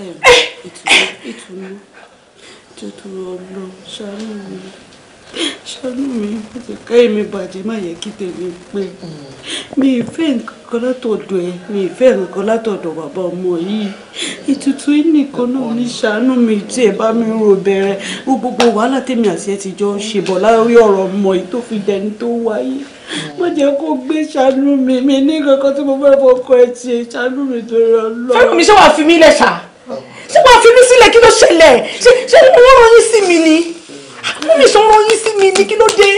eh. ìtùnú ìtùnú tuntun ọlọ ṣàánú mi ṣàánú mi bàjẹ́ káyé mi bàjẹ́ má yẹ kí tèmi pé mi ìfẹ́ nǹkan látọ̀dọ̀ ẹ mi ìfẹ́ nǹkan látọ̀dọ̀ bàbá ọmọ yìí ìtùtù nìkan náà ní ṣàánú mi tí ẹ bá mi rò bẹ̀rẹ̀ gbogbo wàhálà tèmi àti ẹ ti jọ ṣèbọ̀ lárí ọ̀rọ̀ ọmọ yìí tó fi dẹni tó wáyé má jẹ́ kó gbé ṣàánú mi mi ní kankan tí mo fẹ́ fọkọ ẹ ti ṣàánú mi tó rọ lọ. fẹ́mi mi ṣé wàá fi mí lẹ̀ ṣá ṣé wàá fi mí sílẹ̀ kí ló ṣẹlẹ̀ ṣé ṣé mo wọ́n rán mo lè sọ̀rọ̀ yín sí mi ní kí ló dé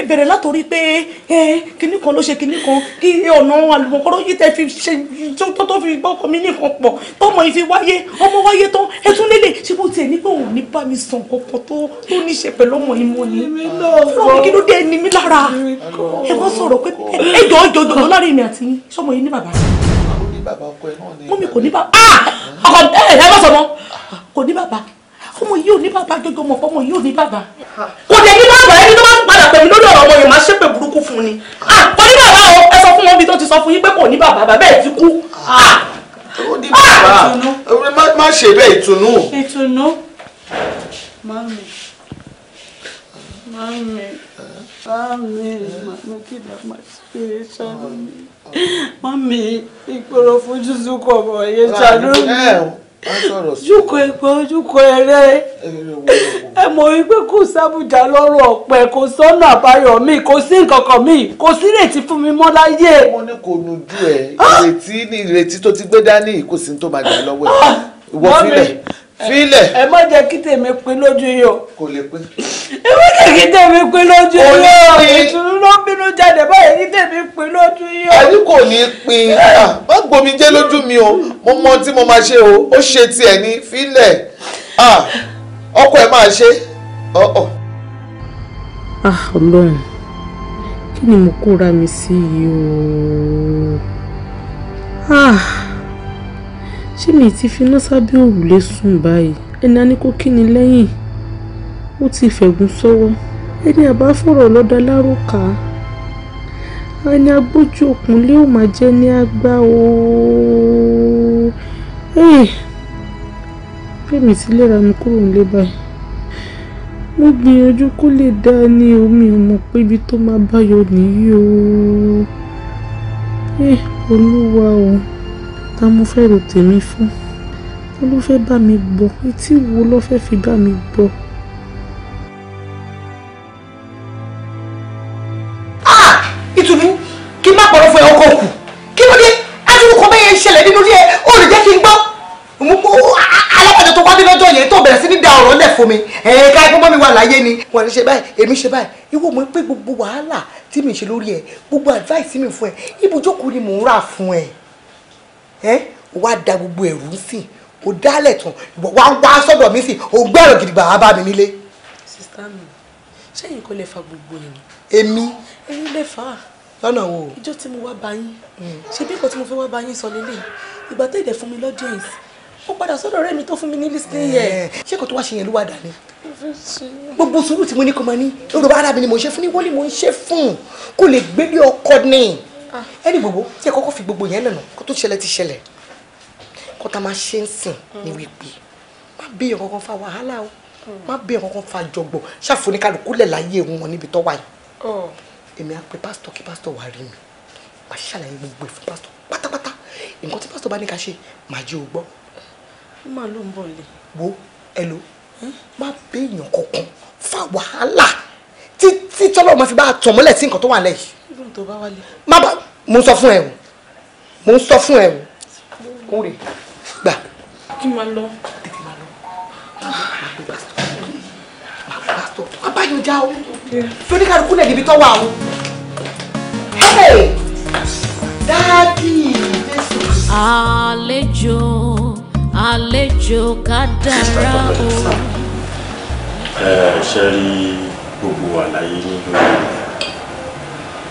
ẹ bẹ̀rẹ̀ látòrí pé ẹ kinní kan ló ṣe kinní kan kí ọ̀nà àlùmọ̀kọ́rọ́ yìí tẹ fi ṣe tó tó fi gbọ́kọ̀ mi nìkan pọ̀ tọmọ yìí fi wáyé ọmọ wáyé tán ẹ tún lélẹ̀ ṣé bó tiẹ̀ nígbà òun ní bá mi sàn kankan tó tó ní ṣe pẹ̀lú ọmọ yìí mo ní fúnra mi kí ló dé ẹni mi lára ẹ wọ́n sọ̀rọ̀ pé ẹ jọ̀ọ́ jọ̀ọ́ jọ̀ọ́ láàrin mi àti sọmọ yìí ní bàbá mọ́mí kò ní bàbá ah! ọkọ̀ kò ní bàbá ọmọ yìí ò ní bàbá gẹ́gẹ́ ọmọ ọmọ yìí ò ní bàbá. kò dé ní bàbá ẹni tó bá ń padà pẹ̀lú lórí ọ̀rọ̀ ọmọ yìí máa ṣépè burúkú fún ni. kò ní bàbá o ẹ sọ fún wọn bí tó ti sọ fún yín pé kò ní bàbá bàbá ẹ ti kú. ó ní bàbá má ṣe bẹ́ẹ̀ ìtùnú. ìtùnú mami mami mami mami kí ni a máa ṣe é ṣàánú mi ah. mami ìgboro fojú sùn yẹn ṣàánú jókòó ẹ̀gbọ́n jókòó ẹrẹ ẹ mọ̀ wípé kò sábùjá lọ́rùn ọ̀pẹ kò sọ́nà àbáyọ mi kò sí nǹkan kan mi kò sí ìrètí fún mi mọ́ láyé. wọ́n ní kò nu ojú ẹ ah! ìrètí ní ìrètí tó ti gbé dání kò sí ní tó máa gbà lọ́wọ́ ẹ ah! ìwọ fílẹ̀ filẹ̀. ẹ má jẹ́ kí tèmi pin lójú yìí o. kò lè pin. ẹ má jẹ́ kí tèmi pin lójú yìí o. ìtùnú ló ń bínú jáde báyìí kí tèmi pin lójú yìí o. ẹni kò ní pin ah, má gbomi jẹ́ lójú mi o mo mọ tí mo máa ṣe o ó ṣe tiẹ̀ ní filẹ̀ ah, ọkọ ẹ máa ṣe ọ̀ọ̀. Ah, ọlọ́run kí ni mo kóra mi sí yìí o. Ah ṣé mi ti finá sábẹ́ òrùlé sùn báyìí ẹni a ní kó kí ni lẹ́yìn ó ti fẹ̀gùn sọ́wọ́ ẹni àbá fọ̀rọ̀ lọ́dọ̀ alárùkà ẹni agbójú òkun lé ò máa jẹ́ ní agbá ooo bẹ́ẹ̀mí ti lẹ́ra mi kúrò nílé báyìí mo gbìyànjú kó lè dá ní omi ìmọ̀ pé ibi tó máa báyọ̀ nìyí ooo olúwa o ta mo fẹ́ ro tèmi fún ta ló fẹ́ bá mi gbọ́ etí wo ló fẹ́ fi bá mi gbọ́. Ah! ìtùnú kí n má pọ̀rọ̀ fún ẹ ọkọ̀ kù kí ló dé ajúkọ bẹ́ẹ̀ ṣẹlẹ̀ nínú rí ẹ ó lè jẹ́ kí n gbọ́ alábàjọ tó wá dé lọ́jọ́ yẹn tó bẹ̀rẹ̀ sí ní da ọ̀rọ̀ lẹ̀ fún mi ẹ̀ẹ́ká ẹ̀kọ́ mọ́ wà láyé ni wọ́n ṣe báyìí èmi ṣe báyìí ìwọ mọ̀ pé gbogbo wàhálà tí mi ṣe lórí ẹ gbogbo advice mi fún ẹ ibùjókòó ni mò ń rà fún ẹ ẹ wá da gbogbo ẹ̀rù ń sìn ó dálẹ̀ tán ìwọ wá ń wá sọ́dọ̀ mi sìn ó gbẹ́rọ̀ gidigba àbá mi nílé. sista mi sẹ́yìn kò lè fa gbogbo ẹ̀rù. èmi. èmi lè fà á. lọ́nà wo. ìjọ tí mo wá bá yín hmm. ṣe bí nǹkan tí mo fẹ́ wá bá yín sọ lélẹ̀ ìgbà tó ìdẹ̀ fún mi lọ́díẹ̀nsì ó padà sọ́dọ̀ ọ̀rẹ́ mi tó fún mi ní listening yẹ. Eh, ṣé kò tó wá ṣe yẹn ló wà gbogbo sùúrù tí mo ní kò máa ní yorùbá ara mi ni mo ṣe fún ní wọ́n ni mo ń ṣe fún kó lè gbélé ọkọ ni ẹni gbogbo tí ẹ kọ́kọ́ fi gbogbo yẹn lẹ̀nà kó tó ṣẹlẹ̀ ti ṣẹlẹ̀ kó tá máa ṣe ń sìn ní wípé má béèyàn kankan fa wàhálà o má béèyàn kankan fa jọgbọ̀ ṣàfoníkàlùkù lẹ̀ láyé wọn níbi tó wà yìí èmi á pe pásítọ̀ kí pásítọ̀ wá rí mi má ṣàlàyé gbogbo ẹ̀ fún pásítọ̀ pátápátá nǹkan tí pásítọ̀ bá ní ká ṣe má jẹ́ o gbọ́. má ló ń bọ̀ lè. wo ẹ lo má béèyàn kankan fa wàhálà títí tọ́lọ́ ọmọ fi bá a tàn mọ́lẹ̀ sí nǹkan tó tó bá wálé. má bà mo sọ fún ẹ o mo sọ fún ẹ o kúrè gbà. kí n máa lọ. tètè máa lọ. abáyọjá o fúnikàlùkù náà níbi tó wà o. dáàdì àlejò àlejò kádàrá o. ẹ ṣe rí gbogbo àlàyé nínú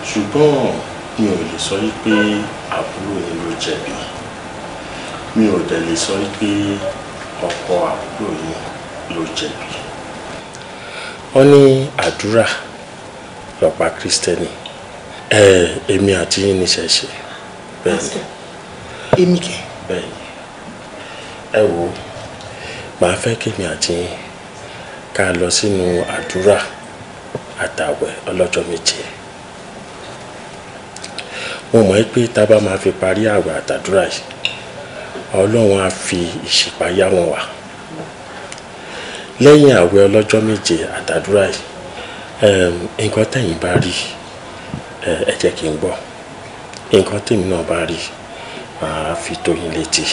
ṣùgbọ́n mi ò lè sọ wípé àbúrò yẹn ló jẹ̀bi mi ò dẹ̀ lè sọ wípé ọkọ àbúrò yẹn ló jẹ̀bi. wọ́n ní àdúrà lọ́pá kristẹni èmi àti yín níṣẹ́ ṣe bẹ́ẹ̀ èmi kẹ bẹ́ẹ̀ ẹ wo màá fẹ́ kémi àti yín ká lọ sínú àdúrà àtàwẹ̀ ọlọ́jọ́ méje mo mọ̀ pé tá a bá máa fi parí àwẹ̀ àtàdúrà yìí ọlọ́run á fi ìṣèpáyà wọn wà lẹ́yìn àwẹ̀ ọlọ́jọ́ méje àtàdúrà yìí nǹkan tẹ̀yìn bá rí ẹ jẹ́ kí n gbọ́ nǹkan tèmi náà bá rí màá fi tó yín létí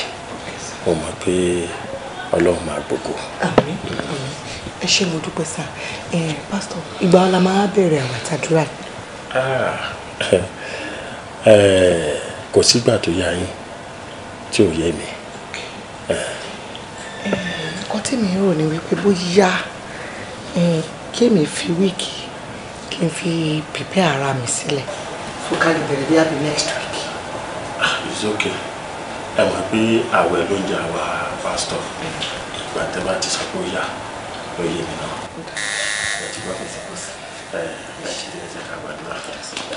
mo mọ̀ pé ọlọ́run máa gbogbo. ẹ ṣé mo dúpẹ́ sá pásítọ̀ ìgbà wo la máa bẹ̀rẹ̀ àwẹ̀ àtàdúrà yìí. Ah, Eh, kò sígbà tó yá yín tí ò yé mi. Eh. Eh, nǹkan tí mi rò ni wípé bóyá kémi fi wíìkì kí n fi pèpè ara mi sílẹ̀ fún ká lè bẹ̀rẹ̀ bí àbí next week. Ah, it's okay ẹ mọ̀ pé àwẹ̀ ló ń jẹ àwa pastor ìgbà tẹ́ bá ti sọ pé ó yá ló yé mi náà. ẹ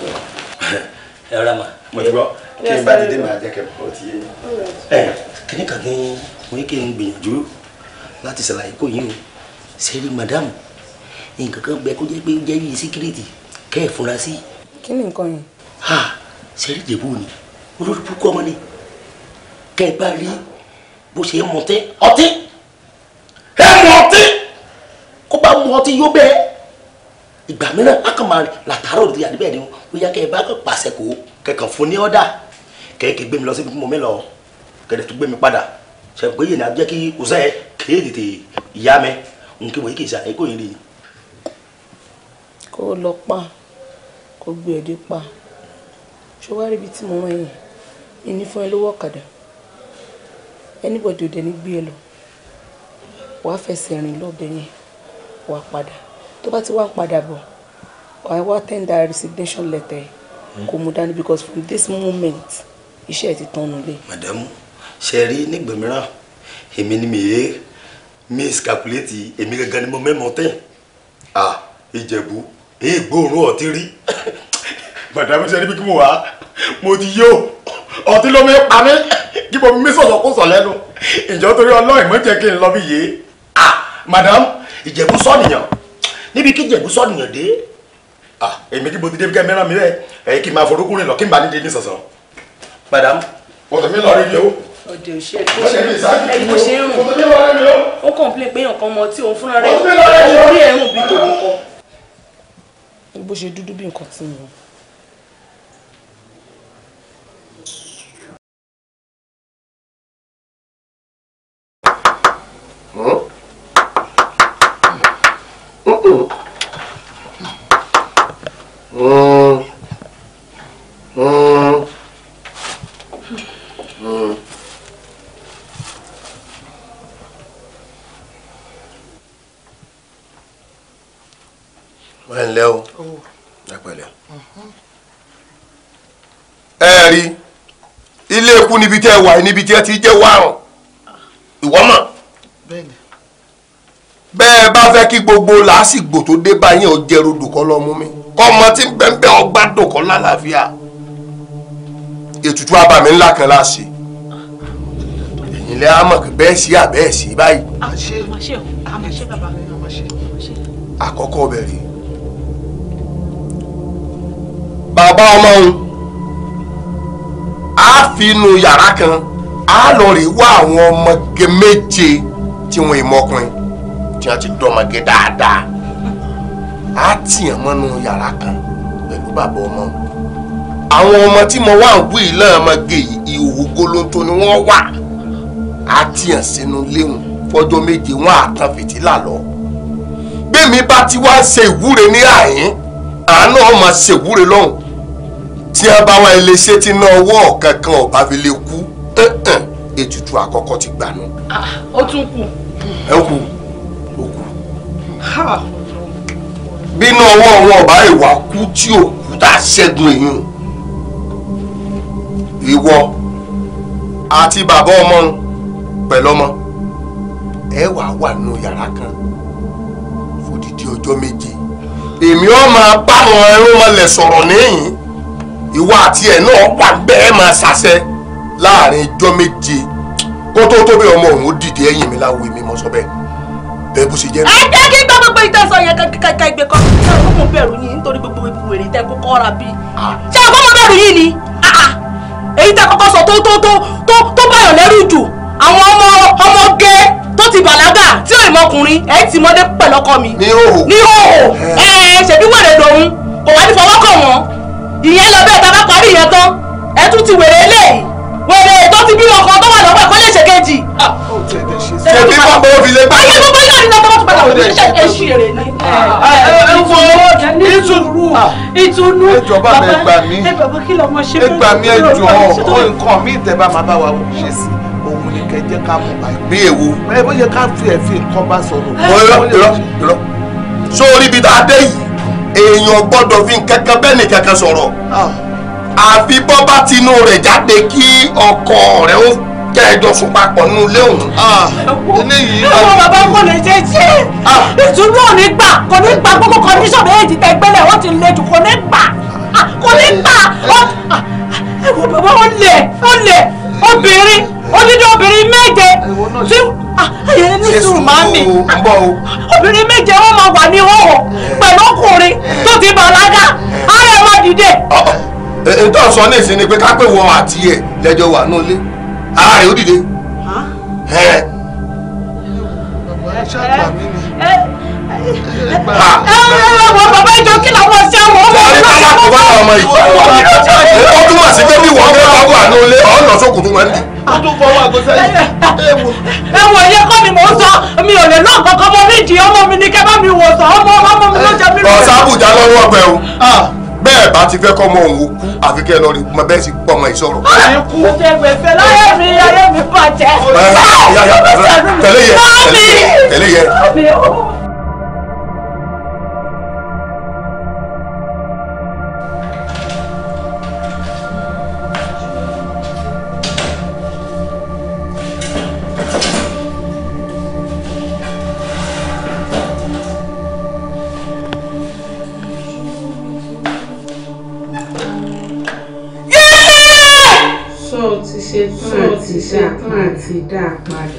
ẹ ẹ rà mà. mo ti gbọ́ kí n bá ti dé màá jẹ́ kẹ́kọ̀ọ́ ó ti yé ẹ kíní kan ní mo ní kí n gbìyànjú láti ṣàlàyé kò yín o ṣe rí màdámù nǹkan kan bẹ kó jẹ́ pé ó jẹ́ yìí síkírìtì kẹ́ ẹ̀ fura sí. kí ni nǹkan yẹn. ha ṣe rí ìdìbò ni olórí púpọ̀ ọmọ ni kẹ́ ẹ bá rí bó ṣe mọtí ọtí ẹ mọtí kó bá mọtí yóò bẹ́ẹ̀ ìgbà mìíràn a kàn máa làtàrọ̀ òdìdí àdìbẹ́ ni ó yá kẹ́ ẹ bá pàṣẹ kó kẹkàn fún ní ọ́dà kẹ́kẹ́ gbé mi lọ síbi tí mo mẹ́ lọ kẹ́dẹ̀ tó gbé mi padà ṣe pé yìí ni a jẹ́ kí ọ̀sẹ̀ kéé tètè ìyá mẹ́ nǹkan wọ̀nyí kì í ṣe àyíkó yìí rí i. kó o lọ pa kó o gbé ẹdí pa ṣé wàá rí ibi tí mo rán yẹn mi ní fún ẹ lówó ọ̀kadà anybody ò dẹ̀ gbé ẹ lọ wàá fẹsẹ̀ rìn lọ́bẹ̀ yẹn wàá padà bá ti wá ń padà bọ̀ I wa tender resignation letter hmm. kò mú dání because from this moment iṣẹ́ ti tán nulẹ̀. Madam, ṣe rí nígbà mìíràn èmi ni mi yéé miscalculate èmi gangan ni mo mẹ́mọ́ tẹ́ ah ìjẹ̀bú èyí gbóòórùn ọtí rí màdàmú ṣe rí bí kí mo wá mo ti yó ọtí ló mi pa mí kí mo mí sọ̀sọ̀ kó sọ̀ lẹ́nu ìjọ torí ọlọ́ọ̀ ìmọ̀ jẹ́ kí n lọ bí yéé ah madam ìjẹ̀bú sọ́nìyàn níbi kí jẹ̀bú sọ́ọ̀nù yàn dé èmi kí mo ti dé kẹ́ mẹ́ràn mi rẹ̀ ẹ̀yìn kí n máa forúkú rìn lọ kí n bá ní dé ní sọ̀sọ̀. madam. ọ̀sẹ̀ mi lọ rí yẹ o. òde òṣè ẹ̀yìn mo ṣe ń rùn. ọ̀sẹ̀ mi lọ rí yẹ o. ó kàn pé pé nǹkan mọ tí òun fúnra rẹ̀ orí ẹ̀ rùn bí tòun o bó ṣe dúdú bí nǹkan tí mo. Huh? kú níbi tẹ́ ẹ wà níbi tí ẹ ti jẹ́ wàrùn ìwọ mọ̀ bẹ́ẹ̀ bá fẹ́ kí gbogbo làásìgbò tó dé báyìí ọjẹ́ rodò kọ́ lọ mú mi kọ́mọ tí ń bẹ́ńbẹ́ ọgbà dòkọ́ lálàáfíà ètùtù abàmì ńlá kan láṣẹ ẹ̀yìn lẹ́ àmọ̀ kí bẹ́ẹ̀ sí àbẹ́ẹ̀ sí báyìí. àkọ́kọ́ bẹ̀rẹ̀ bàbá ọmọ òun a fi inú yàrá kan a lọ rí wá àwọn ọmọge méje tí wọn ìmọkùnrin tí wọn ti dọmọge dáadáa a tì yàn mọ́nú yàrá kan pẹ̀lú bàbá ọmọ àwọn ọmọ tí mo wà ń wí lọ́mọge ìhòòhò golonto ni wọ́n wà a tì yàn sínú léhùn fọjọ́ méje wọn àtàn fìtílà lọ bẹ́ẹ̀ mi bá ti wá ṣe ìwúre ní àyín àánú ọmọ ṣèwúre lọ́hùn tí a bá wá ilé ṣe tí náà ọwọ́ kankan ọba fi lè kú ètùtù àkọ́kọ́ ti gbanú. Ah, ó tún kù. ẹ kù ó kù. bínú ọwọ́ wọn ọba ìwà kú tí ò kú tá a ṣẹ́gun èèyàn ìwọ àti bàbá ọmọ pẹ̀lú ọmọ ẹ wà wà nù yàrá kan fòdìdí ọjọ́ méje èmi ọ̀ máa bá àwọn ẹrú mọ́lẹ̀ sọ̀rọ̀ níyìn ìwọ àti ẹ̀ náà wà bẹ́ẹ̀ máa ṣàṣẹ láàrin ijọ́ méje kó tó tó bẹ́ẹ̀ ọmọ òun dìde ẹ̀yìn mi láwo èmi mọ́ sọ bẹ́ẹ̀ bẹ́ẹ̀ bó ṣe jẹ́ ẹ jẹ́ kí gbọ́ gbogbo ìtẹ̀sọ yẹn kẹ́kẹ́ ìgbẹ́ kan ṣé o kò bẹ̀rù yín nítorí gbogbo ìwèrè tẹ kó kọ́ bí. ṣé o kò mọ bẹ̀rù yín ni èyí tẹ kọ́kọ́ sọ tó tó tó tó báyọ̀ lẹ́rù jù àwọn ọmọ ọmọ gẹ tó ti bàlágà tí ò ìmọkùnrin ẹ ti mọdé pẹ̀lọ́kọ mi. ní hòhò ní hòhò ẹ ṣèbí wẹ̀rẹ̀ lòun kò wá ní fọwọ́kọ̀ wọn ìyẹn lọ bẹ́ẹ̀ tá a bá parí ìyẹn tán ẹ tún ti wèrè eléyìí wèrè tó ti bí ọkọ tó wà lọ́wọ́ ẹ̀ kó lè ṣe kejì. Ah, ṣèbí pápá òbí lè báyìí. ayé gbogbo yóò rí tó padà wọlé ṣe é ṣì rè ni. ẹ ìtùnú ìtùnú. ẹ ẹ gbà mí ẹ jọ̀ọ́ ọ nǹkan mi ìtẹ̀bá máa bá wa ṣe sí òun ni kẹjẹ ká mú báyìí. bí èwo. ẹ bó ṣe ká fi ẹ̀fín kan bá sọ̀rọ̀. ìrọ̀ ìrọ̀ sórí ibi tá a dé yìí èèyàn gbọ́dọ̀ fi kankan bẹ́ẹ̀ ni kankan sọ̀rọ̀ ah. àfi bọ́ bá tinú rẹ̀ jáde kí ọkọ rẹ̀ ó kẹjọ sùn papọ̀ nínú ilé òun. Ah. ọmọ bàbá kò lè ṣe ṣe ah. ìtúnú ò gbà kò ní gbà gbogbo kọ́ndíṣọ̀n méjì tẹ gbẹ́lẹ̀ ó ti le jù kò ní gbà kò ní gbà ẹ bàbá ó lè ó lè obìnrin odidi obìnrin méje tí ah, ayẹyẹ ní sùúrù máa mi obìnrin méje wọn máa wà ní hòhò pẹ̀lú ọkùnrin tó ti bàlágà ara ẹ̀ máa dìde. ètò ọ̀sán ní ìsinmi pé ká pé wọn àti ẹ̀ lẹ́jọ́ wà ní ilé ara rẹ̀ ó dìde. ẹ ṣáà pa mí ni àwọn bàbá ìjọ kí làwọn ṣe àwọn ọmọ ìjọ kí làwọn ṣe àwọn ọmọ ìjọ ó túmọ̀ sí pé bí wọ́n fẹ́ bá wà ní ilé ọ̀nà sókùtù wọn ni. ẹwọ yẹ kọ́ ni mò ń sọ mi ò lè lọ kankan mọ nídìí ọmọ mi ní kẹ́ bá mi wò sọ ọmọ ọmọ mi ló jẹ mí lọ. ọ̀sán àbújá lọ́wọ́ ọgbẹ́ o bẹ́ẹ̀ bá ti fẹ́ kọ́ mọ òun kú àfi kẹ́ lọ rí mọ bẹ́ẹ̀ sì gbọ́ ọmọ ìṣòro. ikú ṣe gbèsè láyé mi ayé mi bàjẹ́. tẹ̀lé yẹ tẹ̀lé yẹ. ti dá a padà.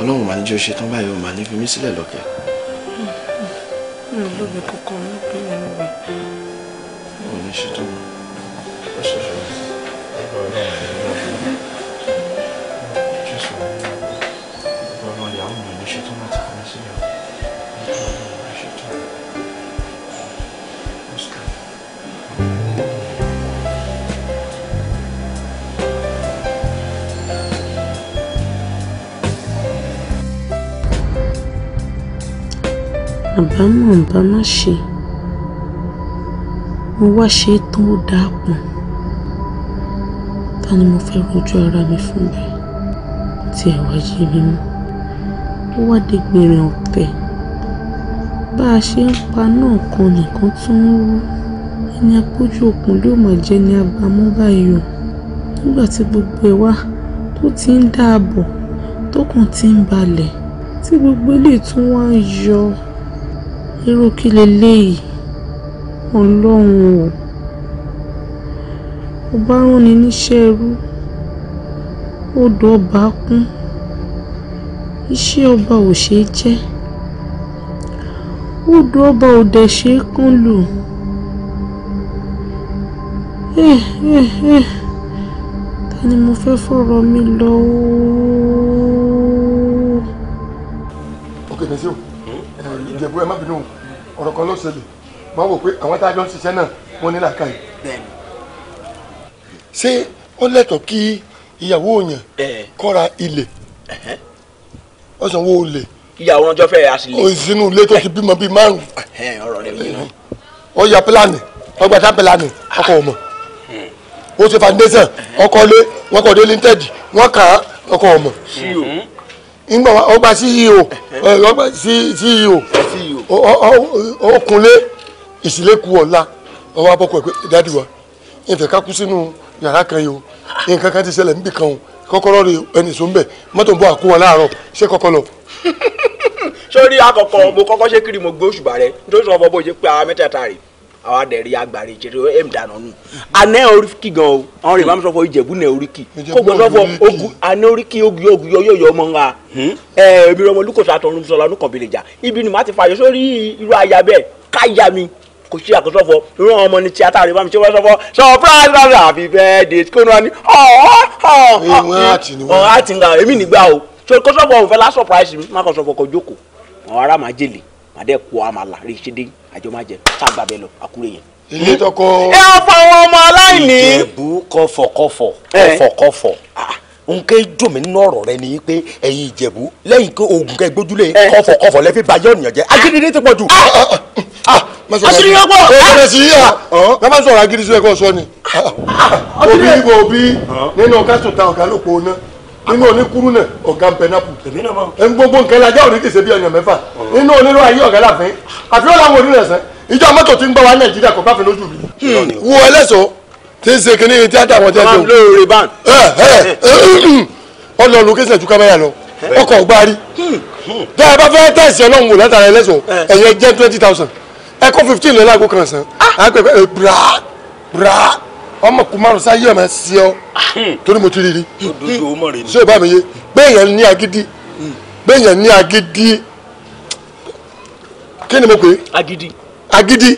ọlọ́run màá ní jẹ́ ó ṣe tán báyìí ó màá ní fi mí sílẹ̀ lọ́kẹ́. Hmm, hmm. mi ò lóbi kankan mi àbámọ̀ bá má ṣe mo wá ṣe é tán ó dáa pọ̀ ta ni mo fẹ́ rojú ara mi fún bẹ́ẹ̀ tí ẹ̀ wá yé mi mú ó wá dé gbìnrín ọ̀tẹ̀ bá a ṣe ń pa náà kan nìkan tún ń rú ẹni apójú òkun ló mà jẹ́ ní abamọ́ báyìí o nígbà tí gbogbo ẹ̀ wá tó ti ń dáàbò tó kàn ti ń balẹ̀ tí gbogbo eléyìí tún wá ń yọ irú kí leléyìí ọlọ́run o ò rán ni níṣẹ́ ẹrú odò ọba kún iṣẹ́ ọba ò ṣeé jẹ́ odò ọba ò dẹ̀ ṣeé kán lù ta ni mo fẹ́ fọ̀rọ̀ mi lọ ooo. ok tẹ̀sí o hmm? eh, ìjẹ̀bú ẹ má bínú o ọ̀rọ̀ kan ló ṣẹlẹ̀ mo wò pé àwọn tá a jọ ń ṣiṣẹ́ náà wọ́n ní làákàyè. ṣé ó lẹ́tọ̀ọ́ kí ìyàwó òyàn kọ́ra ilẹ̀ ọ̀sán wo olè. ìyàwó ọjọ́ fẹ́ àṣìlẹ̀. òsínú ilé tó ti bímọ bíi márùn. ọ̀rọ̀ rẹ̀ yìí. ó ya pílánì ọgbà tá pílánì ọkọ̀ ọmọ ó ṣe foundation ọkọ̀ lé wọn kọ̀ dé linted wọn kà á ọkọ̀ ọmọ ngbọ ọgbà ceo eh, eh. ọgbà ceo ọkùnlé eh, e ìsìlẹ̀kù ọ̀la ọwọ́ abọ́kọ̀ ẹ̀pẹ́ dádì wa ìfẹ́ ká kú sínú yàrá kan yìí o nǹkan kan ti ṣẹlẹ̀ níbì kan o kọ́kọ́rọ́ rẹ ẹnì sọ ń bẹ̀ mọ́tò ń bọ̀ àkó wọn láàárọ̀ ṣé kọ́kọ́ lọ. sórí àkọ́kọ́ mo kọ́kọ́ ṣe kiri mo gbé òṣùbà rẹ nítorí sọ ọmọ bó ṣe pé ara mẹ́tẹ̀ẹ̀ta rè àwa dẹ̀ rí agbára ìjẹrẹ ẹ̀m dáná nù àná oríkì gan o àwọn rẹ̀ bá mi sọ fọ ìjẹ̀bú náà oríkì kó gbọ́dọ̀ fọ ogun àná oríkì ogun ogun yọ yóò yọ ọmọ ńlá hmm? ẹ̀ẹ́dì ọmọ olùkọ́sọ àtọ̀run sọlá onúkọ̀bìlẹ̀ jà ibi ni màá ti fàyọ sórí irú aya bẹ́ẹ̀ káyà mi kò sí àkóso fọ irú àwọn ọmọ ní tíátà rẹ bá mi ṣe wọ́n sọ fọ surprise brother happy birthday kí wọ́n ní ọ̀ọ́ ọ̀ọ́ ọ̀ọ́ àtìngà èmi nígbà o kó sọ fọ òun fẹ́ lá surprise mi má kó sọ fọ kó jókòó àwọn ará máa jèlè màdé kó àmàlà rí ṣédé àjọ má jẹ tá a gbà bẹ lọ àkúrẹ́ yẹn. ilé tọkọ. ẹ ọ fọ àwọn ọmọ aláìní. ìjẹ̀bú kọfọkọfọ kọfọkọfọ ah, ah. nkẹ́ jò mí nínú ọ̀rọ̀ rẹ ni pé ẹ̀yin ìjẹ̀bú lẹ́yìn pé oògùn kẹ́ gbójúlé kọfọkọfọ lẹ́fí bayé ọ̀nìyàn jẹ́ ah. agídí ti pọ̀ jù. asiri yẹn pọ̀. o bẹ̀rẹ̀ sí yà ká má sọ̀rọ̀ agídí sí ẹ̀kọ́ sọ ni. òbí òbí nínú kásùn ta ọ̀gá náà inú oníkúrú náà ọ̀gá pẹ̀nápù ẹ̀ ń gbogbo nǹkan lajá òní ti ṣe bí ọ̀yàn mẹ́fà inú onírú ayé ọ̀gá láàfin àfi ó làwọn onírẹ̀ sẹ́ ìjọ mọ́tò ti ń gbọ́ wa nàìjíríà kò káfíń lójú mi. Hmm. wo ẹlẹ́sọ̀ tí ń ṣe kínní tíátà wọn tẹ́tẹ́ o. máa lóore ban. ọlọ lókèsè ju kámẹ́rà lọ eh. ọkọ̀ gbárí hmm. hmm. tẹ́ ẹ bá fẹ́ tẹ̀sí ọlọ́run wò látara ẹlẹ́sọ̀ eh. ẹ̀yẹ jẹ́ twenty thousand ẹ̀kọ́ fifteen lọ́la àgbo kan sàn á ah. pẹ̀pẹ́ eh, bra bra ọmọ kò márùn sáyé ọmọ sí ọ hmm. torí mo ti rí rí ṣé ìbá mi yé gbẹ̀yàn ní agídí gbẹ̀yàn hmm. ní agídí kí ni mo pè é agídí agídí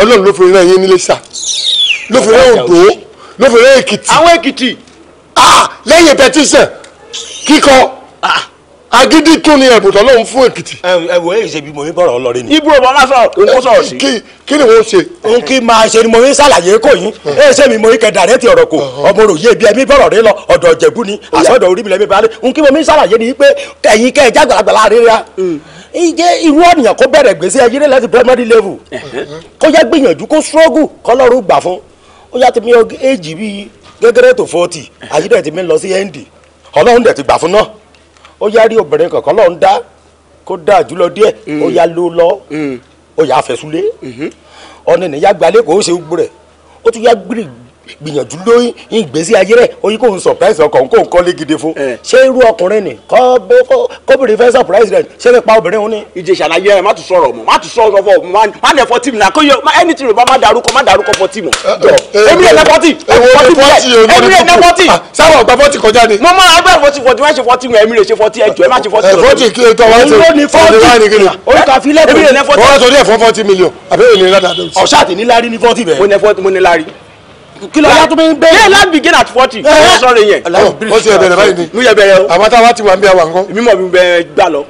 ọlọ́run ló fi rán yín nílé sà ló fi rán Oǹdó ló fi rán Èkìtì àwọn Èkìtì ah! lẹ́yìn pẹtísàn kíkọ. Ah! agídí tún ni ẹ̀bùn tọ́lọ́hún fún èkìtì. ẹ wò é ṣe bí mo ń bọ̀rọ̀ ọlọ́rin ni. ibo ọmọ aláṣọ òun sọ̀rọ̀ sí. kí kí ni wọ́n ṣe. n kì í máa ṣe ni mo ń ṣàlàyé kò yín ẹ ṣe mi mo ń kẹ dàrẹ́tì ọ̀rọ̀ kò ọmọ òròyé bí ẹbí bọ̀rọ̀ rí lọ ọ̀dọ̀ ọ̀jẹ̀bú ni àsọ̀dọ̀ orí mi lẹ́mi balẹ̀ n kì í mo ń ṣàlàyé ni pé ẹ̀yin kẹ́ ẹ jágbàlagbàlá rírà iye mm. irú ọ̀nìyàn kó bẹ̀rẹ̀ gbèsè ayé rẹ̀ láti primary level kó yẹ gbìyànjú kó struggle kọ́lọ́rù gbà fún ó yá ti mi éjì bíi gẹ́gẹ́rẹ́ tó forty àyídẹ̀ ti mi lọ sí ẹ́ndì ọlọ́run dẹ̀ ti gbà fún náà ó yá rí obìnrin kankan lọ́ọ́ ń dá kó dáa jùlọ díẹ̀ mm. ó yá ló lọ mm. ó yá fẹ̀sùlé mm-hmm. ọ̀nà ìyá gbalẹ̀ kò ó ṣe gbúrẹ̀ ó tún yá gbìrì gbìyànjú lóyún ìgbésí ayé rẹ̀ oyin kò ń surprise ọkọ kò ń kọ́lé gidi fún. Eh. ṣé irú ọkùnrin ni kóbìnrin fẹ́ surprise rẹ̀ ṣé nípa obìnrin òun ni. ìjẹ ṣàlàyé ẹ má tún sọ̀rọ̀ mọ́ má tún sọ̀rọ̀ fọ má lẹ fọ tíìmù náà kó yọ anything bá má darúkọ má darúkọ fọ tíìmù. Eh, eh, èmi rẹ̀ nẹ́fọ́tì èmi rẹ̀ ah, nẹ́fọ́tì. èmi rẹ̀ nẹ́fọ́tì. wọ́n sọ fọ́tì mílíọ̀n àbẹ́rẹ́ mo ní kí ló yá tó bẹ́ẹ̀ bẹ́ẹ̀. yẹ́n láti begin at forty. ẹ eh, eh. sọ̀rọ̀ yẹn. ó oh, ti ẹ̀bẹ̀rẹ̀ báyìí ni. n'u yẹ bẹ̀rẹ̀ o. àmọ́ táwa ti wà ń bẹ àwọn nǹkan. mímọ̀ mi bẹ gbà lọ.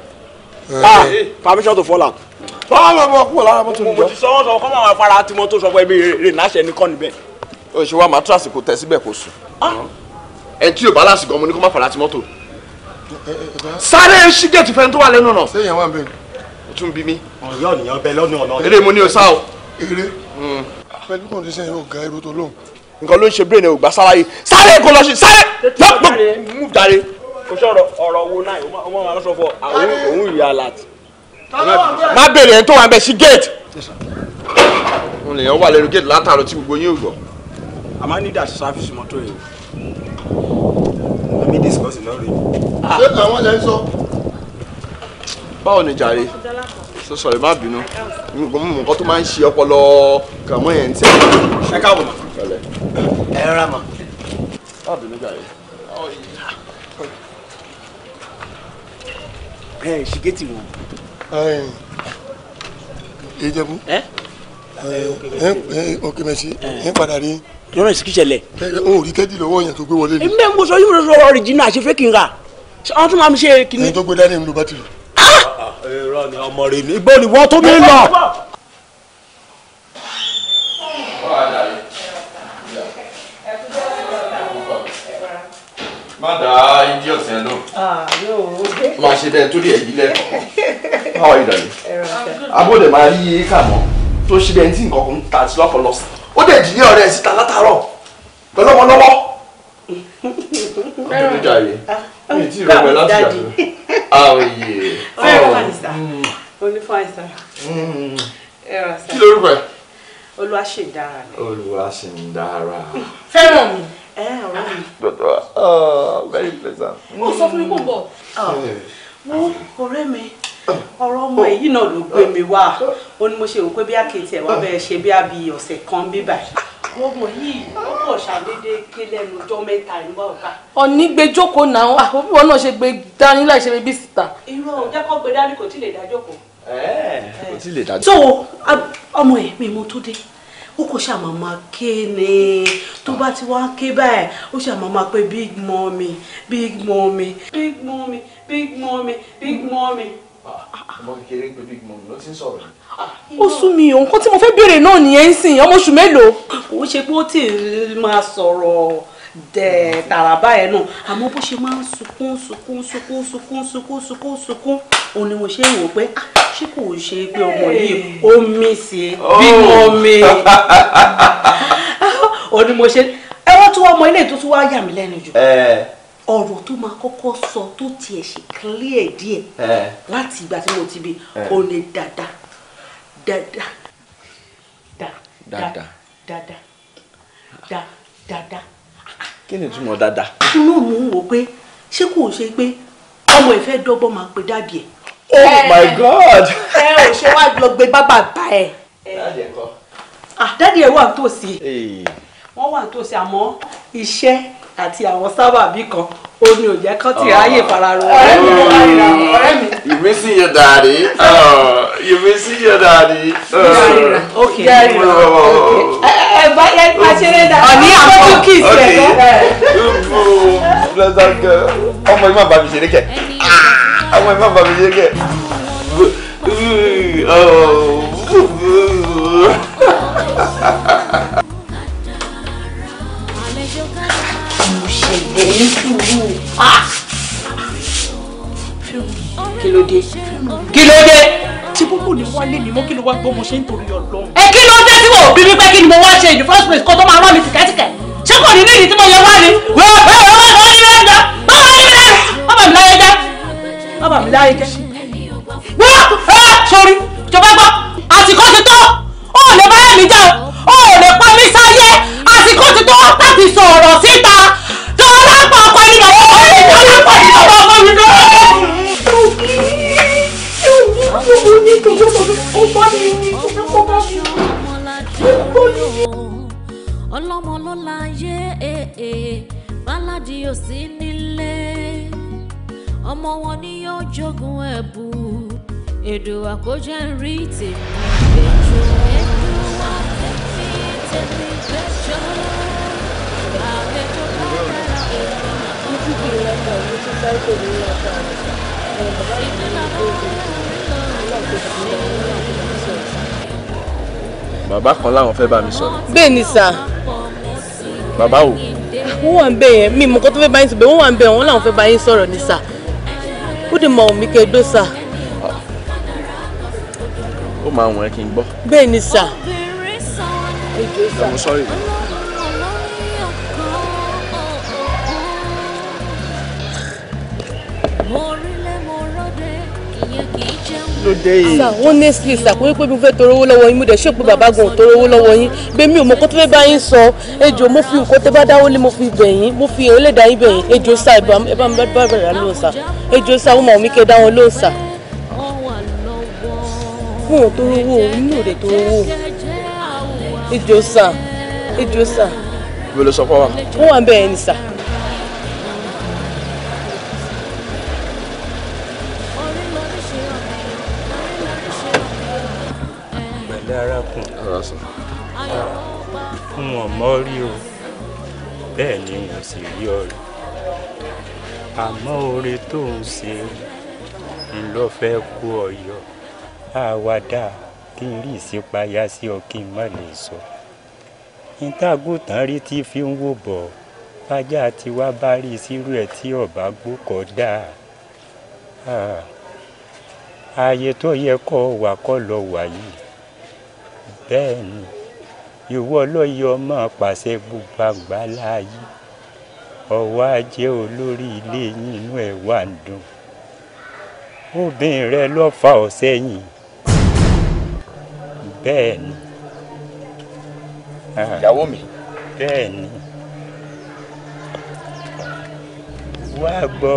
Eh, ah, permission to fall out. sọ́wọ́n ah, bọ̀ kúrò lára mọ́tò nìjọ. mo ti sọ́wọ́n sọ kọ́mọ àwọn afárá tí mo tó sọ pé ebi rè náṣẹ ní kọ́ni bẹ́ẹ̀. o ṣe wa matrasi kò tẹ síbẹ̀ kò sùn. Ah. ẹ o bá láti gan mo ní kó má fara ti mọ́tò. sáré ṣígẹ̀tì fẹ́ni tó wà lẹ́nu ọ̀nà. sẹ́yìn àwọn àbẹ̀. o tún bí mi. ọ̀yọ́ nìyẹn bẹ lọ́nà ọ̀nà. eré mo ní o sá o. eré hmm. pẹ̀lú kọ́ndíṣẹ́ yóò ga irú nǹkan ló ń ṣe brain ẹ ò gbà sára yìí sáré kò lọ sí sáré lọ́pọ̀ move jàre. kò sí ọ̀rọ̀ ọ̀rọ̀ wo náà o máa lọ sọ fọ àwọn òun ìyá alert. má bèrè ẹni tó wà bẹ sí gate. mo lè yàn wà lẹ́nu gate látàrọ tí gbogbo yín ò gbọ́. a máa ní dash service mọ́tò yìí àmì discuss lọ́rọ̀ yìí. Ah. ṣé àwọn ẹ̀ ń sọ. báwo ni jàre so sorry má bínú nǹkan tó máa ń ṣe ọpọlọ kàmọ́ yẹn ti. ẹ káàbọ̀ mọ́ ẹ rà mọ́. má bínú jàre. ẹ ṣìgẹ́tì wo. ìjẹ̀bú ok mẹsì ẹ padà rí. lọ́rọ̀ ìsìkí ṣẹlẹ̀. n ò rí kẹ́dì lọ́wọ́ yẹn tó gbé wọlé. ẹ mẹ́ mo sọ yóò sọ ọ̀rìjìnà àṣefẹ́ kí n rà. àwọn tó máa ń ṣe kìnnìún. ẹni tó gbé dání ń lo bátìrì irọ́ ni ọmọ rẹ mi igbó ni wọ́n tó mi lọ. má dá ìdí ọ̀sẹ̀ lọ. Ah, máa ṣe bẹ́ẹ̀ torí ẹ̀yí lẹ́kọ̀ọ́. báwo ìdàlẹ́. abóde máa rí kà tó ṣe bẹ́ẹ̀ ní nǹkan kan ta sí lọ́pọ̀ lọ́sàn. ó dẹ̀ jí ní ọ̀rẹ́ ẹ̀ síta látàárọ̀ pẹ̀lú ọmọ lọ́wọ́. ọ̀rẹ́ mi jà yé mi ì tí ì ah, rẹ̀ pẹ̀lú àtìjà Oh yeah. Very fine Only fine mm. sir. Kí lorúkọ ẹ? Olúwaṣèdára ni. Olúwaṣèdára. Fẹ́ràn mi. Ẹ ọ̀rọ̀ mi. Oh, very pleasant. Ó sọ fún mi kó bọ̀. Mm. Ah. Eh. Wo ọ̀rẹ́ mi ọ̀rọ̀ ọmọ èyí oh. náà ló gbé mi wá ó ní mo ṣe rò pé bí àkètì ẹ̀ wá bẹ́ẹ̀ ṣe bí àbí ọ̀sẹ̀ kan bíbà ọmọ yìí ọmọ ṣàdédé ké lẹ́nu ọjọ́ mẹ́ta ìwà ọ̀gá. ọ̀ní gbé jókòó náà àkókò ah. wọn náà ṣe gbé dání láì ṣe bíbí síta. irú ọ̀hún jẹ́ kó gbé dání kò tí lè dájọ́ kọ́. Eh, kò tí lè dájọ́. so ọmọ ẹ̀ mi mo tó dé ó kò ṣàmàmà ké ni tó bá ti wá ké báyìí ó ṣàmàmà pé big mommy big mommy big mommy big mommy big mommy ọmọ kékeré pẹ̀lú ìgbìmọ̀ mi ló ti ń sọ̀rọ̀. ó sún mi òun kó tí mo fẹ́ béèrè náà nìyẹn ń sìn ọmọ oṣù mélòó. kò ń ṣe pé ó tì í máa sọ̀rọ̀ dẹ̀ tàràbà ẹ̀ náà àmọ́ bó ṣe máa ń sunkún sunkún sunkún sunkún sunkún sunkún sunkún òun ni mo ṣe ń wò pé ah, ṣé kò ń ṣe pé ọmọ yìí ó mí sí i oh. bí mo mi òun ni mo ṣe ẹ wọ́n tún wá ọmọ ilé tó tún wá yà mí lẹ́nu jù. Eh ọ̀rọ̀ tó máa kọ́kọ́ sọ tó tiẹ̀ ṣe clear díẹ̀ láti ìgbà tí mo ti bi ò ní dada dada da dada dada da dada. kí ni ìtumọ̀ dada. inú mi ń wò pé ṣé kò ṣe pé ọmọ ìfẹ́ dọ́gbọ́n máa pe dáàdì ẹ̀. oh my god. ẹ ò ṣe wá lọ gbé bàbá bá ẹ. dáàdì ẹ kọ. dáàdì ẹ wà nítòsí. wọ́n wà nítòsí àmọ́ iṣẹ́ àti àwọn sábàbí kan ó ní òjẹ́ kan ti ráyè ah. fararo. ọ̀rẹ́ mi ọ̀rẹ́ mi. you missing your daddy you missing your daddy. Ah. ok ẹ bá ẹ bá ṣeré dáadáa. ọ̀ní ah, àpò ṣe ẹ̀kọ́. ọmọ yìí má bàa mi ṣeré kẹ ọmọ yìí má bàa mi ṣeré kẹ. Oh. ẹ̀dẹ̀ ní sùúrù kí ló dé kí ló dé tí gbogbo ní wálé ni mo kí ló wá gbọ́ mo ṣe ń torí ọlọ́run. ẹ kí ló dé tí wò ó bí mi pé kí ni mo wá ṣe in the first place kó tó máa rán mi tìkẹ́tìkẹ́ ṣé kò ní ní ìdí tí mo yẹ wá ni wọ́n wọ́n wọ́n wọ́n wọ́n ní bẹ́ẹ̀ dá wọ́n wọ́n ní bẹ́ẹ̀ dá bàbá mi láyé jẹ́ bàbá mi láyé jẹ́ wọ́n ẹ sori jọba gbọ́ àsìkò ti tó ó lè bá ẹ̀mí jà ó lè pa mí sáyé àsìkò ti tó láti sọ̀rọ̀ síta alápọ̀ ọkọ ni bàbá ọkọ mi ní alápọ̀ ni bàbá ọkọ mi ní. ọlọ́mọ ló láyé báládì ò sí nílé ọmọ wọn ni yóò jogún ẹ̀bùn èdò àkójẹ́ ń rí tèmi gbẹjọ ètò àfẹ́fẹ́ tèmi gbẹjọ àfẹ́jọ lára. Baba, kì la lọ́kọ̀ fe ba sáìkò ní lọ́kọ̀ mi ẹ̀rọ bàbá mi ní ìgbéyàwó ọlọ́pàá mi ní ọlọ́pàá mi sọ̀rọ̀ sá. bàbá kan láwọn fẹ́ bá mi sọ̀rọ̀. bẹ́ẹ̀ ni sà. bàbá o. wọ́n wà ń bẹ̀ yẹn mi mọ̀kọ́ tó fẹ́ bá yín sọ̀rọ̀ ni sà ó dì mọ̀ mí kẹ́ dó sà. ó máa wọ̀n ẹ́ kí n gbọ́. ni sà. ẹ jọ̀ọ́ lóde yìí. sà wọn ní sí sà kò ní pé mi fẹ́ tọrọ owó lọ́wọ́ yín mo dẹ̀ ṣe pé bàbá gan tọrọ owó lọ́wọ́ yín bẹ́ẹ̀mi ò mọ kó tó fẹ́ bá yín sọ ejò mo fi nǹkan tó bá dáwọ́ lé mo fi bẹ̀ yín mo fi èrè lẹ́dàá yín bẹ̀ yín ejò sà ẹ bá mi bá bẹ̀rẹ̀ lóhùn sà ejò sà ó mọ̀ mí kẹ́ dáwọn lóhùn sà. fún òun tọrọ owó inú òde tọrọ owó ejò sà ejò sà. ibi ló sọ fún wa. ó wà bẹ́ẹ̀ ni sà. wọn mọ́ rí o bẹ́ẹ̀ ni wọn sì rí ọ rí àmọ́ oore tó ń ṣe ń lọ fẹ́ kó ọ yọ àwàdà kí n rí ìṣípayá sí ọ kí n má lè sọ ìtàgùtàn rí tí fi ń wò bọ̀ bájà tí wàá bá rí sírú ẹ̀ tí ọba gbókọ̀ dáa ààyè tó yẹ kọ́ wà kọ́ lọ wà yìí bẹ́ẹ̀ ni ìwọ lọ́yọ̀ ọmọ pàṣẹ gbogbo àgbàlá yìí ọwọ́ ajé olórí ilé yín inú ẹ̀ wà ń dùn obìnrin rẹ ló fa ọ sẹ́yìn bẹ́ẹ̀ ni. Ah. ìyàwó mi. bẹ́ẹ̀ ni wá gbọ́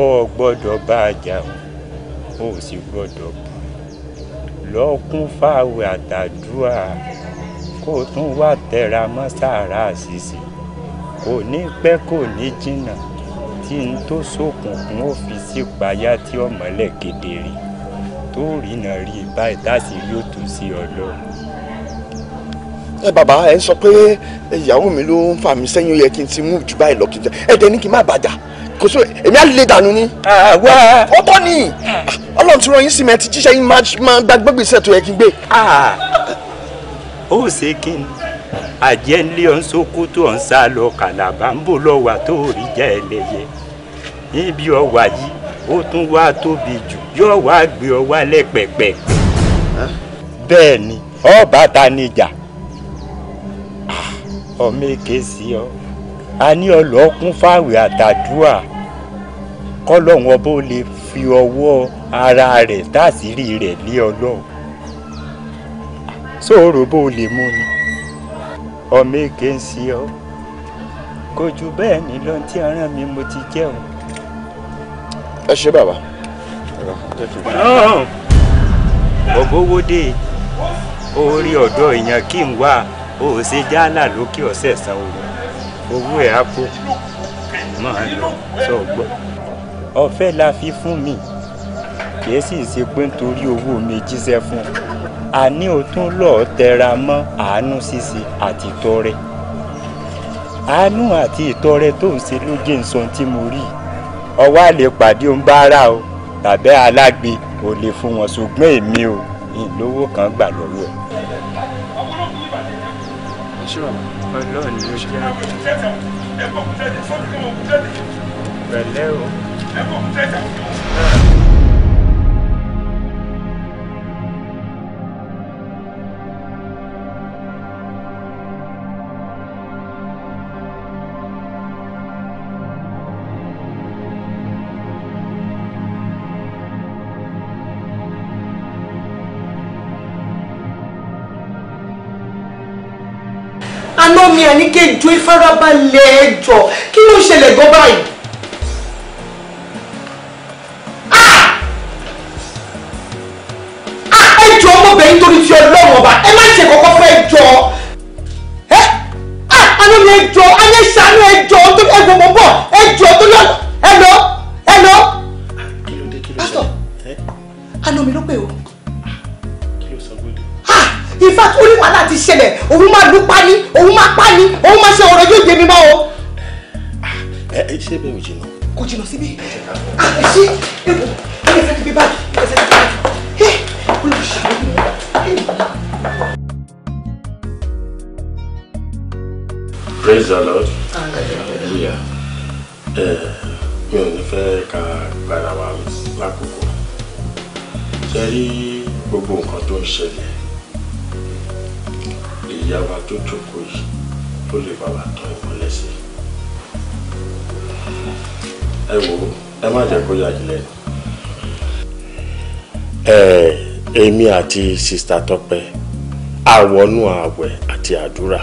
o ò gbọ́dọ̀ bá a jà o ò sì gbọ́dọ̀ bá lọ kún fáwẹ̀ àtàdúrà kó tún wá tẹra mọ́ sàárà àṣìṣe kò ní pẹ́ kò ní jìnnà tí n tó ṣòkùnkùn ó fi sí payá tí ọmọlẹ̀ kedere tó rìnà rí báyìí táṣìírí ó tú sí ọlọ́run ẹ bàbá ẹ sọ pé ìyàwó mi ló ń fà mí sẹ́yìn ó yẹ kí n ti mú jù báyìí lọ kí n jẹ ẹ dẹ ní kí n má bàjá kò sí èmi á lè dànù ni. wá ó tọ́ ni ọlọ́run ti rán yín sí mi ẹ ti jíṣẹ́ yín máa gbàgbé gbèsè tó yẹ kí n gbé. ó ṣe kí ni àjẹ́ ńlé ọ̀n sokoto ọ̀n sá lọ kàlàbà ń bò lọ́wà tó rí jẹ́ ẹlẹ́yẹ níbi ọwà yìí ó tún wá tóbi jù yóò wá gbé ọ wálẹ̀ pẹ̀pẹ̀. bẹ́ẹ̀ ni ọba ta níjà ọmọ èké sí ọ a ní ọlọ́kún fáwẹ̀ àtàdúà kọ́lọ́hún ọba ó lè fi ọwọ́ ara rẹ̀ táàsírí rẹ̀ lé ọlọ́run sóòrò bó o lè mú ni ọmọ èké ń sí ọ kò jù bẹ́ẹ̀ ní lọ tí ọ̀ràn mi mo ti jẹun. ẹ ṣe bàbá ògbówódé orí ọ̀dọ́ èèyàn kí n wá o ò ṣe jálà lókè ọ̀sẹ̀ sanwó owó ẹ̀ á kú máa lọ sọ gbọ́. ọ̀fẹ́ la fi fún mi kìí sì ṣe pé nítorí owó mi jíṣẹ́ fún un àní o tún lọ́ọ́ tẹra mọ́ àánú ṣíṣe àti tọrẹ àánú àti ìtọrẹ tó ń ṣe ló jẹ́ nsọ́n tí mo rí ọwọ́ àlè pàdé òun bá rà o tàbí alágbe ò lè fún wọn ṣùgbọ́n èmi o ìlówó kan gbà lọ́wọ́ ẹ̀. ṣé Ọlọ́run ni jẹ́ àgbà. Pẹ̀lẹ́ o. gbọ́ mi àníkejò ìfarabalẹ̀ ẹjọ́ kí ló ṣẹlẹ̀ gan báyìí. Ah! Ah! ẹjọ́ ọmọbìnrin torí ti ọlọ́run ọba ẹ má ṣe kọ́kọ́ fẹ́ jọ ẹ ah! mi ẹjọ́ ayé ṣàánú ẹjọ́ tó ẹgbẹ́ mọ́ bọ̀ ẹjọ́ tó lọ ẹ lọ ẹ lọ. pásítọ̀ àánú mi ló pè o. wàhálà ti ṣẹlẹ̀ òun máa lù pa ni òun máa pa ni òun máa ṣe ọ̀rọ̀ yóò jẹ mi mọ́ o. ẹ ẹ ṣé bẹ́ẹ̀ ò jìnnà. kò jìnnà síbí ah, ẹ ṣe ewu ẹ lè fẹ́ kí bí báyìí ẹ lè fẹ́ kí Praise the Lord. Hallelujah. Eh, mi ò ní fẹ́ ka gbára wa lákòókò ṣe rí gbogbo nǹkan tó ń ṣẹlẹ̀ ìyá wa tó jókòó yìí ó lè bá wa tán ìmọ́lẹ̀ sí ẹ wò ó ẹ má jẹ́ kó yà jù lẹ́nu. ẹ èmi àti sista Tọ́pẹ́ àwọnú ààwẹ̀ àti àdúrà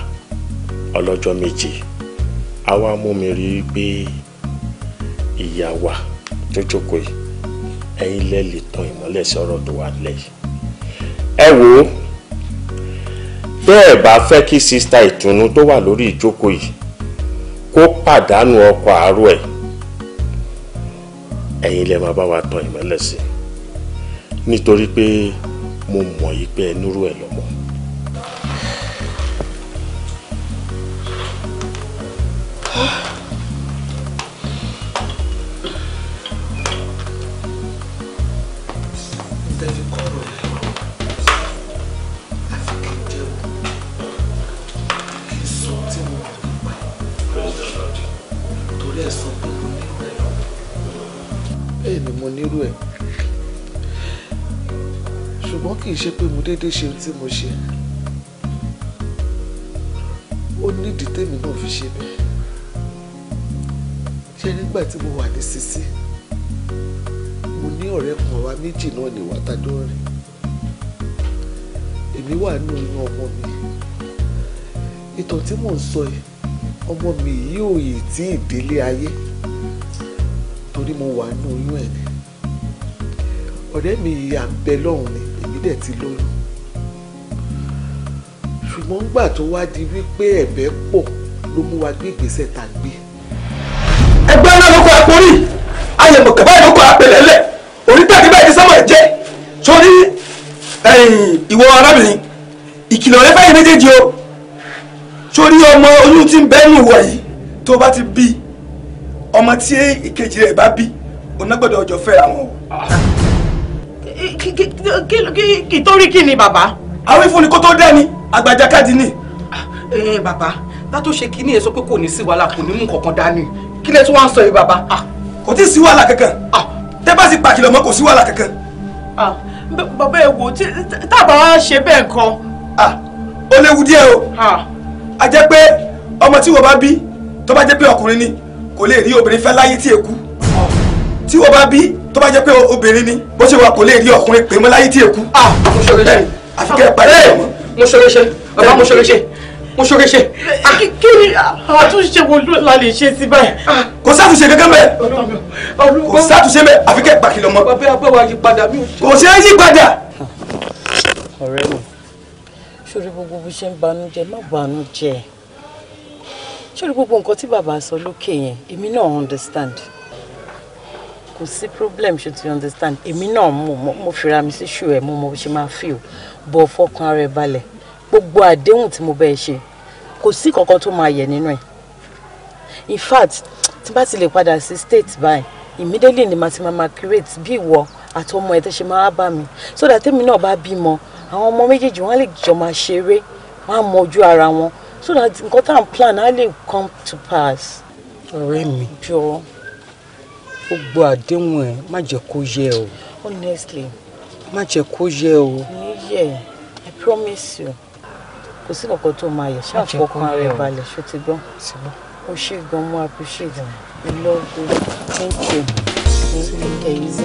ọlọ́jọ́ méje àwa mú mi rí i pé ìyá wa tó jókòó yìí ẹ̀yin lẹ lè tan ìmọ́lẹ̀ sí ọ̀rọ̀ tó wà lẹ́yìn ẹ wò bẹ́ ẹ̀ bá fẹ́ kí sista ìtùnú tó wà lórí ìjókòó yìí kó pàdánù ọkọ̀ àárọ̀ ẹ̀ ẹ̀yin lè máa bá wa tan ìmọ́lẹ̀ sí nítorí pé mo mọ̀ yí pé ẹnúrú ẹ̀ lọ́mọ déédéé ṣe tí mo ṣe ó nídìí tèmi náà fi ṣe bẹ́ẹ̀ ṣé nígbà tí mo wà ní sisi mo ní ọ̀rẹ́ kan wa méjì náà ní wàtájọ́ rẹ̀ èmi wà ní oyún ọmọ mi ìtàn tí mò ń sọ yìí ọmọ mi yìí ò yìí tí ìdílé ayé torí mo wà ní oyún ẹ̀ ọ̀rẹ́ mi yìí à ń bẹ lọ́hùn ni èmi dẹ̀ ti lóyún ṣùgbọ́n nígbà tó wá di wípé ẹ̀bẹ̀ pọ̀ ló mú wa gbé ìgbésẹ̀ tá a gbé. ẹgbẹ́ náà ló kọ́ àkórí ayẹ̀mọ̀ kàbá ló kọ́ àpẹlẹ̀lẹ̀ onítàdé báyìí sọ́mọ̀ jẹ́ sórí ìwọ arábìnrin ìkìlọ̀ rẹ fẹ́yìn méjèèjì o sórí ọmọ oyún tí ń bẹ́ nù wọ̀ yìí tó bá ti bí ọmọ tí ìkejì rẹ̀ bá bí onágbọ́dọ̀ ọjọ́ fẹ́ra wọn o. kí kí kí kí torí kí ni bàbá àwífúnni kó tó dẹ́ni àgbàjàkadì ni. ẹ ah, eh, bàbá bá tó ṣe kínní ẹ sọ pé kò ní sí wàhálà kò ní mú kankan dání kí lẹ tún wá ń sọ yìí bàbá. Ah, kò tí ì sí wàhálà kankan ah. tẹ bá sì pàkìlọ̀ mọ́ kò sí wàhálà kankan. bàbá ẹ wò tábà wá ṣe bẹ́ẹ̀ nǹkan. ó léwu díẹ̀ o a jẹ́ pé ọmọ tí wọ́n bá bí tó bá jẹ́ pé ọkùnrin ni kò lè rí obìnrin fẹ́ láyé tí èkú tí wọ́n bá bí tó bá jẹ́ pé obìnrin ni bó ṣe wà kò lè rí ọkùnrin pè mọ́ láyé tí èkú. ah mo àfikẹ́ parí ẹ̀ mọ́. mo ṣoore ṣe bàbá mo ṣoore ṣe mo ṣoore ṣe. kí ni àtúnṣe wo la lè ṣe sí báyìí. Ah, kò sátúnṣe kankan bẹ́ẹ̀ kò sátúnṣe bẹ́ẹ̀ àfikẹ́ pàkìlọ̀ mọ́. bàbá àgbẹ̀ wa yí padà mi ò ṣe. kò ṣe é yí padà. ọ̀rẹ́ mi ṣorí gbogbo bó ṣe ń banújẹ́ má banújẹ́ ṣorí gbogbo nǹkan tí bàbá sọ lókè yẹn èmi náà understand kò sí problem ṣe ti understand èmi náà mo mo fira mi sí ṣù ẹ mo mo ṣe máa feel bọ̀ fọkàn rẹ̀ balẹ̀ gbogbo àdéhùn tí mo bẹ́ẹ̀ ṣe kò sí kankan tó máa yẹ̀ nínú ẹ̀ in fact tí bá ti lè padà sí state báyìí immediately ni màá ti máa create bí ìwọ àti ọmọ ẹ tẹ́ ṣe máa bá mi so that tèmi náà bá bímọ àwọn ọmọ méjèèjì wọn lè jọ máa ṣeré wọn á mọ ojú ara wọn so that nǹkan tá à ń plan á lè come to pass. ọ̀rẹ́ mi jọ gbogbo àdéhùn ẹ̀ má jẹ́ kó yẹ o. honestly má jẹ́ kó yẹ o. mi i promise you kò sí kankan tó máa yẹ ṣáà fọkàn rẹ balẹ̀ ṣó ti gbọ́n o ṣe gan mo appreciate you love you thank you thank you easy.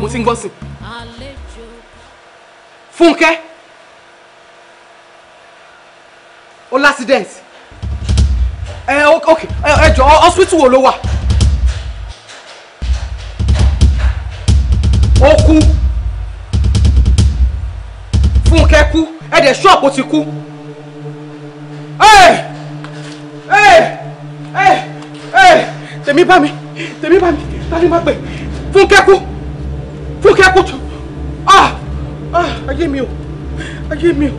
mo ti ń gbọ́ ó Eh, eh, ẹ ok ẹ jọ hospital wo ló wà. ó kú fúnkẹ́ kú ẹ dẹ̀ ṣọ́ọ̀pù ti kú. Eh! tèmi bá mi tèmi bá mi tani má pè fúnkẹ́ kú fúnkẹ́ kú tó ah! ah! ayé mi o ayé mi o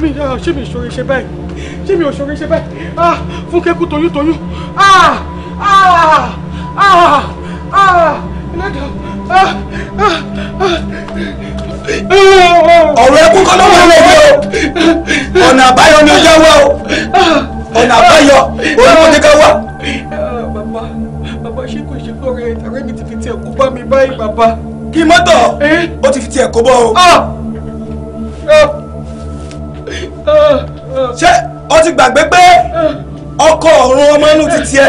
mi ṣé mi ìṣòro ṣe báyìí ṣé mi ò ṣorí ṣe bẹ́ẹ̀ ah fúnkẹ́ kú toyútoyú ah ah ah ah, ah ah ah ọ̀rọ̀ ẹkún kọ́ ló wà lẹ́yìn o ọ̀nà àbáyọ ni ó jẹ́ wá o ọ̀nà àbáyọ òun ni ká wá. bàbá bàbá ṣé kò ṣe kọ́ rẹ̀ ọ̀rẹ́ mi ti fi tiẹ̀ kó bá mi báyìí bàbá. kí mọ́tò ó ti fi tiẹ̀ kó bọ́ o. ṣé ó ti gbàgbé pé ọkọ ọ̀run ọmọ inú ti tiẹ̀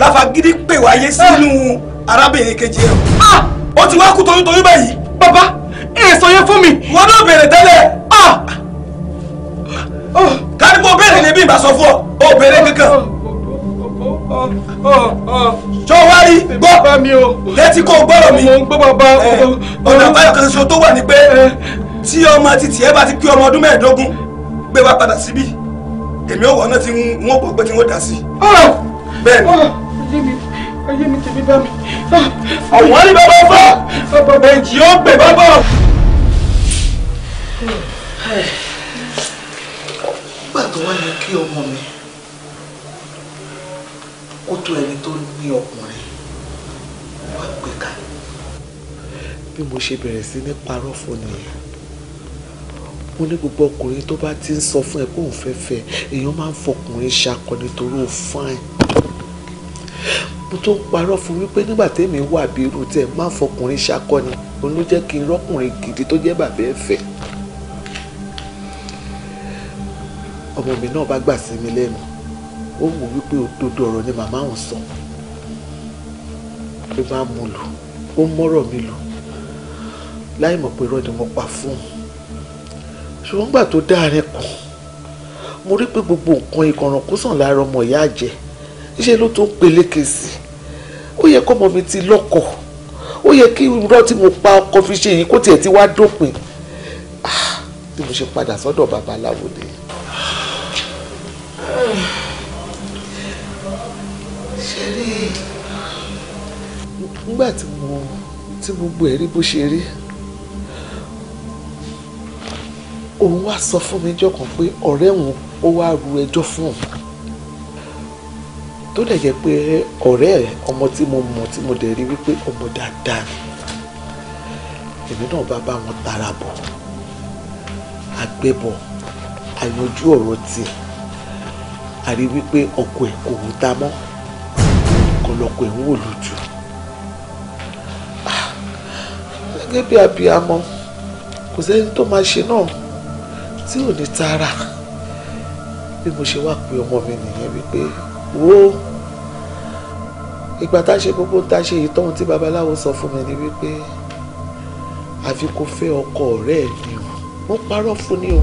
láfagídí pè wáyé sínú arábìnrin kejì ẹ̀ ah! ó ti wá kú toyúntoyún báyìí. bàbá ẹ sọ yẹn fún mi. wọn náà béèrè tẹ́lẹ̀ ah! kárí kó béèrè níbí ìbá sọ fún ọ ó béèrè kankan. ṣé o gbọ́ létí kó gbọ́dọ̀ mi ọ̀nà àbáyọ kan ṣoṣo tó wà ní pé tí ọmọ titi ẹ bá ti pé ọmọ ọdún mẹ́ẹ̀ẹ́dógún gbé wa padà síbí èmi ò wọ náà tí wọn bọ pé tí wọn dà sí. bẹ́ẹ̀ ni. ayé mi ayé mi tèmi bá mi. àwọn ní bàbá fọ́ bàbá ìjì ó gbé bàbá. nígbà tó wá ní kí ọmọ mi kó tó ẹni tó ní ọkùnrin wá gbé ká. bí mo ṣe bẹ̀rẹ̀ sí ní parọ́ fún nìyẹn mo ní gbogbo ọkùnrin tó bá ti ń sọ fún ẹ pé òun fẹ́ fẹ́ èèyàn máa ń fọkùnrin ṣakọ nítorí ó mo tó ń parọ́ fún wípé nígbà tẹ́mi wà bí irú tẹ̀ máa ń fọkùnrin ṣakọ ni òun ló jẹ́ kí n rọ́kùnrin gidi tó jẹ́ bàbá ẹ̀ fẹ́ ọmọ mi náà bá gbà sí mi lẹ́nu ó wù wípé òdodo ọ̀rọ̀ ni màmá òun sọ ló bá mú lò ó mọ́rọ̀ mi lò láì mọ̀ pé irọ́ ni mo pa fún un ṣùgbọ́n gbà tó dá rẹ kù mo rí pé gbogbo nǹkan ìkànnà kó sàn lára ọmọ ìyá àjẹ́ ṣe ló tó ń peléke sí ó yẹ kọ́mọ mi ti lọ́kọ ó yẹ kí irọ́ tí mo pa ọkọ fi ṣe yìí kó tiẹ̀ ti wá dópin ah, bí mo ṣe padà sọ́dọ̀ babaláwo ni. ṣe rí nígbà tí mo tí gbogbo ẹ̀ rí bó ṣe rí. òun wá sọ fún mi jọ́ kan pé ọ̀rẹ́ òun ó wá ru ẹjọ́ fún òun tó dẹ̀ jẹ́ pé ọ̀rẹ́ ọmọ tí mo mọ̀ tí mo dẹ̀ rí wípé ọmọ dáadáa ni èmi náà bá bá wọn tara bọ̀ agbébọ̀ àyanjú ọ̀rọ̀ tiẹ̀ a rí wípé ọkọ ẹ̀ kò ń ta mọ́ ọ̀pọ̀lọpọ̀ ẹ̀ ń wò lójú ah, gẹ́gẹ́ bí abiyamọ kò sẹ́ni tó máa ṣe náà tí ò ní tara bí mo ṣe wá pé ọmọ mi nìyẹn wípé wo ìgbà tá a ṣe gbogbo tá a ṣe èyí tóun tí babaláwo sọ fún mi ni wípé àfi kò fẹ́ ọkọ ọ̀rẹ́ ẹ̀ ni o wọ́n parọ́ fún ni o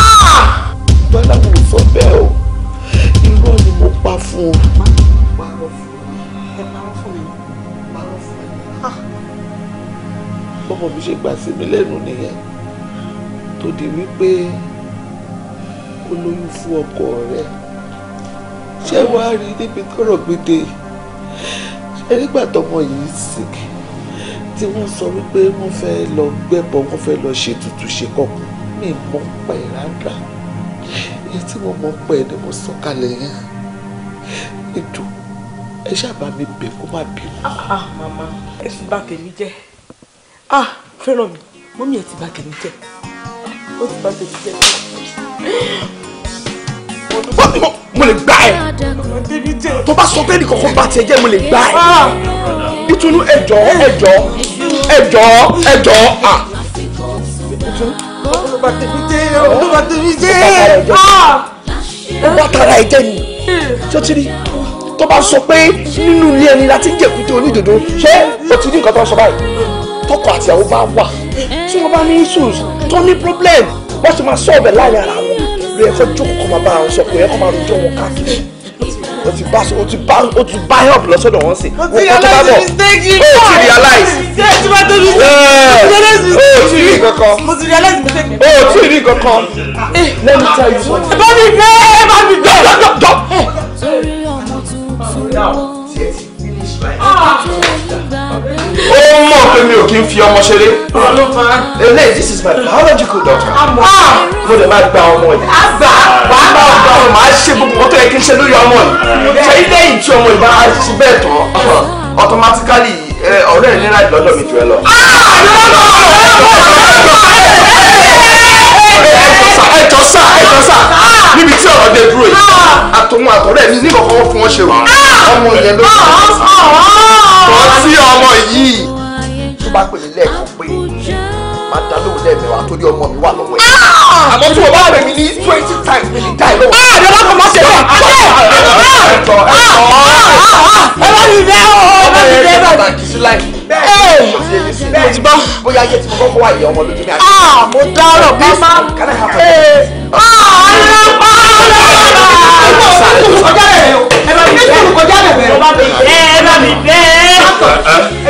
ah! babaláwo sọ bẹ́ẹ̀ o irọ́ ni mo pa fún o. parọ́ fún ẹ parọ́ fún mi parọ́ fún ẹ. Ah! bọ́mọ mi ṣe gbà sí mi lẹ́nu nìyẹn tó di wípé ó lóyún fún ọkọ rẹ̀ ṣé wàá rí níbi tọ́rọ̀ gbèdé ṣé nígbà tọmọ yìí sick tí wọ́n sọ wípé wọ́n fẹ́ lọ gbẹ́bọ wọ́n fẹ́ lọ ṣètùtù ṣe kọ̀ọ̀kan mi mọ̀ pẹ̀ rárá èyí tí mo mọ̀ pẹ̀ ni mo sọ kalẹ̀ yẹn ìdùn ẹ ṣàbà mi bẹ kó má bínú. Ah, ah, màmá ẹ fi bà tèmi jẹ́ ah fẹ́ràn mi mọ́mí ẹ ti bà tèmi jẹ́ ó ti bá tètè jẹ mo lè gbá ẹ tó bá sọ pé ẹnì kankan bá tiẹ̀ jẹ́ mo lè gbá ẹ ìtùnú ẹjọ ẹjọ ẹjọ ẹjọ à. ó tara ẹ ni ṣó tó bá sọ pé nínú ilé ẹni la ti ń ṣé o ti rí nǹkan tó ń sọ báyìí tọkọ àtìyàwó bá wà tí wọ́n bá ní issues tó ní problem wọ́n sì máa solve ẹ̀ láàrin ara wọn ló yẹ kó jókòó kó máa bá àwọn sọ kò yẹ kó máa rojọ́ wọn káàkiri o ti bá o ti bá o ti bá help lọ́sọ̀dọ̀ wọn sí i. o ti realize mistake yìí o ti realize. ṣé tí wàá tóbi sí i. o ti rí kankan. mo ti realize mistake mi. o ti rí kankan. Eh. let me tell you something. bá mi gbé bá mi gbé. jọ jọ jọ. now tiẹ̀ ti finish my ó mọ̀ pé mi ò kí ń fi ọmọ ṣeré. ọlọ́pàá. eléyìí this is my biological daughter. àmọ́ ah, ah! mo lè máa gba ọmọ yìí. àgbà wàá gba ọgbà ọmọ máa ṣe gbogbo ọtọ yẹ kí n ṣe lórí ọmọ yìí. ṣe ilé yìí tí ọmọ yìí bá ṣe bẹ́ẹ̀ tán automatically ọ̀rẹ́ ìlera ìlọ́dọ̀ mi jù ẹ lọ. Ah! ẹ jọ sá ẹ jọ sá níbi tí ọ̀rọ̀ dé dúró yìí àtòun àtọ̀rẹ́ mi ní kọ̀ọ̀kan fún wọn ṣe wà ọmọ yẹn ló ń bọ̀. kọ́ sí ọmọ yìí tó bá pè mí lẹ́ẹ̀kan pé máa dá lóhùn lẹ́ẹ̀mẹ́wàá torí ọmọ mi wà lọ́wọ́ ẹ̀. àmọ́ tí mo bá rẹ̀ mí ní twenty times mi ní dáì lọ́wọ́. ẹ ah, ẹ lọ́kọ̀ má ṣe bẹ́ẹ̀ ẹ tọ́ ah, ah, ẹ tọ́ ẹ bá mi bẹ́ẹ̀ o ẹ bá mi bẹ́ẹ̀ bá mi. mo ti bá. bóyá ayé tí mo kọ́kọ́ wà yẹ ọmọ lójú ní àná. a mo dárọ̀ bí má. ee ọ̀rọ̀ ọ̀rọ̀ ọ̀rọ̀ ọ̀rọ̀ ọ̀rọ̀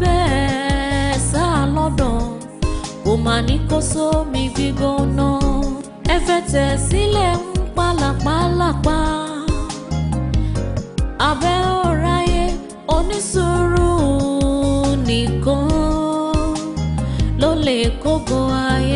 bẹ́ẹ̀ sá lọ́dọ̀ kò mà ní kó sómi gbígbóná ẹ fẹsẹ̀ sílẹ̀ ń pálapàlapà abẹ́ ọ̀ráyé onísùúrù nìkan ló lè kógo ayé.